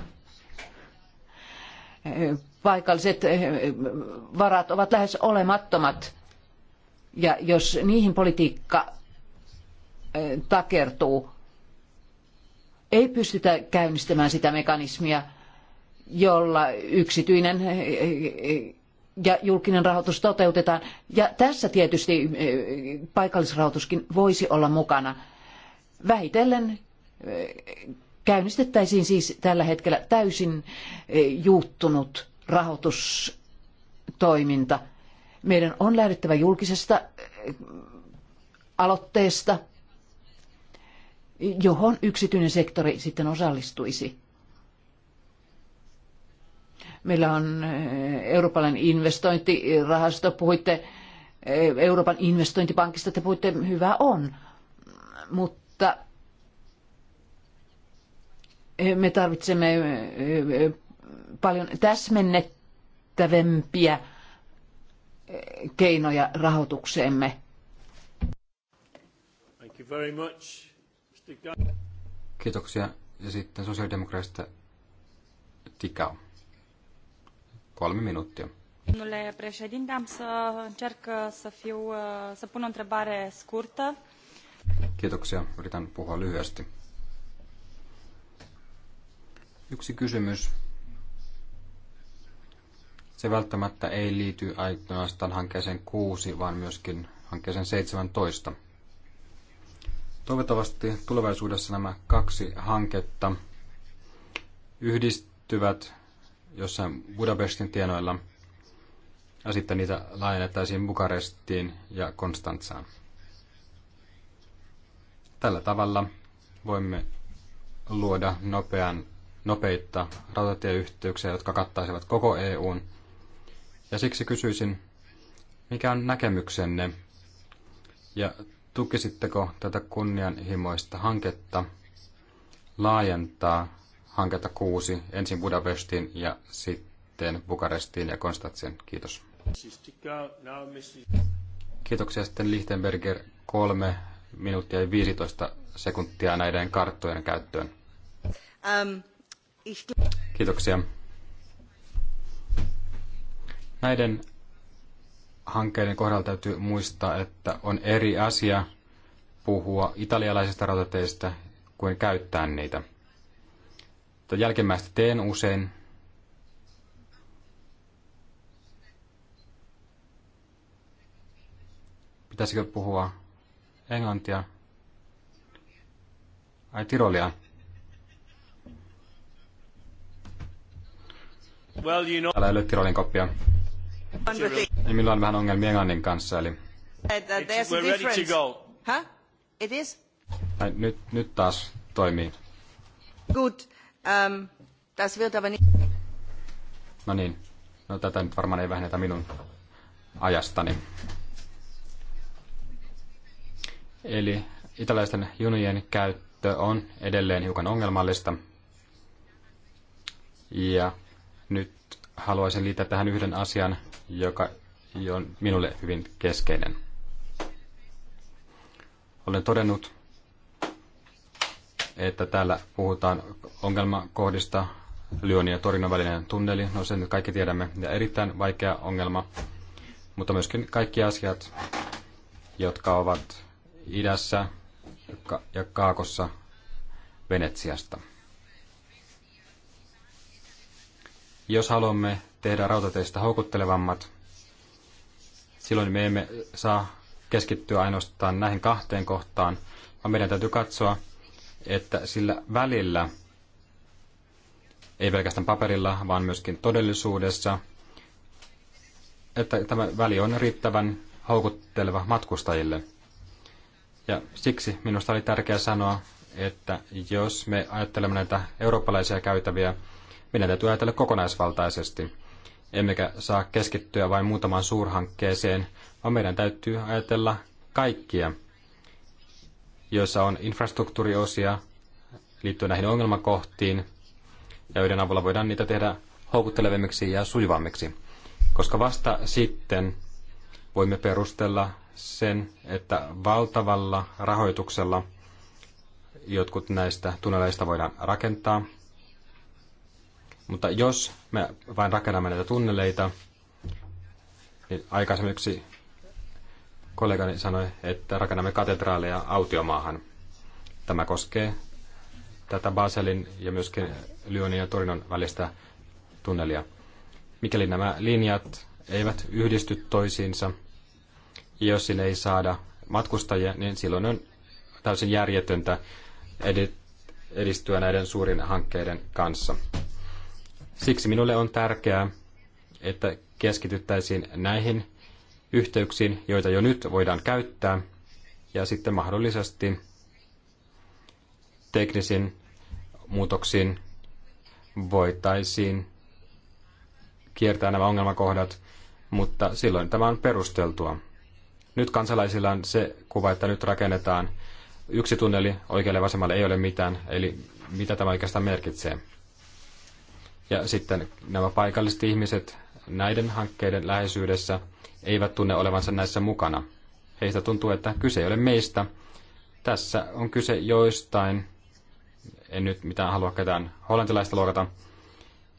Paikalliset varat ovat lähes olemattomat, ja jos niihin politiikka takertuu, ei pystytä käynnistämään sitä mekanismia, jolla yksityinen eh, eh, ja julkinen rahoitus toteutetaan. Ja tässä tietysti eh, paikallisrahoituskin voisi olla mukana. Vähitellen käynnistettäisiin siis tällä hetkellä täysin juuttunut rahoitustoiminta. Meidän on lähdettävä julkisesta aloitteesta, johon yksityinen sektori sitten osallistuisi. Meillä on eh, Euroopan investointirahasto, puhuitte eh, Euroopan investointipankista, te puhuitte, hyvä on. Mutta eh, me tarvitsemme paljon täsmennettävämpiä keinoja rahoitukseemme. Thank you very much. Kiitoksia. Ja sitten sosiaalidemokraatista Tikao. Kolme minuuttia. Domnule președinte, am să încerc uh, să, fiu, uh, să pun o întrebare scurtă. Kiitoksia. Yritän puhua lyhyesti. Yksi kysymys. Se välttämättä ei liity ainoastaan hankkeeseen 6, vaan myöskin hankkeeseen 17. Toivottavasti tulevaisuudessa nämä kaksi hanketta yhdistyvät jossain Budapestin tienoilla, ja sitten niitä laajennettaisiin Bukarestiin ja Konstantsaan. Tällä tavalla voimme luoda nopean, nopeita rautatieyhteyksiä, jotka kattaisivat koko EUn. Ja siksi kysyisin, mikä on näkemyksenne ja tukisitteko tätä kunnianhimoista hanketta laajentaa hanketta kuusi, ensin Budapestin ja sitten Bukarestiin ja Konstantsin. Kiitos. Kiitoksia sitten Lichtenberger kolme minuuttia ja 15 sekuntia näiden karttojen käyttöön. Ähm, Kiitoksia. Näiden hankkeiden kohdalla täytyy muistaa, että on eri asia puhua italialaisista rautateistä kuin käyttää niitä. Mutta jälkimmäistä teen usein. Pitäisikö puhua englantia? Ai tirolia. Well, you know... Täällä ei ole tirolin koppia. Niin minulla on vähän ongelmia englannin kanssa, eli... We're ready to go. Huh? It is? Ai, nyt, nyt taas toimii. Good. Ähm, das wird aber nicht... No niin, no tätä nyt varmaan ei vähennetä minun ajastani. Eli italialaisten junien käyttö on edelleen hiukan ongelmallista. Ja nyt haluaisin liittää tähän yhden asian, joka on minulle hyvin keskeinen. Olen todennut, että täällä puhutaan ongelmakohdista, Lyoni ja Torinon välinen tunneli, no sen nyt kaikki tiedämme, ja erittäin vaikea ongelma, mutta myöskin kaikki asiat, jotka ovat idässä ja kaakossa Venetsiasta. Jos haluamme tehdä rautateistä houkuttelevammat, silloin me emme saa keskittyä ainoastaan näihin kahteen kohtaan, vaan meidän täytyy katsoa, että sillä välillä, ei pelkästään paperilla, vaan myöskin todellisuudessa, että tämä väli on riittävän houkutteleva matkustajille. Ja siksi minusta oli tärkeää sanoa, että jos me ajattelemme näitä eurooppalaisia käytäviä, meidän täytyy ajatella kokonaisvaltaisesti. Emmekä saa keskittyä vain muutamaan suurhankkeeseen, vaan meidän täytyy ajatella kaikkia – joissa on infrastruktuuriosia liittyen näihin ongelmakohtiin, ja joiden avulla voidaan niitä tehdä houkuttelevemmiksi ja sujuvammiksi. Koska vasta sitten voimme perustella sen, että valtavalla rahoituksella jotkut näistä tunneleista voidaan rakentaa. Mutta jos me vain rakennamme näitä tunneleita, niin aikaisemmin kollegani sanoi, että rakennamme katedraaleja autiomaahan. Tämä koskee tätä Baselin ja myöskin Lyonin ja Torinon välistä tunnelia. Mikäli nämä linjat eivät yhdisty toisiinsa, ja jos sinne ei saada matkustajia, niin silloin on täysin järjetöntä edistyä näiden suurin hankkeiden kanssa. Siksi minulle on tärkeää, että keskityttäisiin näihin yhteyksiin, joita jo nyt voidaan käyttää, ja sitten mahdollisesti teknisin muutoksiin voitaisiin kiertää nämä ongelmakohdat, mutta silloin tämä on perusteltua. Nyt kansalaisilla on se kuva, että nyt rakennetaan yksi tunneli oikealle ja vasemmalle ei ole mitään, eli mitä tämä oikeastaan merkitsee. Ja sitten nämä paikalliset ihmiset näiden hankkeiden läheisyydessä eivät tunne olevansa näissä mukana. Heistä tuntuu, että kyse ei ole meistä. Tässä on kyse joistain, en nyt mitään halua ketään hollantilaista luokata,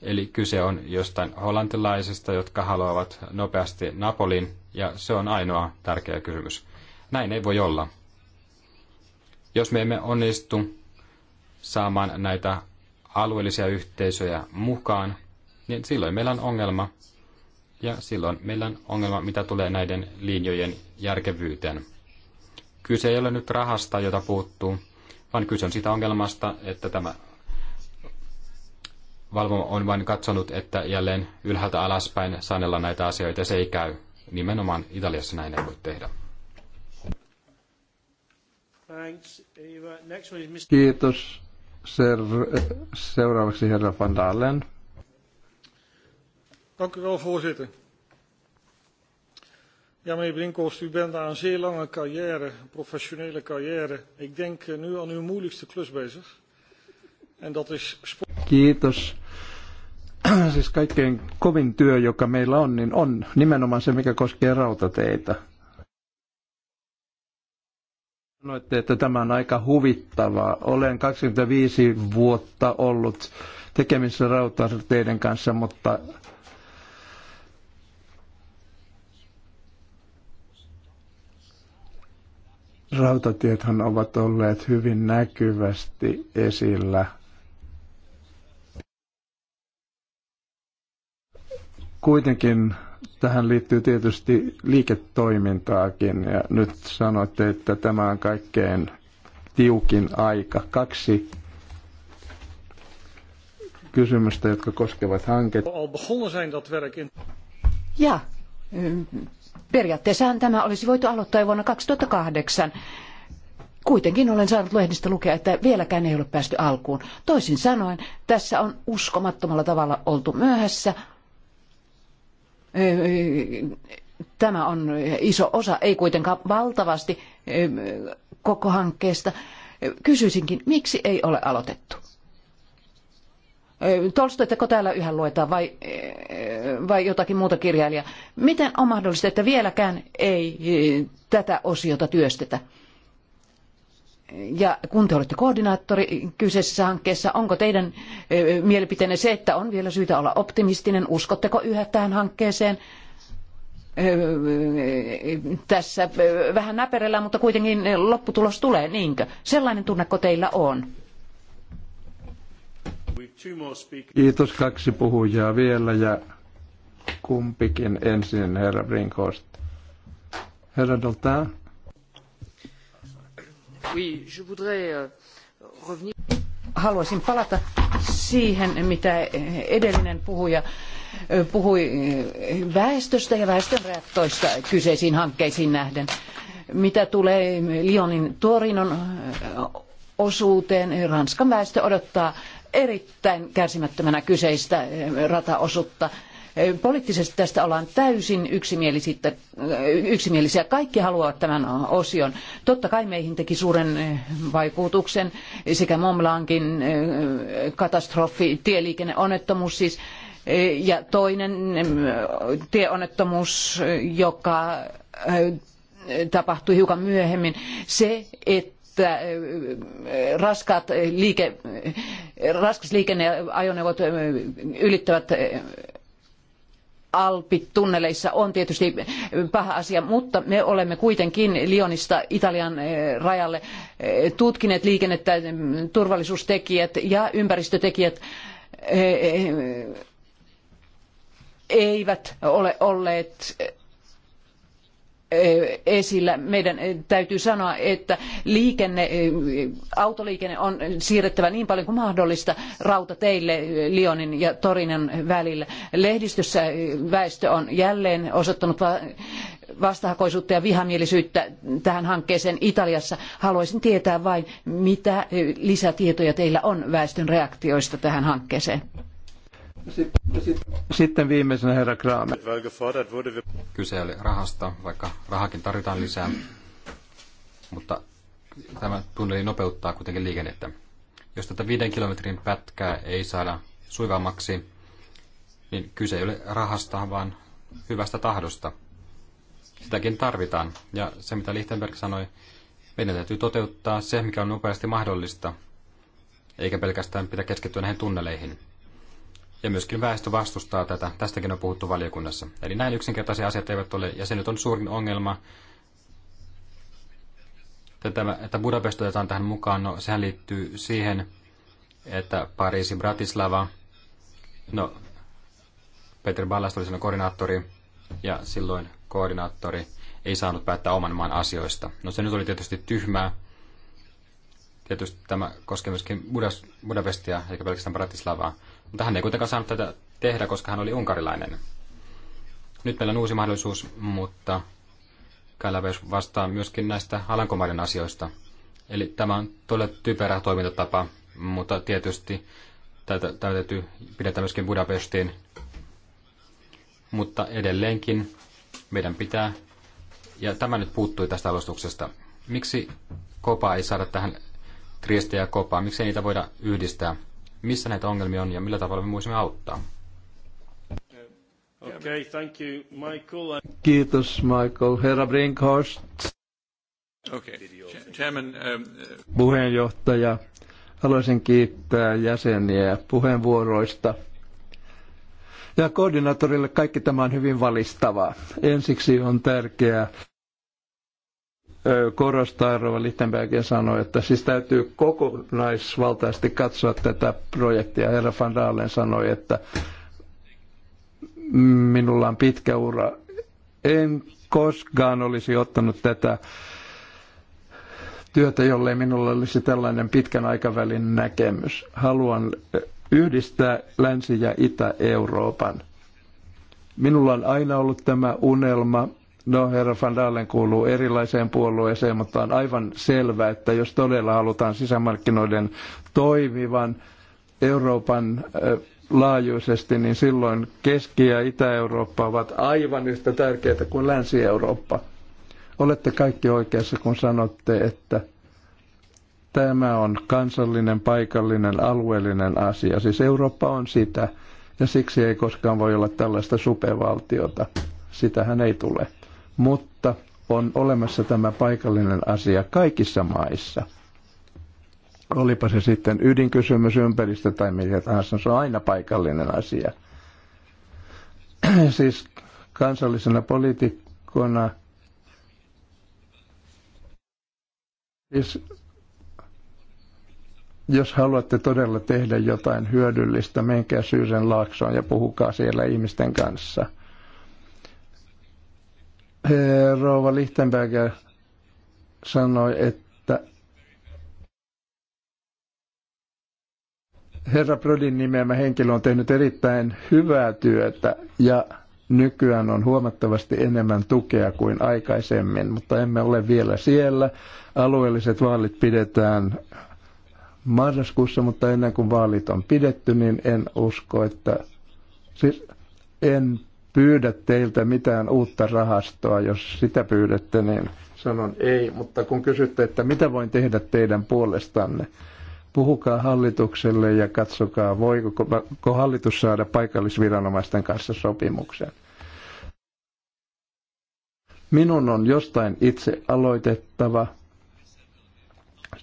eli kyse on jostain hollantilaisista, jotka haluavat nopeasti Napolin, ja se on ainoa tärkeä kysymys. Näin ei voi olla. Jos me emme onnistu saamaan näitä alueellisia yhteisöjä mukaan, niin silloin meillä on ongelma, ja silloin meillä on ongelma, mitä tulee näiden linjojen järkevyyteen. Kyse ei ole nyt rahasta, jota puuttuu, vaan kyse on siitä ongelmasta, että tämä valvoma on vain katsonut, että jälleen ylhäältä alaspäin sanella näitä asioita. Se ei käy. Nimenomaan Italiassa näin ei voi tehdä. Kiitos. Seuraavaksi herra Van Dalen voorzitter. Brinkhorst, u bent na een zeer lange carrière, een professionele carrière, ik denk eh, nu aan uw moeilijkste klus bezig. En dat is Kiitos. Siis kaikkein kovin työ, joka meillä on, niin on nimenomaan se, mikä koskee rautateitä. Sanoitte, että tämä on aika huvittavaa. Olen 25 vuotta ollut tekemisissä rautateiden kanssa, mutta Rautatiethan ovat olleet hyvin näkyvästi esillä kuitenkin tähän liittyy tietysti liiketoimintaakin ja nyt sanoitte, että tämä on kaikkein tiukin aika. Kaksi kysymystä, jotka koskevat hanketta. Ja Periaatteessahan tämä olisi voitu aloittaa jo vuonna 2008. Kuitenkin olen saanut lehdistä lukea, että vieläkään ei ole päästy alkuun. Toisin sanoen, tässä on uskomattomalla tavalla oltu myöhässä. Tämä on iso osa, ei kuitenkaan valtavasti koko hankkeesta. Kysyisinkin, miksi ei ole aloitettu? Tolstoitako täällä yhä luetaan vai, vai jotakin muuta kirjailijaa? Miten on mahdollista, että vieläkään ei eh, tätä osiota työstetä? Ja kun te olette koordinaattori kyseisessä hankkeessa, onko teidän eh, mielipiteenne se, että on vielä syytä olla optimistinen? Uskotteko yhä tähän hankkeeseen? Eh, tässä vähän näperellä, mutta kuitenkin lopputulos tulee, niinkö? Sellainen tunneko teillä on? Kiitos kaksi puhujaa vielä ja kumpikin ensin herra Brinkhorst. Herra Dolta. Oui, je voudrais euh, revenir. Haluaisin palata siihen, mitä edellinen puhuja puhui väestöstä ja väestön reaktoista kyseisiin hankkeisiin nähden. Mitä tulee Lyonin Torinon osuuteen, Ranskan väestö odottaa erittäin kärsimättömänä kyseistä eh, rataosuutta. Eh, poliittisesti tästä ollaan täysin eh, yksimielisiä. Kaikki haluavat tämän osion. Totta kai meihin teki suuren vaikutuksen sekä Momlankin katastrofi, tieliikenneonnettomuus siis, ja toinen tieonnettomuus, joka tapahtui hiukan myöhemmin, se, että että raskaat liike, raskas liikenneajoneuvot ylittävät Alpit tunneleissa on tietysti paha asia, mutta me olemme kuitenkin Lionista Italian rajalle tutkineet liikennettä, turvallisuustekijät ja ympäristötekijät eivät ole olleet Eh, esillä. Meidän eh, täytyy sanoa, että liikenne, eh, autoliikenne on siirrettävä niin paljon kuin mahdollista rautateille Lyonin ja Torinan välillä. Lehdistössä väestö on jälleen osoittanut vastahakoisuutta ja vihamielisyyttä tähän hankkeeseen Italiassa. Haluaisin tietää vain, mitä lisätietoja teillä on väestön reaktioista tähän hankkeeseen. Sitten viimeisenä herra Kramer. Kyse oli rahasta, vaikka rahakin tarvitaan lisää, mutta tämä tunneli nopeuttaa kuitenkin liikennettä. Jos tätä viiden kilometrin pätkää ei saada suivammaksi, niin kyse ei ole rahasta, vaan hyvästä tahdosta. Sitäkin tarvitaan. Ja se, mitä Lichtenberg sanoi, meidän täytyy toteuttaa se, mikä on nopeasti mahdollista, eikä pelkästään pidä keskittyä näihin tunneleihin. Ja myöskin väestö vastustaa tätä. Tästäkin on puhuttu valiokunnassa. Eli näin yksinkertaisia asiat eivät ole, ja se nyt on suurin ongelma. että Budapest otetaan tähän mukaan, no sehän liittyy siihen, että Pariisi, Bratislava, no Peter Ballast oli silloin koordinaattori, ja silloin koordinaattori ei saanut päättää oman maan asioista. No se nyt oli tietysti tyhmää. Tietysti tämä koskee myöskin Budapestia, eikä pelkästään Bratislavaa. Mutta hän ei kuitenkaan saanut tätä tehdä, koska hän oli unkarilainen. Nyt meillä on uusi mahdollisuus, mutta Kalaves vastaa myöskin näistä Alankomaiden asioista. Eli tämä on todella typerä toimintatapa, mutta tietysti tätä täytyy pidetä myöskin Budapestiin. Mutta edelleenkin meidän pitää, ja tämä nyt puuttui tästä alustuksesta, miksi kopa ei saada tähän Trieste ja kopaa, ei niitä voida yhdistää? missä näitä ongelmia on ja millä tavalla me voisimme auttaa. Okay, thank you, Michael. Kiitos, Michael. Herra Brinkhorst. Okay. Chairman, um, uh- Puheenjohtaja, haluaisin kiittää jäseniä puheenvuoroista. Ja koordinaattorille kaikki tämä on hyvin valistavaa. Ensiksi on tärkeää korostaa, Rova Lichtenbergin sanoi, että siis täytyy kokonaisvaltaisesti katsoa tätä projektia. Herra van Dalen sanoi, että minulla on pitkä ura. En koskaan olisi ottanut tätä työtä, jollei minulla olisi tällainen pitkän aikavälin näkemys. Haluan yhdistää Länsi- ja Itä-Euroopan. Minulla on aina ollut tämä unelma, No, herra Van Dalen kuuluu erilaiseen puolueeseen, mutta on aivan selvää, että jos todella halutaan sisämarkkinoiden toimivan Euroopan äh, laajuisesti, niin silloin Keski- ja Itä-Eurooppa ovat aivan yhtä tärkeitä kuin Länsi-Eurooppa. Olette kaikki oikeassa, kun sanotte, että tämä on kansallinen, paikallinen, alueellinen asia. Siis Eurooppa on sitä, ja siksi ei koskaan voi olla tällaista supervaltiota. Sitähän ei tule mutta on olemassa tämä paikallinen asia kaikissa maissa. Olipa se sitten ydinkysymys, ympäristö tai mitä tahansa, se on aina paikallinen asia. siis kansallisena poliitikkona siis jos haluatte todella tehdä jotain hyödyllistä, menkää Syysen laaksoon ja puhukaa siellä ihmisten kanssa – Rouva Lichtenberger sanoi, että Herra Brodin nimeämä henkilö on tehnyt erittäin hyvää työtä ja nykyään on huomattavasti enemmän tukea kuin aikaisemmin, mutta emme ole vielä siellä. Alueelliset vaalit pidetään marraskuussa, mutta ennen kuin vaalit on pidetty, niin en usko, että... Siis en pyydä teiltä mitään uutta rahastoa, jos sitä pyydätte, niin sanon ei. Mutta kun kysytte, että mitä voin tehdä teidän puolestanne, puhukaa hallitukselle ja katsokaa, voiko hallitus saada paikallisviranomaisten kanssa sopimuksen. Minun on jostain itse aloitettava.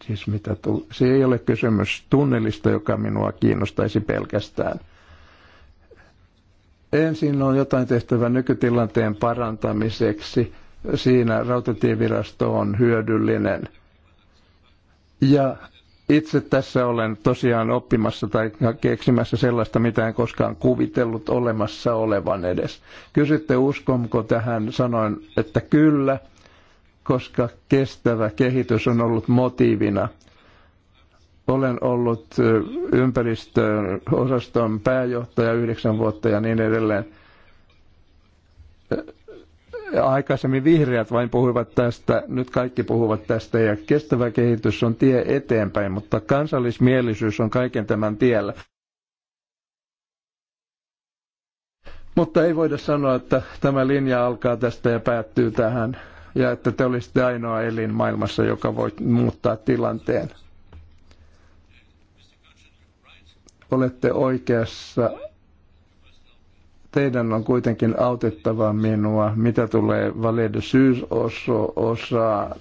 Siis mitä tull- Se ei ole kysymys tunnelista, joka minua kiinnostaisi pelkästään – Ensin on jotain tehtävä nykytilanteen parantamiseksi. Siinä rautatievirasto on hyödyllinen. Ja itse tässä olen tosiaan oppimassa tai keksimässä sellaista, mitä en koskaan kuvitellut olemassa olevan edes. Kysytte uskonko tähän, sanoin, että kyllä, koska kestävä kehitys on ollut motiivina – olen ollut ympäristöosaston pääjohtaja yhdeksän vuotta ja niin edelleen. Aikaisemmin vihreät vain puhuivat tästä, nyt kaikki puhuvat tästä ja kestävä kehitys on tie eteenpäin, mutta kansallismielisyys on kaiken tämän tiellä. Mutta ei voida sanoa, että tämä linja alkaa tästä ja päättyy tähän ja että te olisitte ainoa elin maailmassa, joka voi muuttaa tilanteen. Olette oikeassa. Teidän on kuitenkin autettava minua, mitä tulee valeiden syysosaan.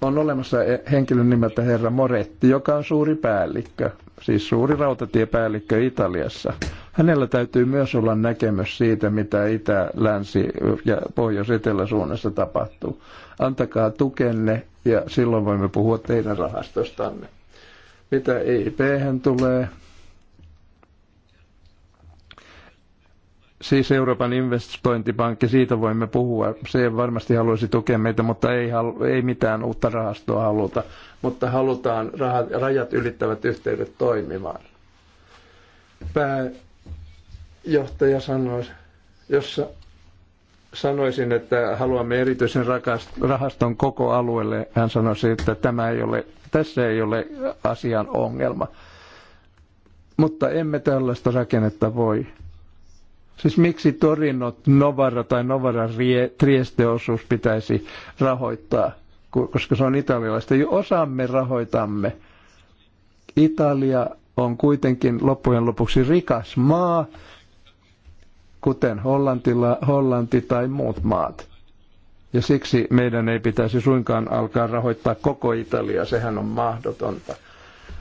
On olemassa e- henkilön nimeltä herra Moretti, joka on suuri päällikkö, siis suuri rautatiepäällikkö Italiassa. Hänellä täytyy myös olla näkemys siitä, mitä itä, länsi ja pohjois-etelä suunnassa tapahtuu. Antakaa tukenne ja silloin voimme puhua teidän rahastostanne. Mitä eip tulee, siis Euroopan investointipankki, siitä voimme puhua. Se varmasti haluaisi tukea meitä, mutta ei, halu, ei mitään uutta rahastoa haluta. Mutta halutaan rahat, rajat ylittävät yhteydet toimimaan. Pääjohtaja sanoi, jossa sanoisin, että haluamme erityisen rahaston koko alueelle. Hän sanoi, että tämä ei ole tässä ei ole asian ongelma. Mutta emme tällaista rakennetta voi. Siis miksi Torinot Novara tai Novara Trieste-osuus pitäisi rahoittaa, koska se on italialaista. Jo osamme rahoitamme. Italia on kuitenkin loppujen lopuksi rikas maa, kuten Hollantilla, Hollanti tai muut maat. Ja siksi meidän ei pitäisi suinkaan alkaa rahoittaa koko Italiaa, sehän on mahdotonta.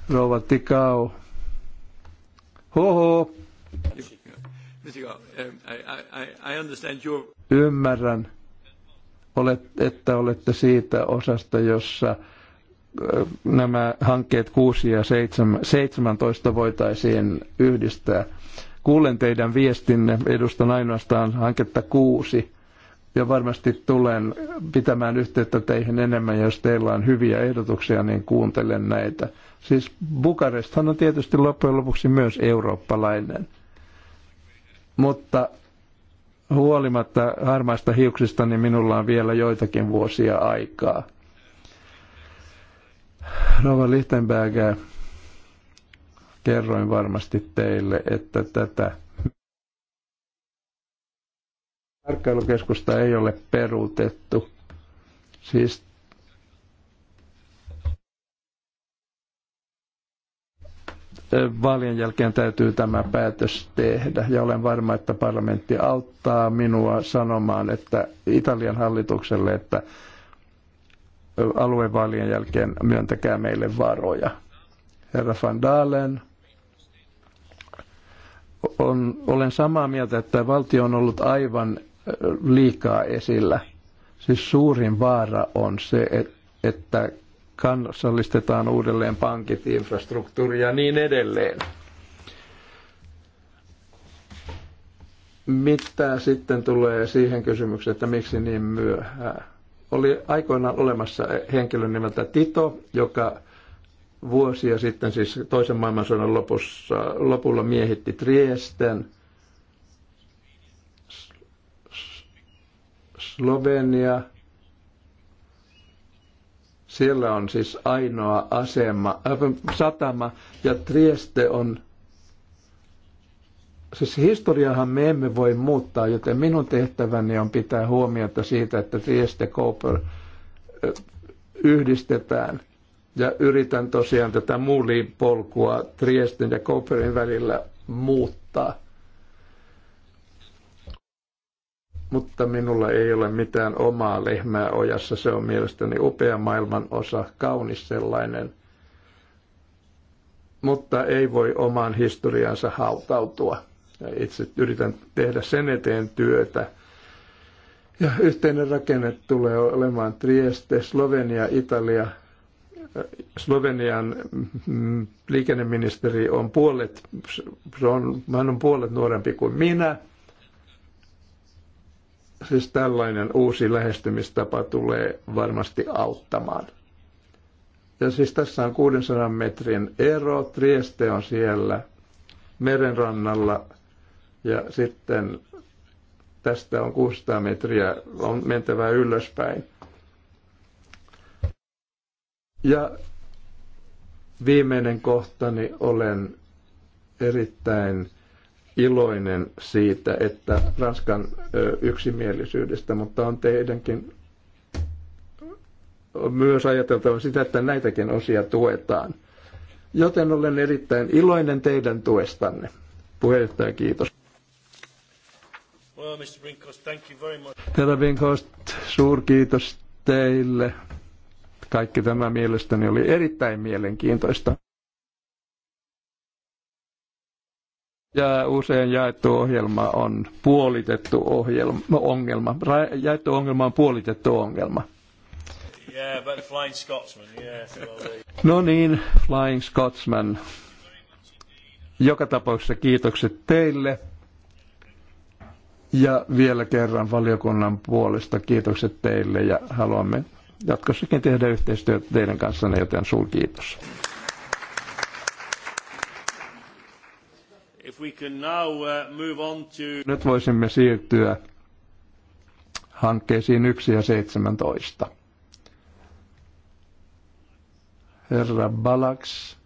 Rouva Tikau. Hoho. Ymmärrän, olet, että olette siitä osasta, jossa nämä hankkeet 6 ja 7, 17 voitaisiin yhdistää. Kuulen teidän viestinne, edustan ainoastaan hanketta 6 ja varmasti tulen pitämään yhteyttä teihin enemmän, jos teillä on hyviä ehdotuksia, niin kuuntelen näitä. Siis Bukaresthan on tietysti loppujen lopuksi myös eurooppalainen, mutta huolimatta harmaista hiuksista, niin minulla on vielä joitakin vuosia aikaa. Rova Lichtenberg, kerroin varmasti teille, että tätä Tarkkailukeskusta ei ole peruutettu. Siis vaalien jälkeen täytyy tämä päätös tehdä. Ja olen varma, että parlamentti auttaa minua sanomaan, että Italian hallitukselle, että aluevaalien jälkeen myöntäkää meille varoja. Herra Van Dalen, on, olen samaa mieltä, että valtio on ollut aivan liikaa esillä. Siis suurin vaara on se, että kansallistetaan uudelleen pankit, infrastruktuuri ja niin edelleen. Mitä sitten tulee siihen kysymykseen, että miksi niin myöhään? Oli aikoinaan olemassa henkilö nimeltä Tito, joka vuosia sitten, siis toisen maailmansodan lopussa, lopulla miehitti Triesten – Slovenia, siellä on siis ainoa asema, äh, satama ja Trieste on siis historiahan me emme voi muuttaa, joten minun tehtäväni on pitää huomiota siitä, että Trieste Cooper äh, yhdistetään. Ja yritän tosiaan tätä muuliin polkua Triesten ja Cooperin välillä muuttaa. mutta minulla ei ole mitään omaa lehmää ojassa. Se on mielestäni upea maailman osa, kaunis sellainen, mutta ei voi omaan historiansa hautautua. ja Itse yritän tehdä sen eteen työtä. Ja yhteinen rakenne tulee olemaan Trieste, Slovenia, Italia. Slovenian mm, liikenneministeri on puolet, se on, hän on puolet nuorempi kuin minä – siis tällainen uusi lähestymistapa tulee varmasti auttamaan. Ja siis tässä on 600 metrin ero, Trieste on siellä merenrannalla ja sitten tästä on 600 metriä, on mentävä ylöspäin. Ja viimeinen kohtani olen erittäin iloinen siitä, että Ranskan yksimielisyydestä, mutta on teidänkin on myös ajateltava sitä, että näitäkin osia tuetaan. Joten olen erittäin iloinen teidän tuestanne. Puheenjohtaja, kiitos. Well, Mr. Brinkost, thank you very much. Herra Brinkost, suurkiitos teille. Kaikki tämä mielestäni oli erittäin mielenkiintoista. ja usein jaettu ohjelma on puolitettu ohjelma, ongelma. Ra- jaettu ongelma on puolitettu ongelma. Yeah, but Flying Scotsman, yeah, no niin, Flying Scotsman. Joka tapauksessa kiitokset teille. Ja vielä kerran valiokunnan puolesta kiitokset teille ja haluamme jatkossakin tehdä yhteistyötä teidän kanssanne, joten suun kiitos. we can now uh, move on to... Nyt voisimme siirtyä hankkeisiin 1 ja 17. Herra Balaks.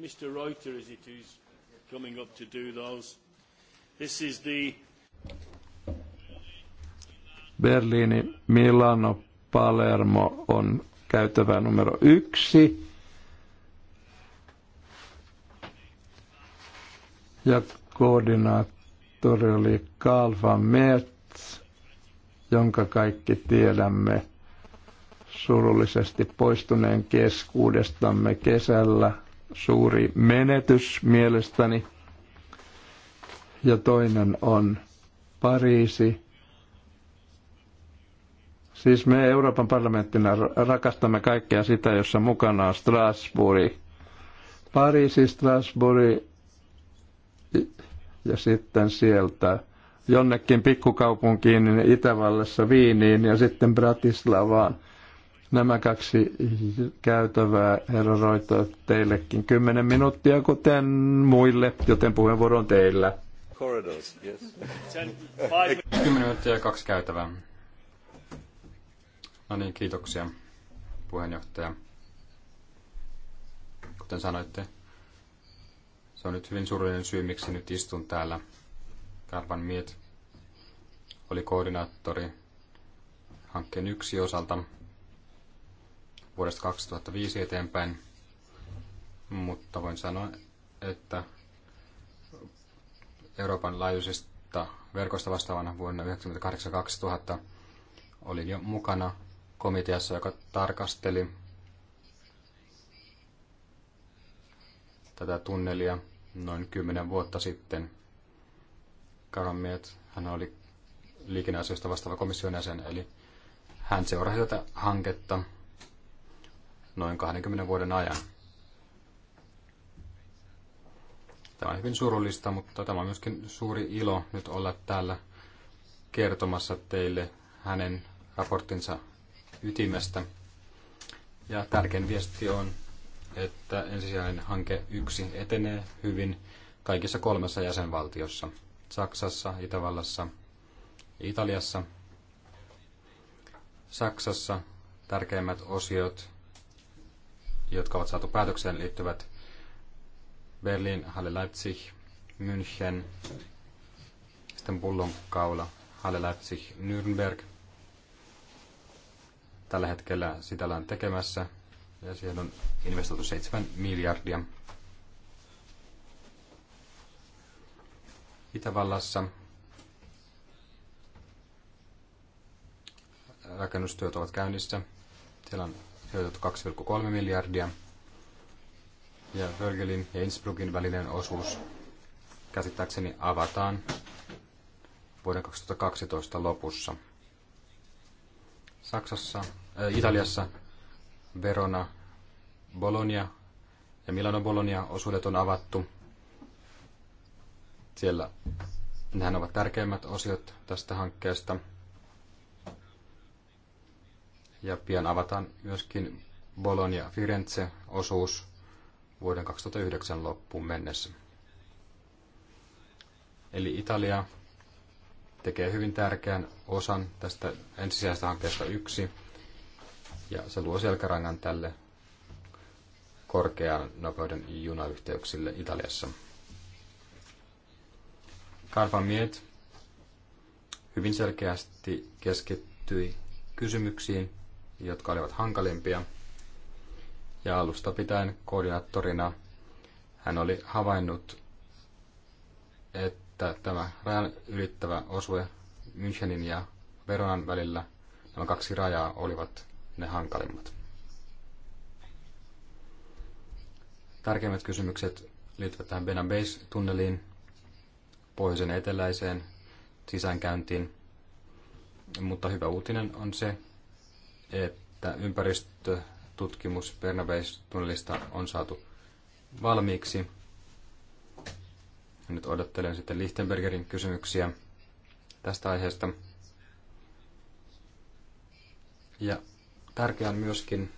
Mr. Reuter is it who's coming up to do those. This is the Berliini, Milano, Palermo on käytävää numero yksi. Ja koordinaattori oli Kalva Mertz, jonka kaikki tiedämme surullisesti poistuneen keskuudestamme kesällä. Suuri menetys mielestäni. Ja toinen on Pariisi, Siis me Euroopan parlamenttina rakastamme kaikkea sitä, jossa mukana on Strasbourg. Pariisi, Strasbourg ja sitten sieltä jonnekin pikkukaupunkiin niin Itävallassa Viiniin ja sitten Bratislavaan. Nämä kaksi käytävää herra Roito teillekin kymmenen minuuttia, kuten muille, joten puheenvuoro on teillä. Corridors, yes. 10 minuuttia ja kaksi käytävää. No niin, kiitoksia puheenjohtaja. Kuten sanoitte, se on nyt hyvin surullinen syy, miksi nyt istun täällä. Karvan Miet oli koordinaattori hankkeen yksi osalta vuodesta 2005 eteenpäin, mutta voin sanoa, että Euroopan laajuisesta verkosta vastaavana vuonna 1998-2000 olin jo mukana komiteassa, joka tarkasteli tätä tunnelia noin kymmenen vuotta sitten. Karamiet, hän oli liikenneasioista vastaava komission jäsen, eli hän seurasi tätä hanketta noin 20 vuoden ajan. Tämä on hyvin surullista, mutta tämä on myöskin suuri ilo nyt olla täällä kertomassa teille hänen raporttinsa ytimestä. Ja tärkein viesti on, että ensisijainen hanke yksi etenee hyvin kaikissa kolmessa jäsenvaltiossa. Saksassa, Itävallassa ja Italiassa. Saksassa tärkeimmät osiot, jotka ovat saatu päätökseen, liittyvät Berlin, Halle Leipzig, München, sitten pullonkaula, Halle Leipzig, Nürnberg – Tällä hetkellä sitä ollaan tekemässä ja siihen on investoitu 7 miljardia. Itävallassa rakennustyöt ovat käynnissä. Siellä on sijoitettu 2,3 miljardia. Ja Vörgelin ja Innsbruckin välinen osuus käsittääkseni avataan vuoden 2012 lopussa. Saksassa Äh, Italiassa Verona, Bologna ja Milano Bologna osuudet on avattu. Siellä nehän ovat tärkeimmät osiot tästä hankkeesta. Ja pian avataan myöskin Bologna Firenze osuus vuoden 2009 loppuun mennessä. Eli Italia tekee hyvin tärkeän osan tästä ensisijaisesta hankkeesta yksi – ja se luo selkärangan tälle korkean nopeuden junayhteyksille Italiassa. Carpamiet hyvin selkeästi keskittyi kysymyksiin, jotka olivat hankalimpia, ja alusta pitäen koordinaattorina hän oli havainnut, että tämä rajan ylittävä osue Münchenin ja Veronan välillä, nämä kaksi rajaa olivat ne hankalimmat. Tärkeimmät kysymykset liittyvät tähän base tunneliin pohjoisen eteläiseen sisäänkäyntiin. Mutta hyvä uutinen on se, että ympäristötutkimus Bernabase-tunnelista on saatu valmiiksi. Nyt odottelen sitten Lichtenbergerin kysymyksiä tästä aiheesta. Ja Tärkeää myöskin,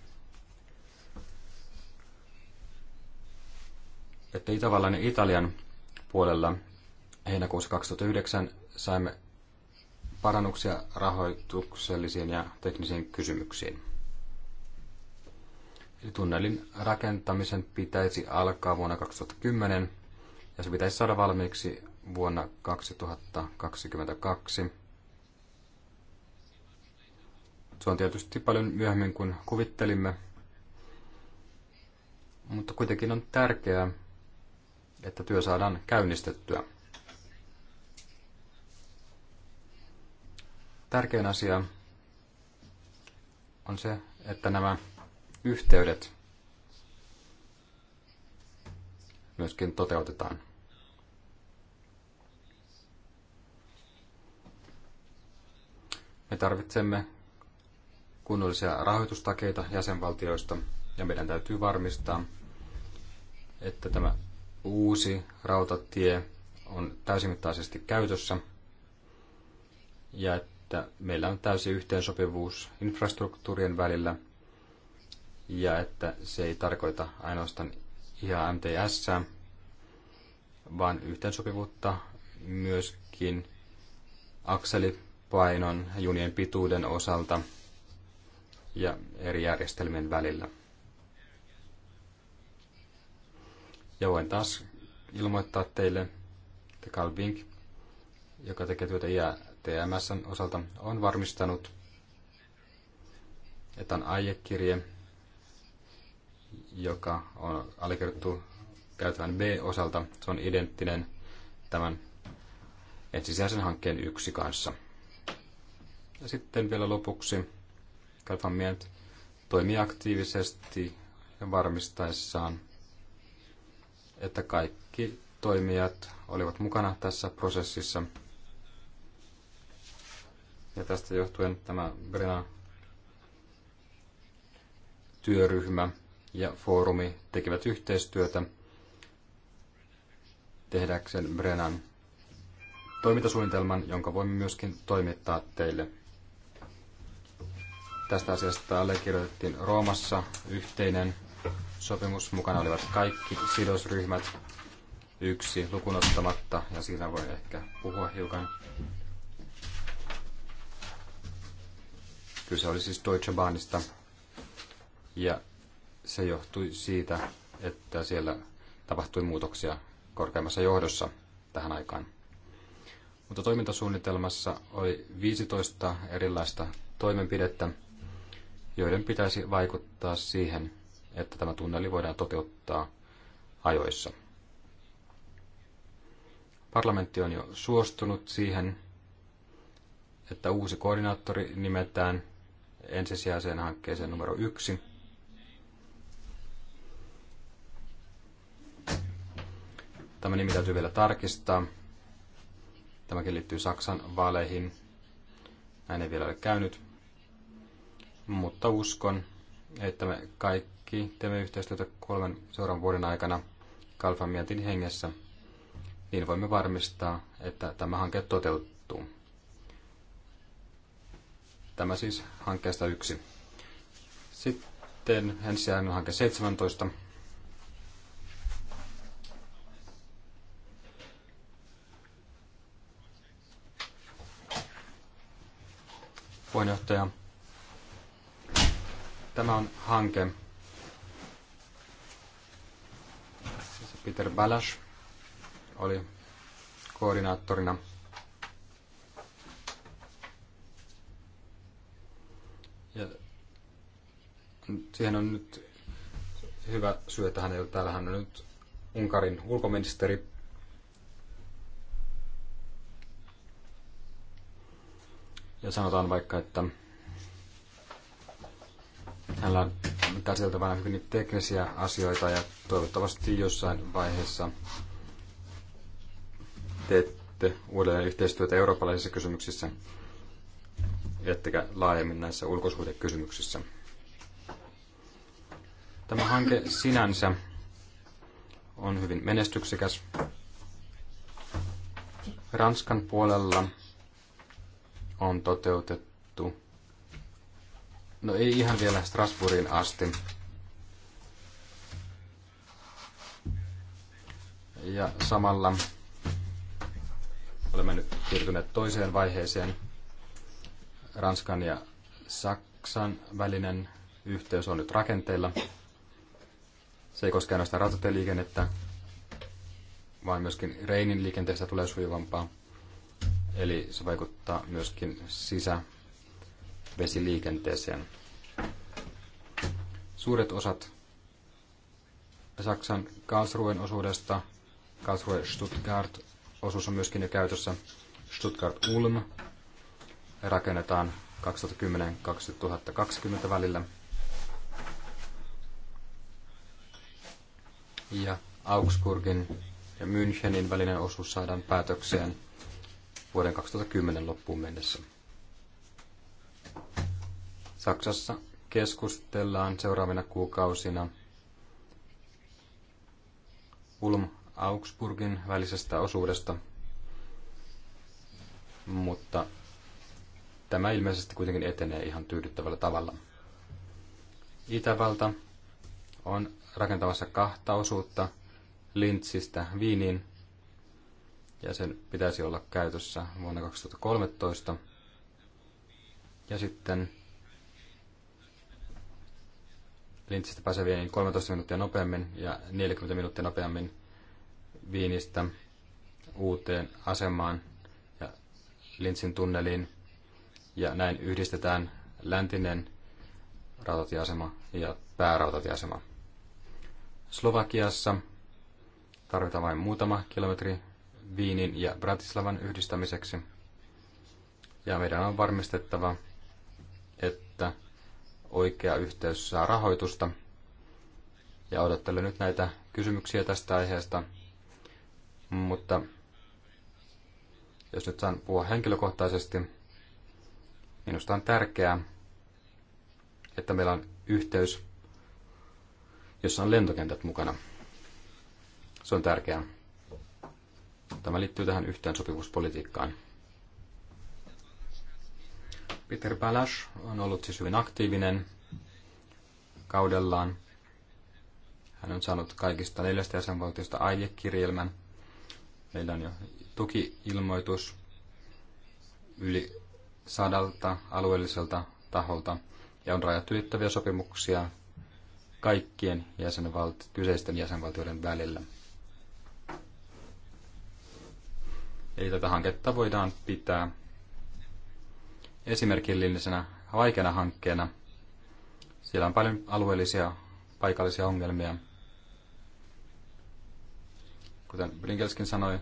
että Itävallan ja Italian puolella heinäkuussa 2009 saimme parannuksia rahoituksellisiin ja teknisiin kysymyksiin. Eli tunnelin rakentamisen pitäisi alkaa vuonna 2010 ja se pitäisi saada valmiiksi vuonna 2022. Se on tietysti paljon myöhemmin kuin kuvittelimme, mutta kuitenkin on tärkeää, että työ saadaan käynnistettyä. Tärkein asia on se, että nämä yhteydet myöskin toteutetaan. Me tarvitsemme kunnollisia rahoitustakeita jäsenvaltioista ja meidän täytyy varmistaa, että tämä uusi rautatie on täysimittaisesti käytössä ja että meillä on täysi yhteensopivuus infrastruktuurien välillä ja että se ei tarkoita ainoastaan ihan MTS, vaan yhteensopivuutta myöskin akselipainon junien pituuden osalta – ja eri järjestelmien välillä. Ja voin taas ilmoittaa teille, että Calvink, joka tekee työtä IATMSn osalta, on varmistanut, että on aiekirje, joka on allekirjoitettu käytävän B-osalta. Se on identtinen tämän ensisijaisen hankkeen yksi kanssa. Ja sitten vielä lopuksi kaupan miehet toimii aktiivisesti ja varmistaessaan, että kaikki toimijat olivat mukana tässä prosessissa. Ja tästä johtuen tämä Brena työryhmä ja foorumi tekevät yhteistyötä tehdäkseen Brennan toimintasuunnitelman, jonka voimme myöskin toimittaa teille. Tästä asiasta allekirjoitettiin Roomassa yhteinen sopimus. Mukana olivat kaikki sidosryhmät, yksi lukunottamatta, ja siinä voi ehkä puhua hiukan. Kyse oli siis Deutsche Bahnista, ja se johtui siitä, että siellä tapahtui muutoksia korkeimmassa johdossa tähän aikaan. Mutta toimintasuunnitelmassa oli 15 erilaista toimenpidettä, joiden pitäisi vaikuttaa siihen, että tämä tunneli voidaan toteuttaa ajoissa. Parlamentti on jo suostunut siihen, että uusi koordinaattori nimetään ensisijaiseen hankkeeseen numero yksi. Tämä nimi täytyy vielä tarkistaa. Tämäkin liittyy Saksan vaaleihin. Näin ei vielä ole käynyt, mutta uskon, että me kaikki teemme yhteistyötä kolmen seuraavan vuoden aikana Mietin hengessä. Niin voimme varmistaa, että tämä hanke toteutuu. Tämä siis hankkeesta yksi. Sitten ensisijainen hanke 17. Puheenjohtaja Tämä on hanke. Peter Balash oli koordinaattorina. Ja siihen on nyt hyvä syy, että hän ei ole täällä. Hän on nyt Unkarin ulkoministeri. Ja sanotaan vaikka, että Hänellä on käsiteltävänä hyvin teknisiä asioita ja toivottavasti jossain vaiheessa teette uudelleen yhteistyötä eurooppalaisissa kysymyksissä, ettekä laajemmin näissä ulkosuhdekysymyksissä. Tämä hanke sinänsä on hyvin menestyksekäs. Ranskan puolella on toteutettu No ei ihan vielä Strasbourgin asti. Ja samalla olemme nyt siirtyneet toiseen vaiheeseen. Ranskan ja Saksan välinen yhteys on nyt rakenteilla. Se ei koske ainoastaan ratateliikennettä, vaan myöskin Reinin liikenteestä tulee sujuvampaa. Eli se vaikuttaa myöskin sisä- vesiliikenteeseen. Suuret osat Saksan Karlsruen osuudesta, Karlsruhe Stuttgart osuus on myöskin jo käytössä, Stuttgart Ulm rakennetaan 2010-2020 välillä. Ja Augsburgin ja Münchenin välinen osuus saadaan päätökseen vuoden 2010 loppuun mennessä. Saksassa keskustellaan seuraavina kuukausina Ulm-Augsburgin välisestä osuudesta, mutta tämä ilmeisesti kuitenkin etenee ihan tyydyttävällä tavalla. Itävalta on rakentamassa kahta osuutta Lintsistä Viiniin, ja sen pitäisi olla käytössä vuonna 2013. Ja sitten Lintsistä pääsee viiniin 13 minuuttia nopeammin ja 40 minuuttia nopeammin viinistä uuteen asemaan ja Lintsin tunneliin. Ja näin yhdistetään läntinen rautatieasema ja päärautatieasema. Slovakiassa tarvitaan vain muutama kilometri Viinin ja Bratislavan yhdistämiseksi. Ja meidän on varmistettava, oikea yhteys saa rahoitusta. Ja odottelen nyt näitä kysymyksiä tästä aiheesta. Mutta jos nyt saan puhua henkilökohtaisesti, minusta on tärkeää, että meillä on yhteys, jossa on lentokentät mukana. Se on tärkeää. Tämä liittyy tähän yhteensopivuuspolitiikkaan. Peter Balash on ollut siis hyvin aktiivinen kaudellaan. Hän on saanut kaikista neljästä jäsenvaltiosta aiekirjelmän. Meillä on jo tukiilmoitus yli sadalta alueelliselta taholta ja on rajat ylittäviä sopimuksia kaikkien jäsenvalti- kyseisten jäsenvaltioiden välillä. Eli tätä hanketta voidaan pitää esimerkillisenä vaikeana hankkeena. Siellä on paljon alueellisia, paikallisia ongelmia. Kuten Blinkelskin sanoi,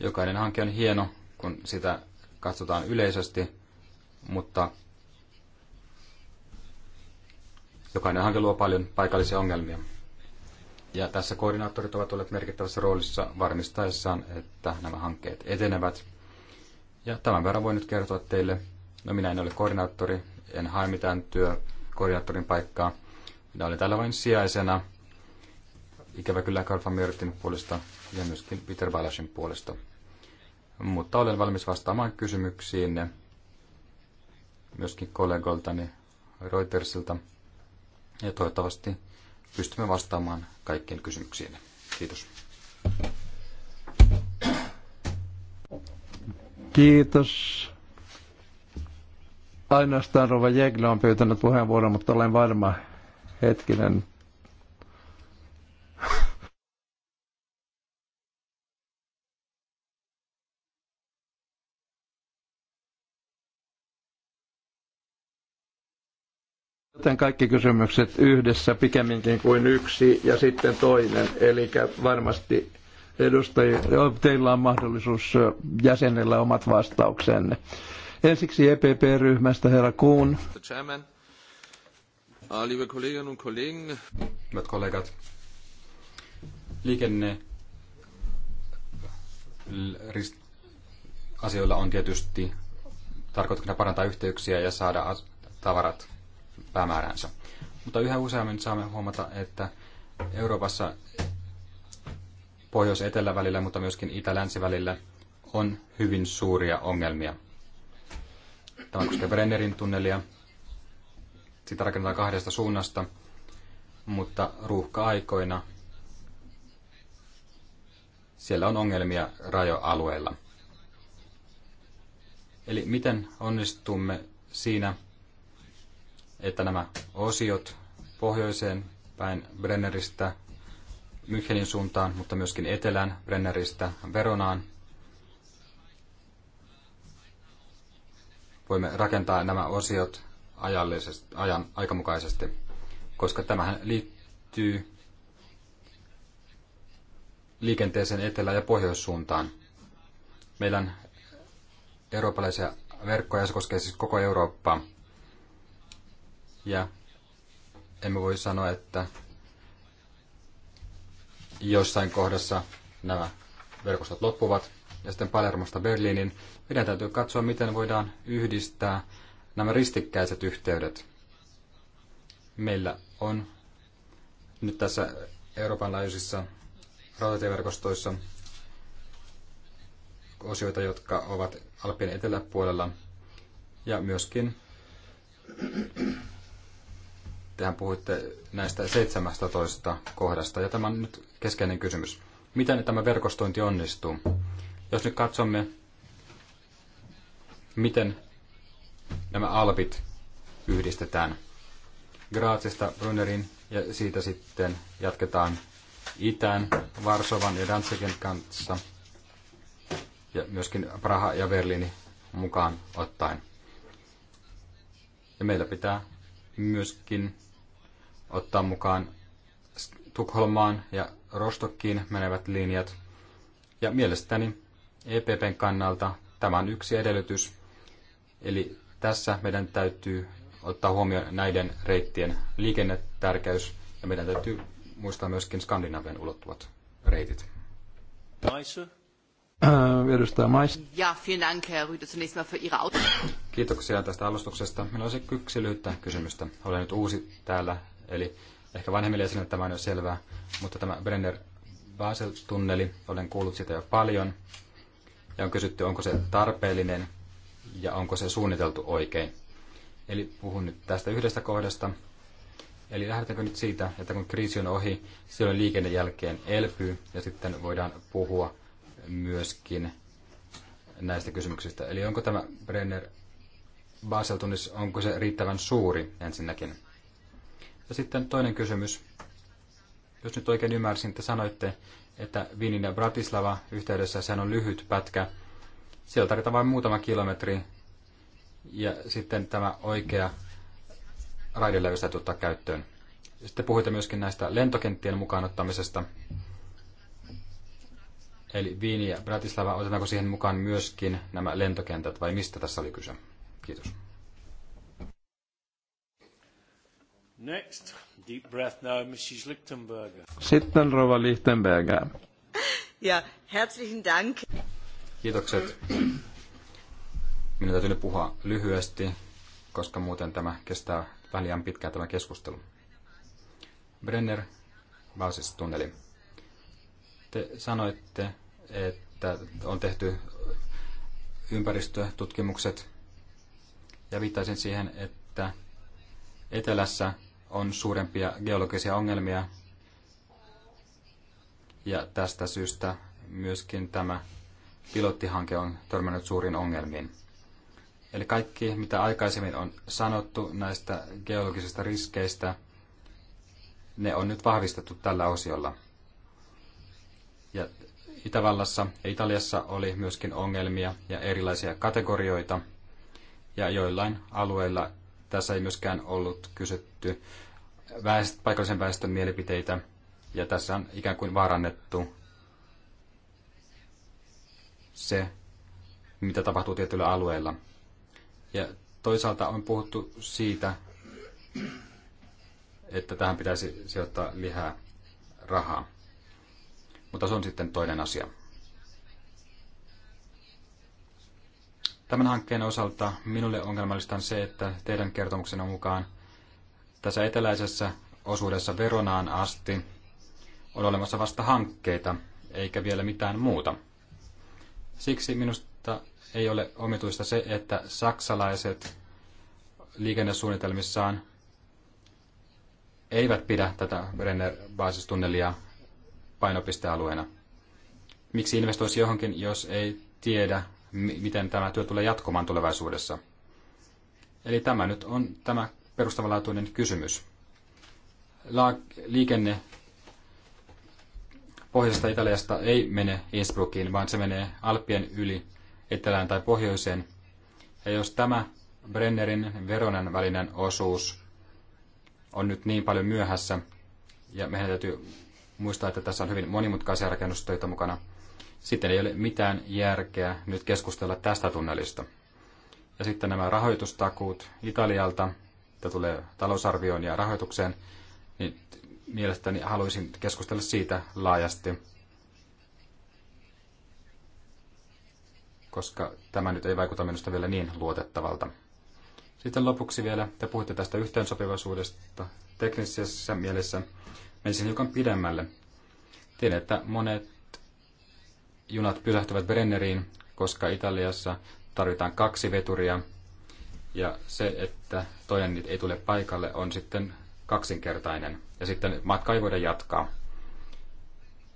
jokainen hanke on hieno, kun sitä katsotaan yleisesti, mutta jokainen hanke luo paljon paikallisia ongelmia. Ja tässä koordinaattorit ovat olleet merkittävässä roolissa varmistaessaan, että nämä hankkeet etenevät – ja tämän verran voin nyt kertoa teille, no minä en ole koordinaattori, en hae mitään työ koordinaattorin paikkaa. Minä olen täällä vain sijaisena, ikävä kyllä van Miertin puolesta ja myöskin Peter Balashin puolesta. Mutta olen valmis vastaamaan kysymyksiinne myöskin kollegoltani Reutersilta. Ja toivottavasti pystymme vastaamaan kaikkien kysymyksiin. Kiitos. Kiitos. Ainoastaan Rova Jegla on pyytänyt puheenvuoron, mutta olen varma. Hetkinen. Joten kaikki kysymykset yhdessä pikemminkin kuin yksi ja sitten toinen. Eli varmasti edustajia, teillä on mahdollisuus jäsenellä omat vastauksenne. Ensiksi EPP-ryhmästä herra Kuun. Ah, Hyvät kollegat, liikenne asioilla on tietysti tarkoituksena parantaa yhteyksiä ja saada tavarat päämääränsä. Mutta yhä useammin saamme huomata, että Euroopassa pohjois-etelä välillä, mutta myöskin itä-länsi välillä on hyvin suuria ongelmia. Tämä koskee Brennerin tunnelia. Sitä rakennetaan kahdesta suunnasta, mutta ruuhka-aikoina siellä on ongelmia rajoalueilla. Eli miten onnistumme siinä, että nämä osiot pohjoiseen päin Brenneristä Münchenin suuntaan, mutta myöskin etelään, Brenneristä Veronaan. Voimme rakentaa nämä osiot ajallisesti, ajan aikamukaisesti, koska tämähän liittyy liikenteeseen etelä- ja pohjoissuuntaan. Meillä on eurooppalaisia verkkoja, se koskee siis koko Eurooppaa. Ja emme voi sanoa, että jossain kohdassa nämä verkostot loppuvat, ja sitten Palermosta Berliinin, meidän täytyy katsoa, miten voidaan yhdistää nämä ristikkäiset yhteydet. Meillä on nyt tässä Euroopan laajuisissa rautatieverkostoissa osioita, jotka ovat Alpien eteläpuolella, ja myöskin tehän puhuitte näistä 17 kohdasta, ja tämä on nyt keskeinen kysymys. Miten tämä verkostointi onnistuu? Jos nyt katsomme, miten nämä alpit yhdistetään Graatsista Brunnerin ja siitä sitten jatketaan itään Varsovan ja Danzigen kanssa ja myöskin Praha ja Berliini mukaan ottaen. Ja meillä pitää myöskin ottaa mukaan Tukholmaan ja Rostokkiin menevät linjat. Ja mielestäni EPPn kannalta tämä on yksi edellytys. Eli tässä meidän täytyy ottaa huomioon näiden reittien liikennetärkeys ja meidän täytyy muistaa myöskin Skandinavian ulottuvat reitit. Äh, edustaja Mais. Ja, vielen Dank, Herr Rüde, zunächst mal für Ihre Auto. Kiitoksia tästä alustuksesta. Minulla olisi yksi lyhyttä kysymystä. Olen nyt uusi täällä, eli Ehkä vanhemmille jäsenille tämä on jo selvää, mutta tämä Brenner Basel-tunneli, olen kuullut sitä jo paljon, ja on kysytty, onko se tarpeellinen ja onko se suunniteltu oikein. Eli puhun nyt tästä yhdestä kohdasta. Eli lähdetäänkö nyt siitä, että kun kriisi on ohi, silloin liikenne jälkeen elpyy ja sitten voidaan puhua myöskin näistä kysymyksistä. Eli onko tämä Brenner Basel-tunnis, onko se riittävän suuri ensinnäkin? Ja sitten toinen kysymys. Jos nyt oikein ymmärsin, että sanoitte, että Vinin ja Bratislava yhteydessä sehän on lyhyt pätkä. Siellä tarvitaan vain muutama kilometri ja sitten tämä oikea raidelevyys täytyy ottaa käyttöön. Sitten puhuitte myöskin näistä lentokenttien mukaan ottamisesta. Eli Viini ja Bratislava, otetaanko siihen mukaan myöskin nämä lentokentät vai mistä tässä oli kyse? Kiitos. Next, deep breath now, Mrs. Lichtenberger. Sitten Rova Lichtenberger. Ja, herzlichen Dank. Kiitokset. Minun täytyy nyt puhua lyhyesti, koska muuten tämä kestää vähän liian pitkään tämä keskustelu. Brenner, Valsis-tunneli. Te sanoitte, että on tehty ympäristötutkimukset ja viittaisin siihen, että etelässä on suurempia geologisia ongelmia. Ja tästä syystä myöskin tämä pilottihanke on törmännyt suurin ongelmiin. Eli kaikki, mitä aikaisemmin on sanottu näistä geologisista riskeistä, ne on nyt vahvistettu tällä osiolla. Ja Itävallassa ja Italiassa oli myöskin ongelmia ja erilaisia kategorioita, ja joillain alueilla tässä ei myöskään ollut kysytty väest- paikallisen väestön mielipiteitä, ja tässä on ikään kuin vaarannettu se, mitä tapahtuu tietyllä alueella. Ja toisaalta on puhuttu siitä, että tähän pitäisi sijoittaa lihää rahaa. Mutta se on sitten toinen asia. Tämän hankkeen osalta minulle ongelmallista on se, että teidän kertomuksen mukaan tässä eteläisessä osuudessa Veronaan asti on olemassa vasta hankkeita, eikä vielä mitään muuta. Siksi minusta ei ole omituista se, että saksalaiset liikennesuunnitelmissaan eivät pidä tätä brenner tunnelia painopistealueena. Miksi investoisi johonkin, jos ei tiedä, miten tämä työ tulee jatkumaan tulevaisuudessa. Eli tämä nyt on tämä perustavanlaatuinen kysymys. La- liikenne pohjoisesta Italiasta ei mene Innsbruckiin, vaan se menee Alppien yli etelään tai pohjoiseen. Ja jos tämä Brennerin Veronan välinen osuus on nyt niin paljon myöhässä, ja meidän täytyy muistaa, että tässä on hyvin monimutkaisia rakennustöitä mukana, sitten ei ole mitään järkeä nyt keskustella tästä tunnelista. Ja sitten nämä rahoitustakuut Italialta, että tulee talousarvioon ja rahoitukseen, niin mielestäni haluaisin keskustella siitä laajasti, koska tämä nyt ei vaikuta minusta vielä niin luotettavalta. Sitten lopuksi vielä, te puhutte tästä yhteensopivaisuudesta teknisessä mielessä. Menisin hiukan pidemmälle. Tiedän, että monet junat pysähtyvät Brenneriin, koska Italiassa tarvitaan kaksi veturia. Ja se, että toinen ei tule paikalle, on sitten kaksinkertainen. Ja sitten matka ei voida jatkaa.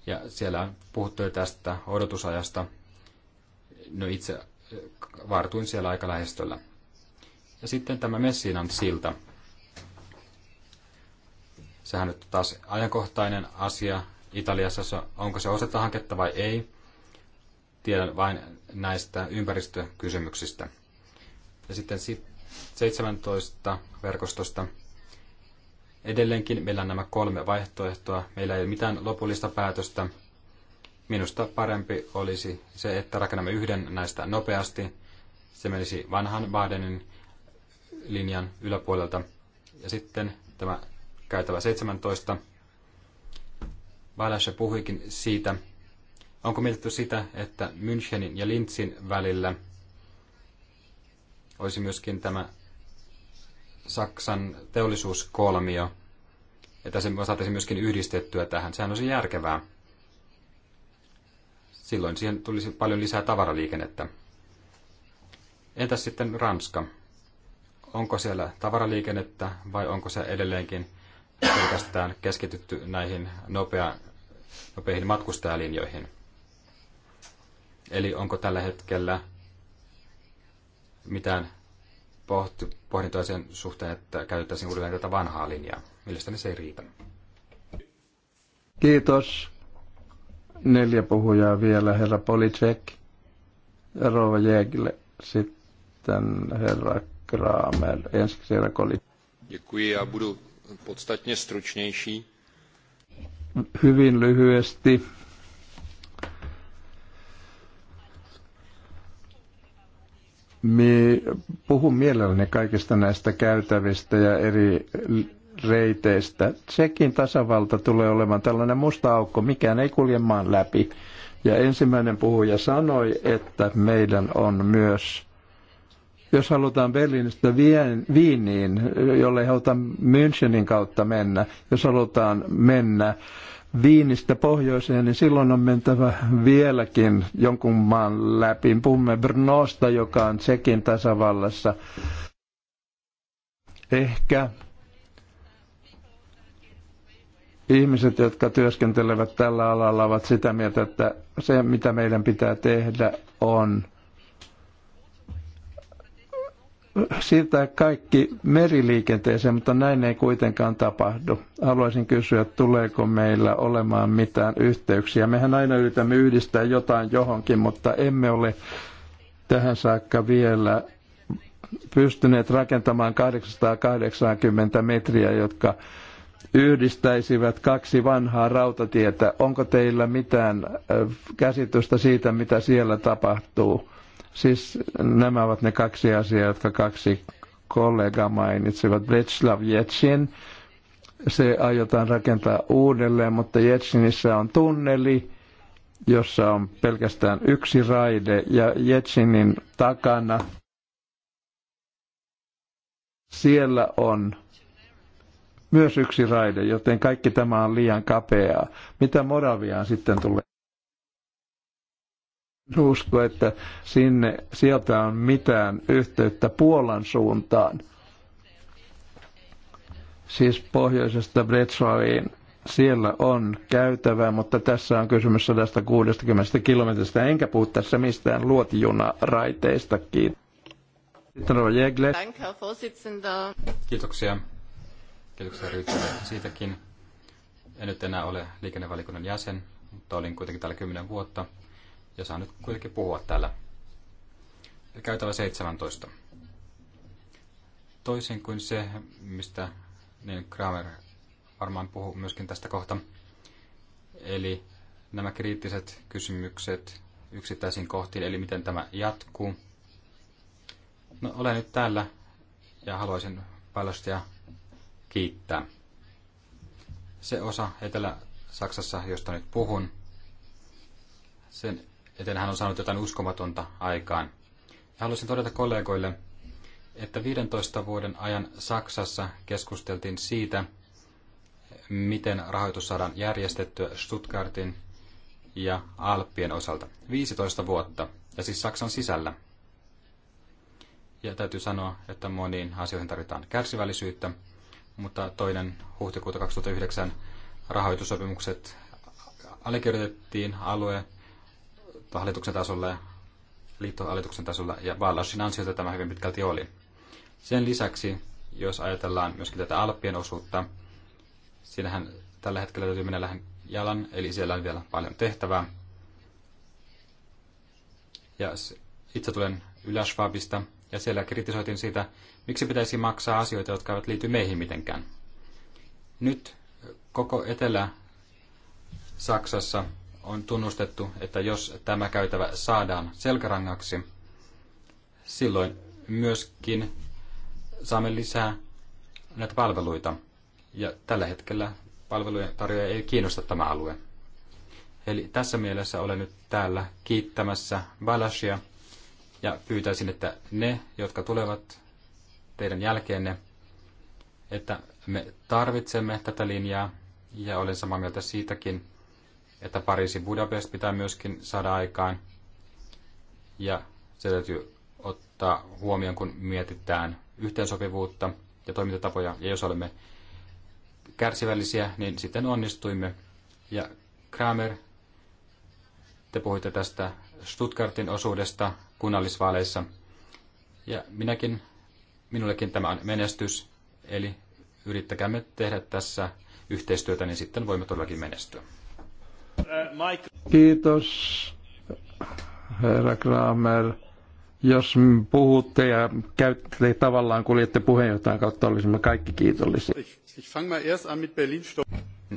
Ja siellä on puhuttu jo tästä odotusajasta. No itse äh, vartuin siellä aika lähestöllä. Ja sitten tämä Messinan silta. Sehän nyt taas ajankohtainen asia Italiassa, onko se osetta hanketta vai ei. Tiedän vain näistä ympäristökysymyksistä. Ja sitten 17 verkostosta. Edelleenkin meillä on nämä kolme vaihtoehtoa. Meillä ei ole mitään lopullista päätöstä. Minusta parempi olisi se, että rakennamme yhden näistä nopeasti. Se menisi vanhan Badenin linjan yläpuolelta. Ja sitten tämä käytävä 17. Valashe puhuikin siitä, Onko mietitty sitä, että Münchenin ja Linzin välillä olisi myöskin tämä Saksan teollisuuskolmio, että se saataisiin myöskin yhdistettyä tähän. Sehän olisi järkevää. Silloin siihen tulisi paljon lisää tavaraliikennettä. Entäs sitten Ranska? Onko siellä tavaraliikennettä vai onko se edelleenkin pelkästään keskitytty näihin nopea, nopeihin matkustajalinjoihin? Eli onko tällä hetkellä mitään pohti, pohdintoa sen suhteen, että käytettäisiin uudelleen tätä vanhaa linjaa? Mielestäni se ei riitä. Kiitos. Neljä puhujaa vielä, herra Policek, Rova Jäkille. sitten herra Kramer, ensiksi herra Koli. Děkuji, já budu podstatně stručnější. Hyvin lyhyesti. Me puhun mielelläni kaikista näistä käytävistä ja eri reiteistä. Tsekin tasavalta tulee olemaan tällainen musta aukko, mikään ei kulje maan läpi. Ja ensimmäinen puhuja sanoi, että meidän on myös, jos halutaan Berliinistä Viiniin, jolle halutaan Münchenin kautta mennä, jos halutaan mennä Viinistä pohjoiseen, niin silloin on mentävä vieläkin jonkun maan läpi. Puhumme Brnosta, joka on Tsekin tasavallassa. Ehkä ihmiset, jotka työskentelevät tällä alalla, ovat sitä mieltä, että se, mitä meidän pitää tehdä, on – siirtää kaikki meriliikenteeseen, mutta näin ei kuitenkaan tapahdu. Haluaisin kysyä, tuleeko meillä olemaan mitään yhteyksiä. Mehän aina yritämme yhdistää jotain johonkin, mutta emme ole tähän saakka vielä pystyneet rakentamaan 880 metriä, jotka yhdistäisivät kaksi vanhaa rautatietä. Onko teillä mitään käsitystä siitä, mitä siellä tapahtuu? Siis nämä ovat ne kaksi asiaa, jotka kaksi kollega mainitsivat. Vetslav Jetsin, se aiotaan rakentaa uudelleen, mutta Jetsinissä on tunneli, jossa on pelkästään yksi raide ja Jetsinin takana siellä on myös yksi raide, joten kaikki tämä on liian kapeaa. Mitä Moraviaan sitten tulee? usko, että sinne, sieltä on mitään yhteyttä Puolan suuntaan. Siis pohjoisesta Bretsoaviin siellä on käytävää, mutta tässä on kysymys 160 kilometristä, enkä puhu tässä mistään luotijunaraiteista. Sitten on Jägle. Kiitoksia. Kiitoksia Ryytsälle siitäkin. En nyt enää ole liikennevalikunnan jäsen, mutta olin kuitenkin täällä kymmenen vuotta – ja saan nyt kuitenkin puhua täällä. Käytävä 17. Toisin kuin se, mistä niin Kramer varmaan puhuu myöskin tästä kohta, eli nämä kriittiset kysymykset yksittäisiin kohtiin, eli miten tämä jatkuu. No, olen nyt täällä ja haluaisin päällöstä kiittää. Se osa Etelä-Saksassa, josta nyt puhun, sen joten hän on saanut jotain uskomatonta aikaan. Haluaisin todeta kollegoille, että 15 vuoden ajan Saksassa keskusteltiin siitä, miten rahoitus saadaan järjestettyä Stuttgartin ja Alppien osalta. 15 vuotta, ja siis Saksan sisällä. Ja täytyy sanoa, että moniin asioihin tarvitaan kärsivällisyyttä, mutta toinen huhtikuuta 2009 rahoitussopimukset allekirjoitettiin alue- hallituksen tasolla, liittohallituksen tasolla, ja Ballashin ansiota tämä hyvin pitkälti oli. Sen lisäksi, jos ajatellaan myöskin tätä Alppien osuutta, siinähän tällä hetkellä täytyy mennä lähden jalan, eli siellä on vielä paljon tehtävää. Ja itse tulen Yläschwabista, ja siellä kritisoitin sitä, miksi pitäisi maksaa asioita, jotka eivät liity meihin mitenkään. Nyt koko Etelä-Saksassa on tunnustettu, että jos tämä käytävä saadaan selkärangaksi, silloin myöskin saamme lisää näitä palveluita. Ja tällä hetkellä palvelujen tarjoaja ei kiinnosta tämä alue. Eli tässä mielessä olen nyt täällä kiittämässä Balashia ja pyytäisin, että ne, jotka tulevat teidän jälkeenne, että me tarvitsemme tätä linjaa ja olen samaa mieltä siitäkin, että Pariisi Budapest pitää myöskin saada aikaan. Ja se täytyy ottaa huomioon, kun mietitään yhteensopivuutta ja toimintatapoja. Ja jos olemme kärsivällisiä, niin sitten onnistuimme. Ja Kramer, te puhuitte tästä Stuttgartin osuudesta kunnallisvaaleissa. Ja minäkin, minullekin tämä on menestys, eli yrittäkäämme tehdä tässä yhteistyötä, niin sitten voimme todellakin menestyä. Kiitos, herra Kramer. Jos puhutte ja käytte tavallaan kuljette puheenjohtajan kautta, olisimme kaikki kiitollisia.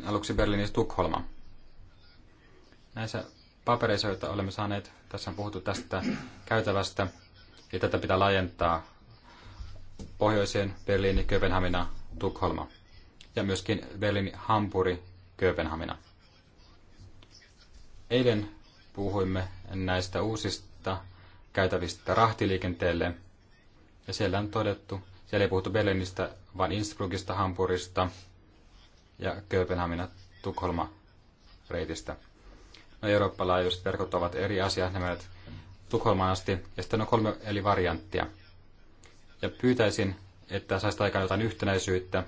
Aluksi Berliinistä Tukholma. Näissä papereissa, joita olemme saaneet, tässä on puhuttu tästä käytävästä, ja tätä pitää laajentaa pohjoiseen Berliini, Kööpenhamina, Tukholma ja myöskin Berliini, Hampuri, Kööpenhamina. Eilen puhuimme näistä uusista käytävistä rahtiliikenteelle, ja siellä on todettu, siellä ei puhuttu Berliinistä, vaan Innsbruckista, Hampurista ja Kööpenhamina Tukholma reitistä. No, Euroopan laajuiset verkot ovat eri asia, nämä Tukholmaan asti, ja sitten on kolme eli varianttia. Ja pyytäisin, että saisi aikaan jotain yhtenäisyyttä,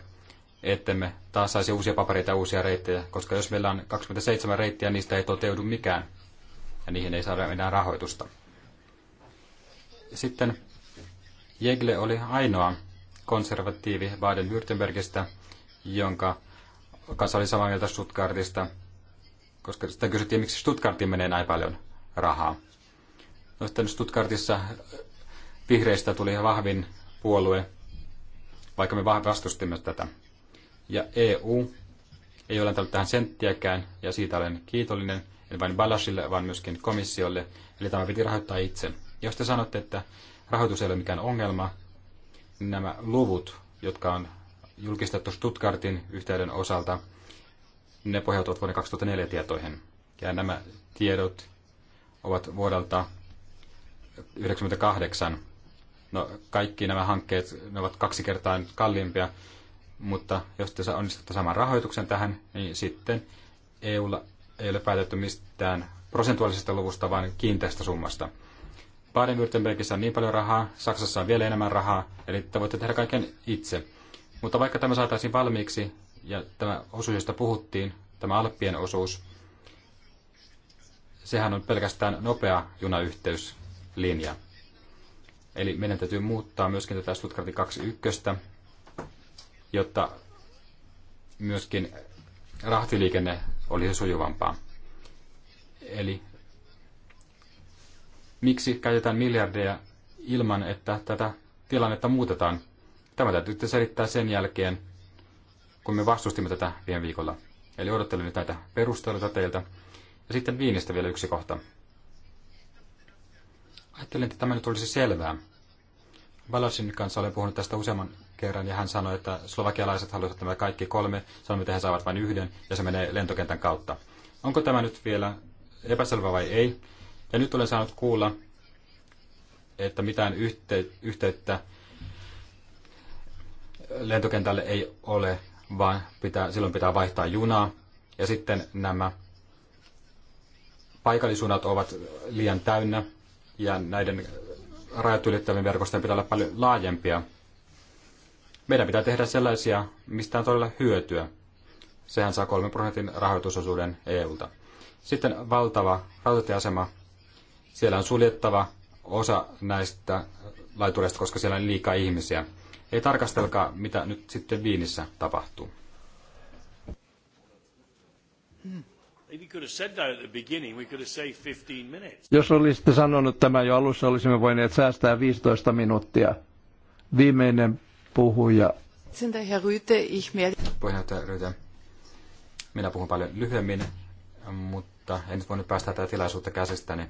ettemme taas saisi uusia papereita ja uusia reittejä, koska jos meillä on 27 reittiä, niistä ei toteudu mikään ja niihin ei saada enää rahoitusta. Sitten Jegle oli ainoa konservatiivi Baden-Württembergistä, jonka kanssa oli samaa mieltä Stuttgartista, koska sitä kysyttiin, miksi Stuttgartiin menee näin paljon rahaa. No sitten Stuttgartissa äh, vihreistä tuli vahvin puolue, vaikka me vastustimme tätä. Ja EU ei ole antanut tähän senttiäkään, ja siitä olen kiitollinen, en vain Balashille, vaan myöskin komissiolle. Eli tämä piti rahoittaa itse. Jos te sanotte, että rahoitus ei ole mikään ongelma, niin nämä luvut, jotka on julkistettu Stuttgartin yhteyden osalta, ne pohjautuvat vuoden 2004 tietoihin. Ja nämä tiedot ovat vuodelta 1998. No, kaikki nämä hankkeet ne ovat kaksi kertaa kalliimpia mutta jos te onnistutte saamaan rahoituksen tähän, niin sitten EUlla ei ole päätetty mistään prosentuaalisesta luvusta, vaan kiinteästä summasta. Baden-Württembergissä on niin paljon rahaa, Saksassa on vielä enemmän rahaa, eli te voitte tehdä kaiken itse. Mutta vaikka tämä saataisiin valmiiksi, ja tämä osuus, josta puhuttiin, tämä Alppien osuus, sehän on pelkästään nopea junayhteyslinja. Eli meidän täytyy muuttaa myöskin tätä Stuttgartin 21, jotta myöskin rahtiliikenne olisi sujuvampaa. Eli miksi käytetään miljardeja ilman, että tätä tilannetta muutetaan? Tämä täytyy selittää sen jälkeen, kun me vastustimme tätä viime viikolla. Eli odottelen nyt näitä perusteluita teiltä. Ja sitten viinistä vielä yksi kohta. Ajattelin, että tämä nyt olisi selvää. Valasin kanssa olen puhunut tästä useamman kerran, ja hän sanoi, että slovakialaiset haluavat nämä kaikki kolme, sanoi, että he saavat vain yhden, ja se menee lentokentän kautta. Onko tämä nyt vielä epäselvä vai ei? Ja nyt olen saanut kuulla, että mitään yhte- yhteyttä lentokentälle ei ole, vaan pitää, silloin pitää vaihtaa junaa. Ja sitten nämä paikallisunat ovat liian täynnä ja näiden rajat ylittävien verkostojen pitää olla paljon laajempia. Meidän pitää tehdä sellaisia, mistä on todella hyötyä. Sehän saa 3 prosentin rahoitusosuuden EUlta. Sitten valtava rautatieasema. Siellä on suljettava osa näistä laitureista, koska siellä on liikaa ihmisiä. Ei tarkastelkaa, mitä nyt sitten Viinissä tapahtuu. Jos olisitte sanonut tämä jo alussa, olisimme voineet säästää 15 minuuttia. Viimeinen puhuja. Puheenjohtaja Ryyte, minä puhun paljon lyhyemmin, mutta en nyt voinut päästä tätä tilaisuutta käsistäni.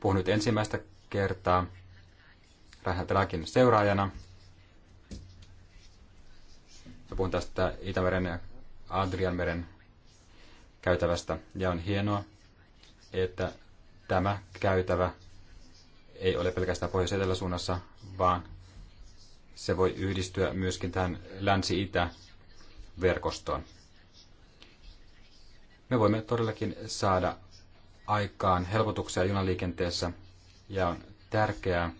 Puhun nyt ensimmäistä kertaa Rähätelakin seuraajana. Ja puhun tästä Itämeren ja Adrianmeren käytävästä. Ja on hienoa, että tämä käytävä ei ole pelkästään pohjois-eteläsuunnassa, vaan se voi yhdistyä myöskin tähän länsi-itä-verkostoon. Me voimme todellakin saada aikaan helpotuksia junaliikenteessä ja on tärkeää,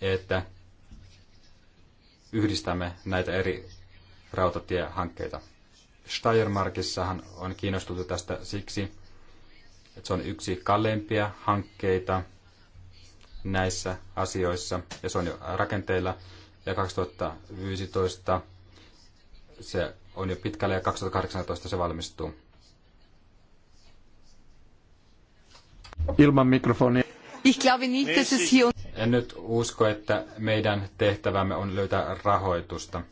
että yhdistämme näitä eri rautatiehankkeita. Steiermarkissahan on kiinnostunut tästä siksi, että se on yksi kalleimpia hankkeita – näissä asioissa, ja se on jo rakenteilla, ja 2015 se on jo pitkällä, ja 2018 se valmistuu. Ilman mikrofonia. Ich glaube nicht, dass es hier... En nyt usko, että meidän tehtävämme on löytää rahoitusta.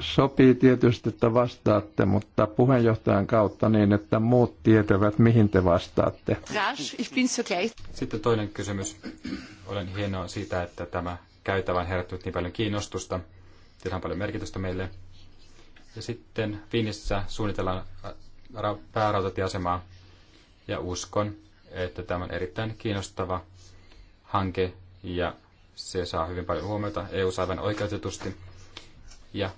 Sopii tietysti, että vastaatte, mutta puheenjohtajan kautta niin, että muut tietävät, mihin te vastaatte. Sitten toinen kysymys. Olen hienoa siitä, että tämä käytävä on herättänyt niin paljon kiinnostusta. Sillä on paljon merkitystä meille. Ja sitten Finnissä suunnitellaan äh, päärautatieasemaa ja uskon, että tämä on erittäin kiinnostava hanke ja se saa hyvin paljon huomiota EU-saivan oikeutetusti. Ja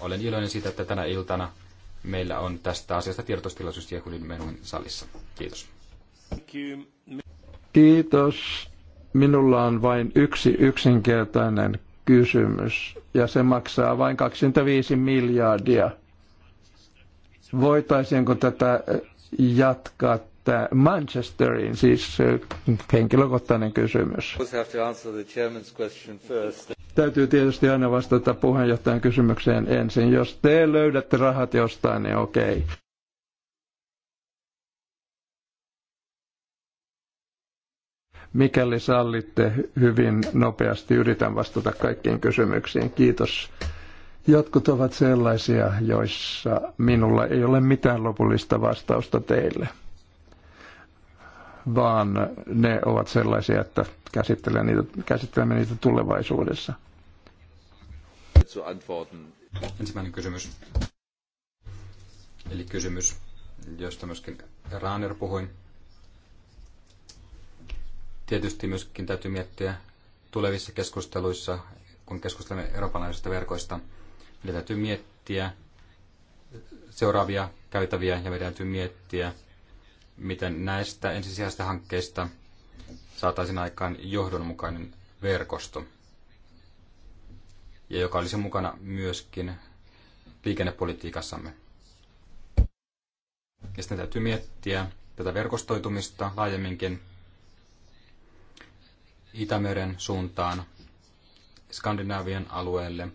olen iloinen siitä, että tänä iltana meillä on tästä asiasta tiedotustilaisuus Jehudin menun salissa. Kiitos. Kiitos. Minulla on vain yksi yksinkertainen kysymys, ja se maksaa vain 25 miljardia. Voitaisiinko tätä jatkaa että Manchesteriin, siis henkilökohtainen kysymys. Täytyy tietysti aina vastata puheenjohtajan kysymykseen ensin. Jos te löydätte rahat jostain, niin okei. Mikäli sallitte hyvin nopeasti, yritän vastata kaikkiin kysymyksiin. Kiitos. Jotkut ovat sellaisia, joissa minulla ei ole mitään lopullista vastausta teille vaan ne ovat sellaisia, että käsittelemme niitä, käsittelemme niitä tulevaisuudessa. Ensimmäinen kysymys. Eli kysymys, josta myöskin Raaner puhui. Tietysti myöskin täytyy miettiä tulevissa keskusteluissa, kun keskustelemme eurooppalaisista verkoista, meidän täytyy miettiä seuraavia käytäviä ja meidän täytyy miettiä miten näistä ensisijaisista hankkeista saataisiin aikaan johdonmukainen verkosto, ja joka olisi mukana myöskin liikennepolitiikassamme. Ja sitten täytyy miettiä tätä verkostoitumista laajemminkin Itämeren suuntaan, Skandinaavian alueelle,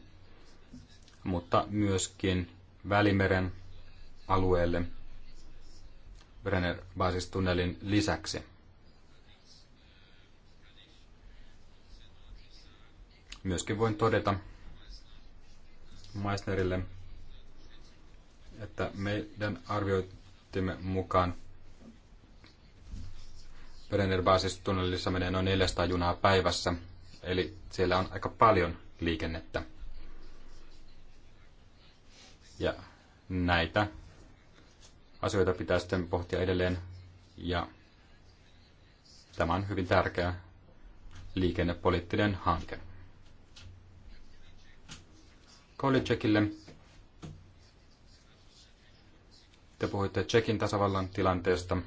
mutta myöskin Välimeren alueelle – Brenner Basistunnelin lisäksi. Myöskin voin todeta Meissnerille, että meidän arvioittimme mukaan Brenner Basistunnelissa menee noin 400 junaa päivässä, eli siellä on aika paljon liikennettä. Ja näitä asioita pitää sitten pohtia edelleen ja tämä on hyvin tärkeä liikennepoliittinen hanke. kolitsekille. Te puhuitte Tsekin tasavallan tilanteesta.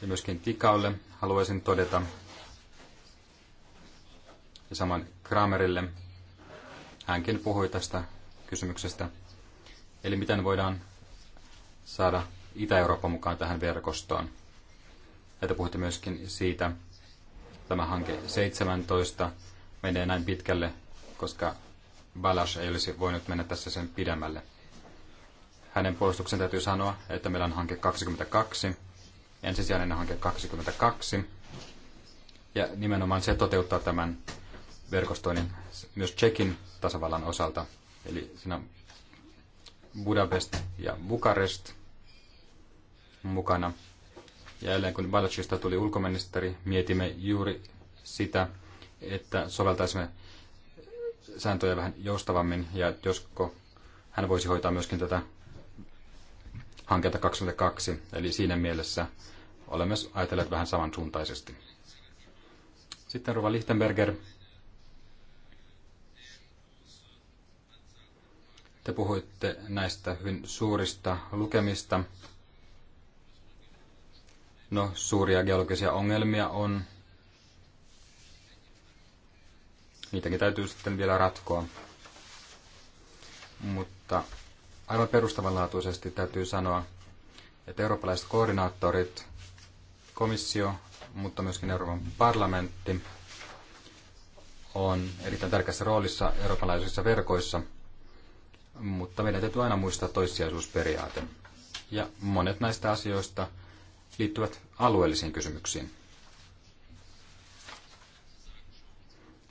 Ja myöskin Tikaulle haluaisin todeta, ja saman Kramerille, hänkin puhui tästä kysymyksestä. Eli miten voidaan saada Itä-Eurooppa mukaan tähän verkostoon. Ja puhutti puhutte myöskin siitä, tämä hanke 17 menee näin pitkälle, koska Balas ei olisi voinut mennä tässä sen pidemmälle. Hänen puolustuksen täytyy sanoa, että meillä on hanke 22, ensisijainen hanke 22, ja nimenomaan se toteuttaa tämän verkostoinnin myös Tsekin tasavallan osalta. Eli siinä on Budapest ja Bukarest mukana. Ja jälleen kun Balacista tuli ulkoministeri, mietimme juuri sitä, että soveltaisimme sääntöjä vähän joustavammin ja josko hän voisi hoitaa myöskin tätä hanketta 22. Eli siinä mielessä olemme ajatelleet vähän samansuuntaisesti. Sitten Rova Lichtenberger Te puhuitte näistä hyvin suurista lukemista. No, suuria geologisia ongelmia on. Niitäkin täytyy sitten vielä ratkoa. Mutta aivan perustavanlaatuisesti täytyy sanoa, että eurooppalaiset koordinaattorit, komissio, mutta myöskin Euroopan parlamentti on erittäin tärkeässä roolissa eurooppalaisissa verkoissa – mutta meidän täytyy aina muistaa toissijaisuusperiaate. Ja monet näistä asioista liittyvät alueellisiin kysymyksiin.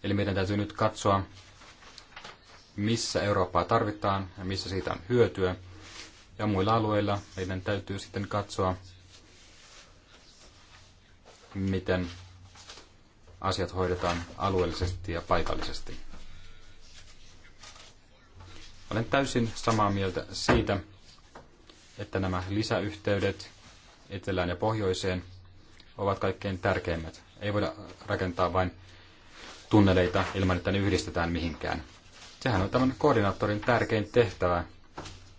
Eli meidän täytyy nyt katsoa, missä Eurooppaa tarvitaan ja missä siitä on hyötyä. Ja muilla alueilla meidän täytyy sitten katsoa, miten asiat hoidetaan alueellisesti ja paikallisesti. Olen täysin samaa mieltä siitä, että nämä lisäyhteydet etelään ja pohjoiseen ovat kaikkein tärkeimmät. Ei voida rakentaa vain tunneleita ilman, että ne yhdistetään mihinkään. Sehän on tämän koordinaattorin tärkein tehtävä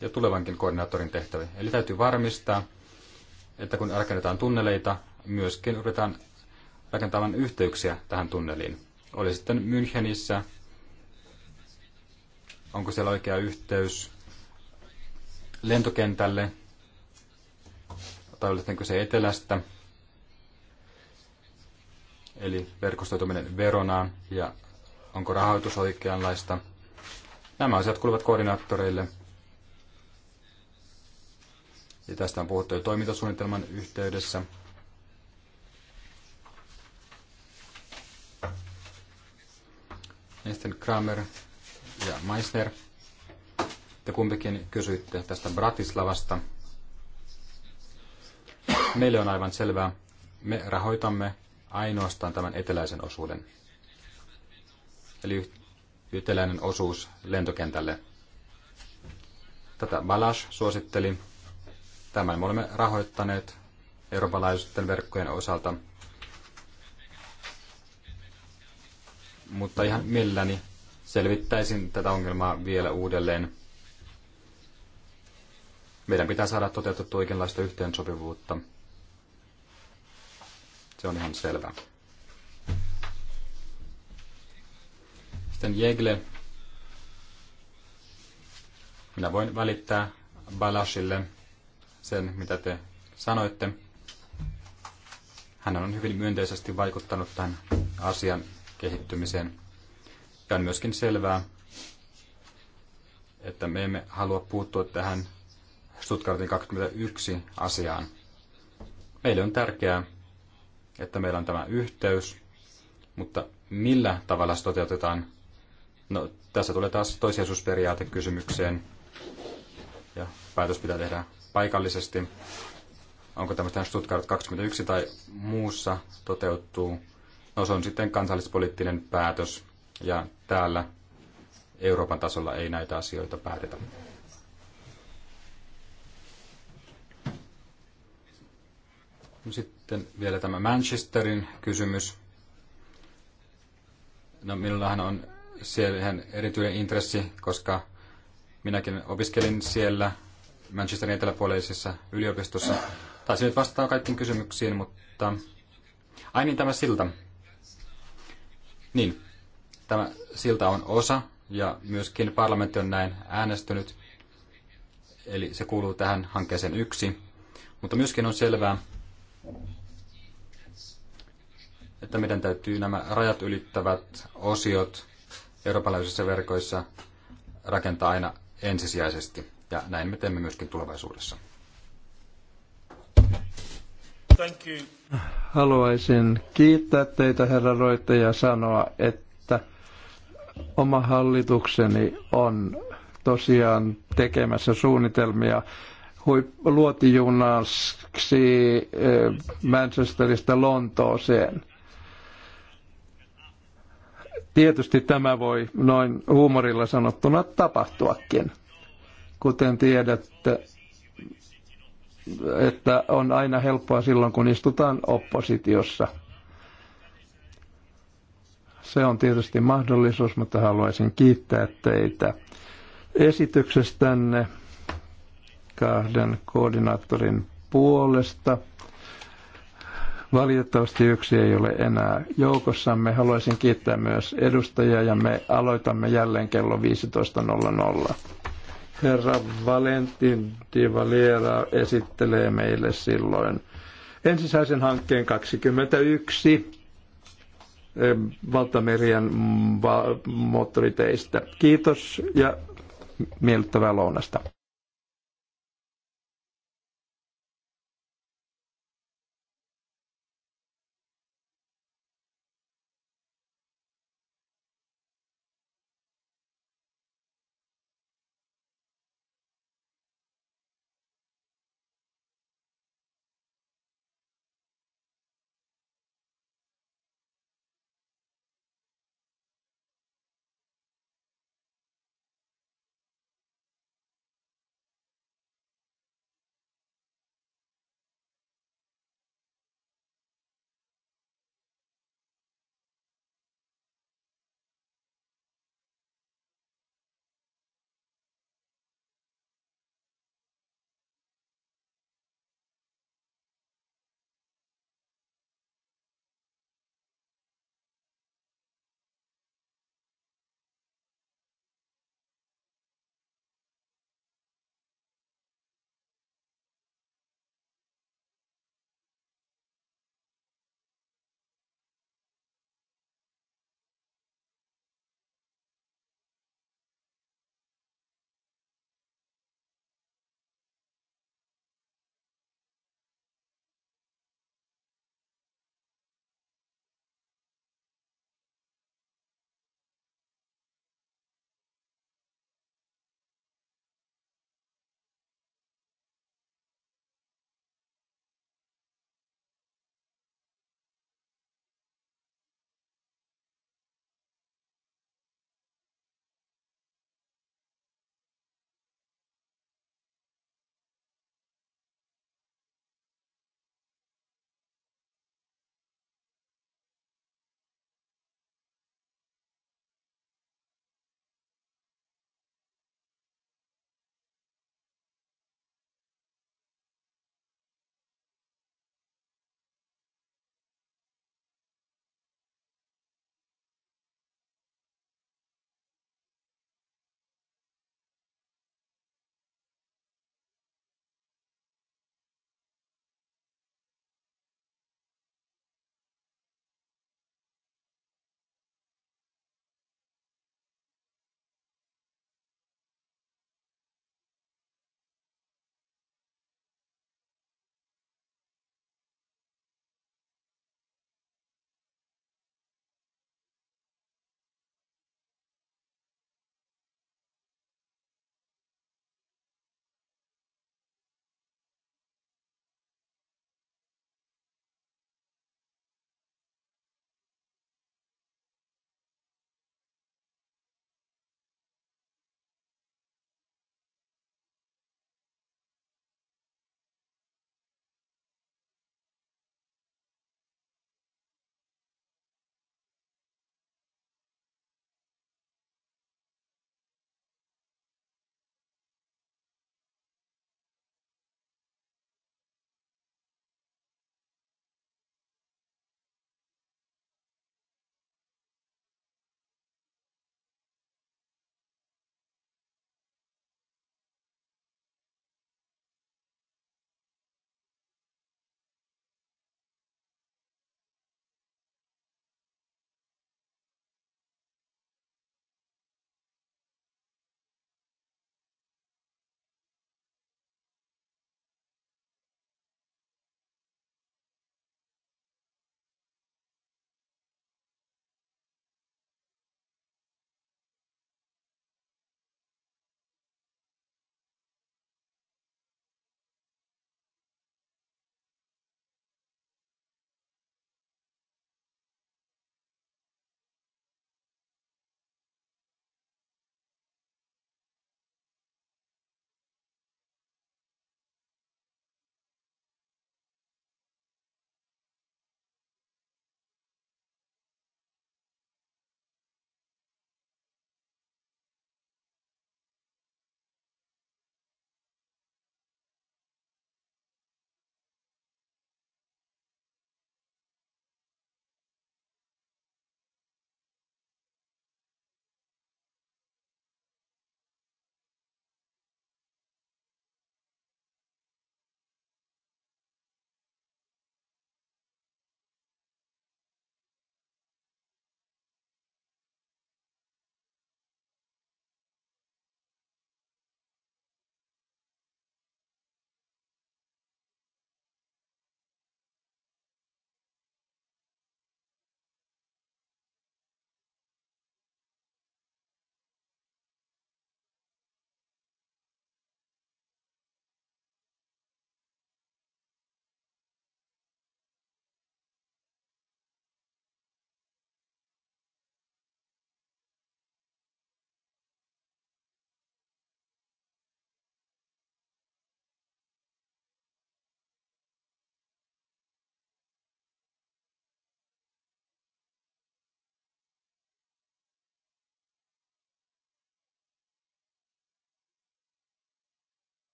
ja tulevankin koordinaattorin tehtävä. Eli täytyy varmistaa, että kun rakennetaan tunneleita, myöskin ruvetaan rakentamaan yhteyksiä tähän tunneliin. Oli sitten Münchenissä, Onko siellä oikea yhteys lentokentälle? Tai oletteko se etelästä? Eli verkostoituminen Veronaan ja onko rahoitus oikeanlaista? Nämä asiat kuuluvat koordinaattoreille. Ja tästä on puhuttu jo toimintasuunnitelman yhteydessä. Ja sitten Kramer ja Meister. Te kumpikin kysyitte tästä Bratislavasta. Meille on aivan selvää, me rahoitamme ainoastaan tämän eteläisen osuuden. Eli eteläinen osuus lentokentälle. Tätä Balash suositteli. Tämän me olemme rahoittaneet Euroopan verkkojen osalta. Mutta ihan milläni selvittäisin tätä ongelmaa vielä uudelleen. Meidän pitää saada toteutettua oikeanlaista yhteensopivuutta. Se on ihan selvä. Sitten Jegle. Minä voin välittää Balashille sen, mitä te sanoitte. Hän on hyvin myönteisesti vaikuttanut tähän asian kehittymiseen. Ja on myöskin selvää, että me emme halua puuttua tähän Stuttgartin 21 asiaan. Meille on tärkeää, että meillä on tämä yhteys, mutta millä tavalla se toteutetaan? No, tässä tulee taas toisiasuusperiaate kysymykseen, ja päätös pitää tehdä paikallisesti. Onko tämmöistä Stuttgart 21 tai muussa toteutuu? No se on sitten kansallispoliittinen päätös, ja täällä Euroopan tasolla ei näitä asioita päätetä. No sitten vielä tämä Manchesterin kysymys. No minullahan on siihen erityinen intressi, koska minäkin opiskelin siellä Manchesterin eteläpuoleisessa yliopistossa. Taisin nyt vastaa kaikkiin kysymyksiin, mutta... Ai niin, tämä silta. Niin, Tämä silta on osa, ja myöskin parlamentti on näin äänestynyt, eli se kuuluu tähän hankkeeseen yksi. Mutta myöskin on selvää, että meidän täytyy nämä rajat ylittävät osiot eurooppalaisissa verkoissa rakentaa aina ensisijaisesti. Ja näin me teemme myöskin tulevaisuudessa. Haluaisin kiittää teitä, herra Roitte, ja sanoa, että Oma hallitukseni on tosiaan tekemässä suunnitelmia luotijunaksi eh, Manchesterista Lontooseen. Tietysti tämä voi noin huumorilla sanottuna tapahtuakin. Kuten tiedätte, että on aina helppoa silloin, kun istutaan oppositiossa – se on tietysti mahdollisuus, mutta haluaisin kiittää teitä esityksestänne kahden koordinaattorin puolesta. Valitettavasti yksi ei ole enää joukossamme. Haluaisin kiittää myös edustajia ja me aloitamme jälleen kello 15.00. Herra Valentin Di Valera esittelee meille silloin ensisäisen hankkeen 21 valtamerien moottoriteistä. Kiitos ja miellyttävää lounasta.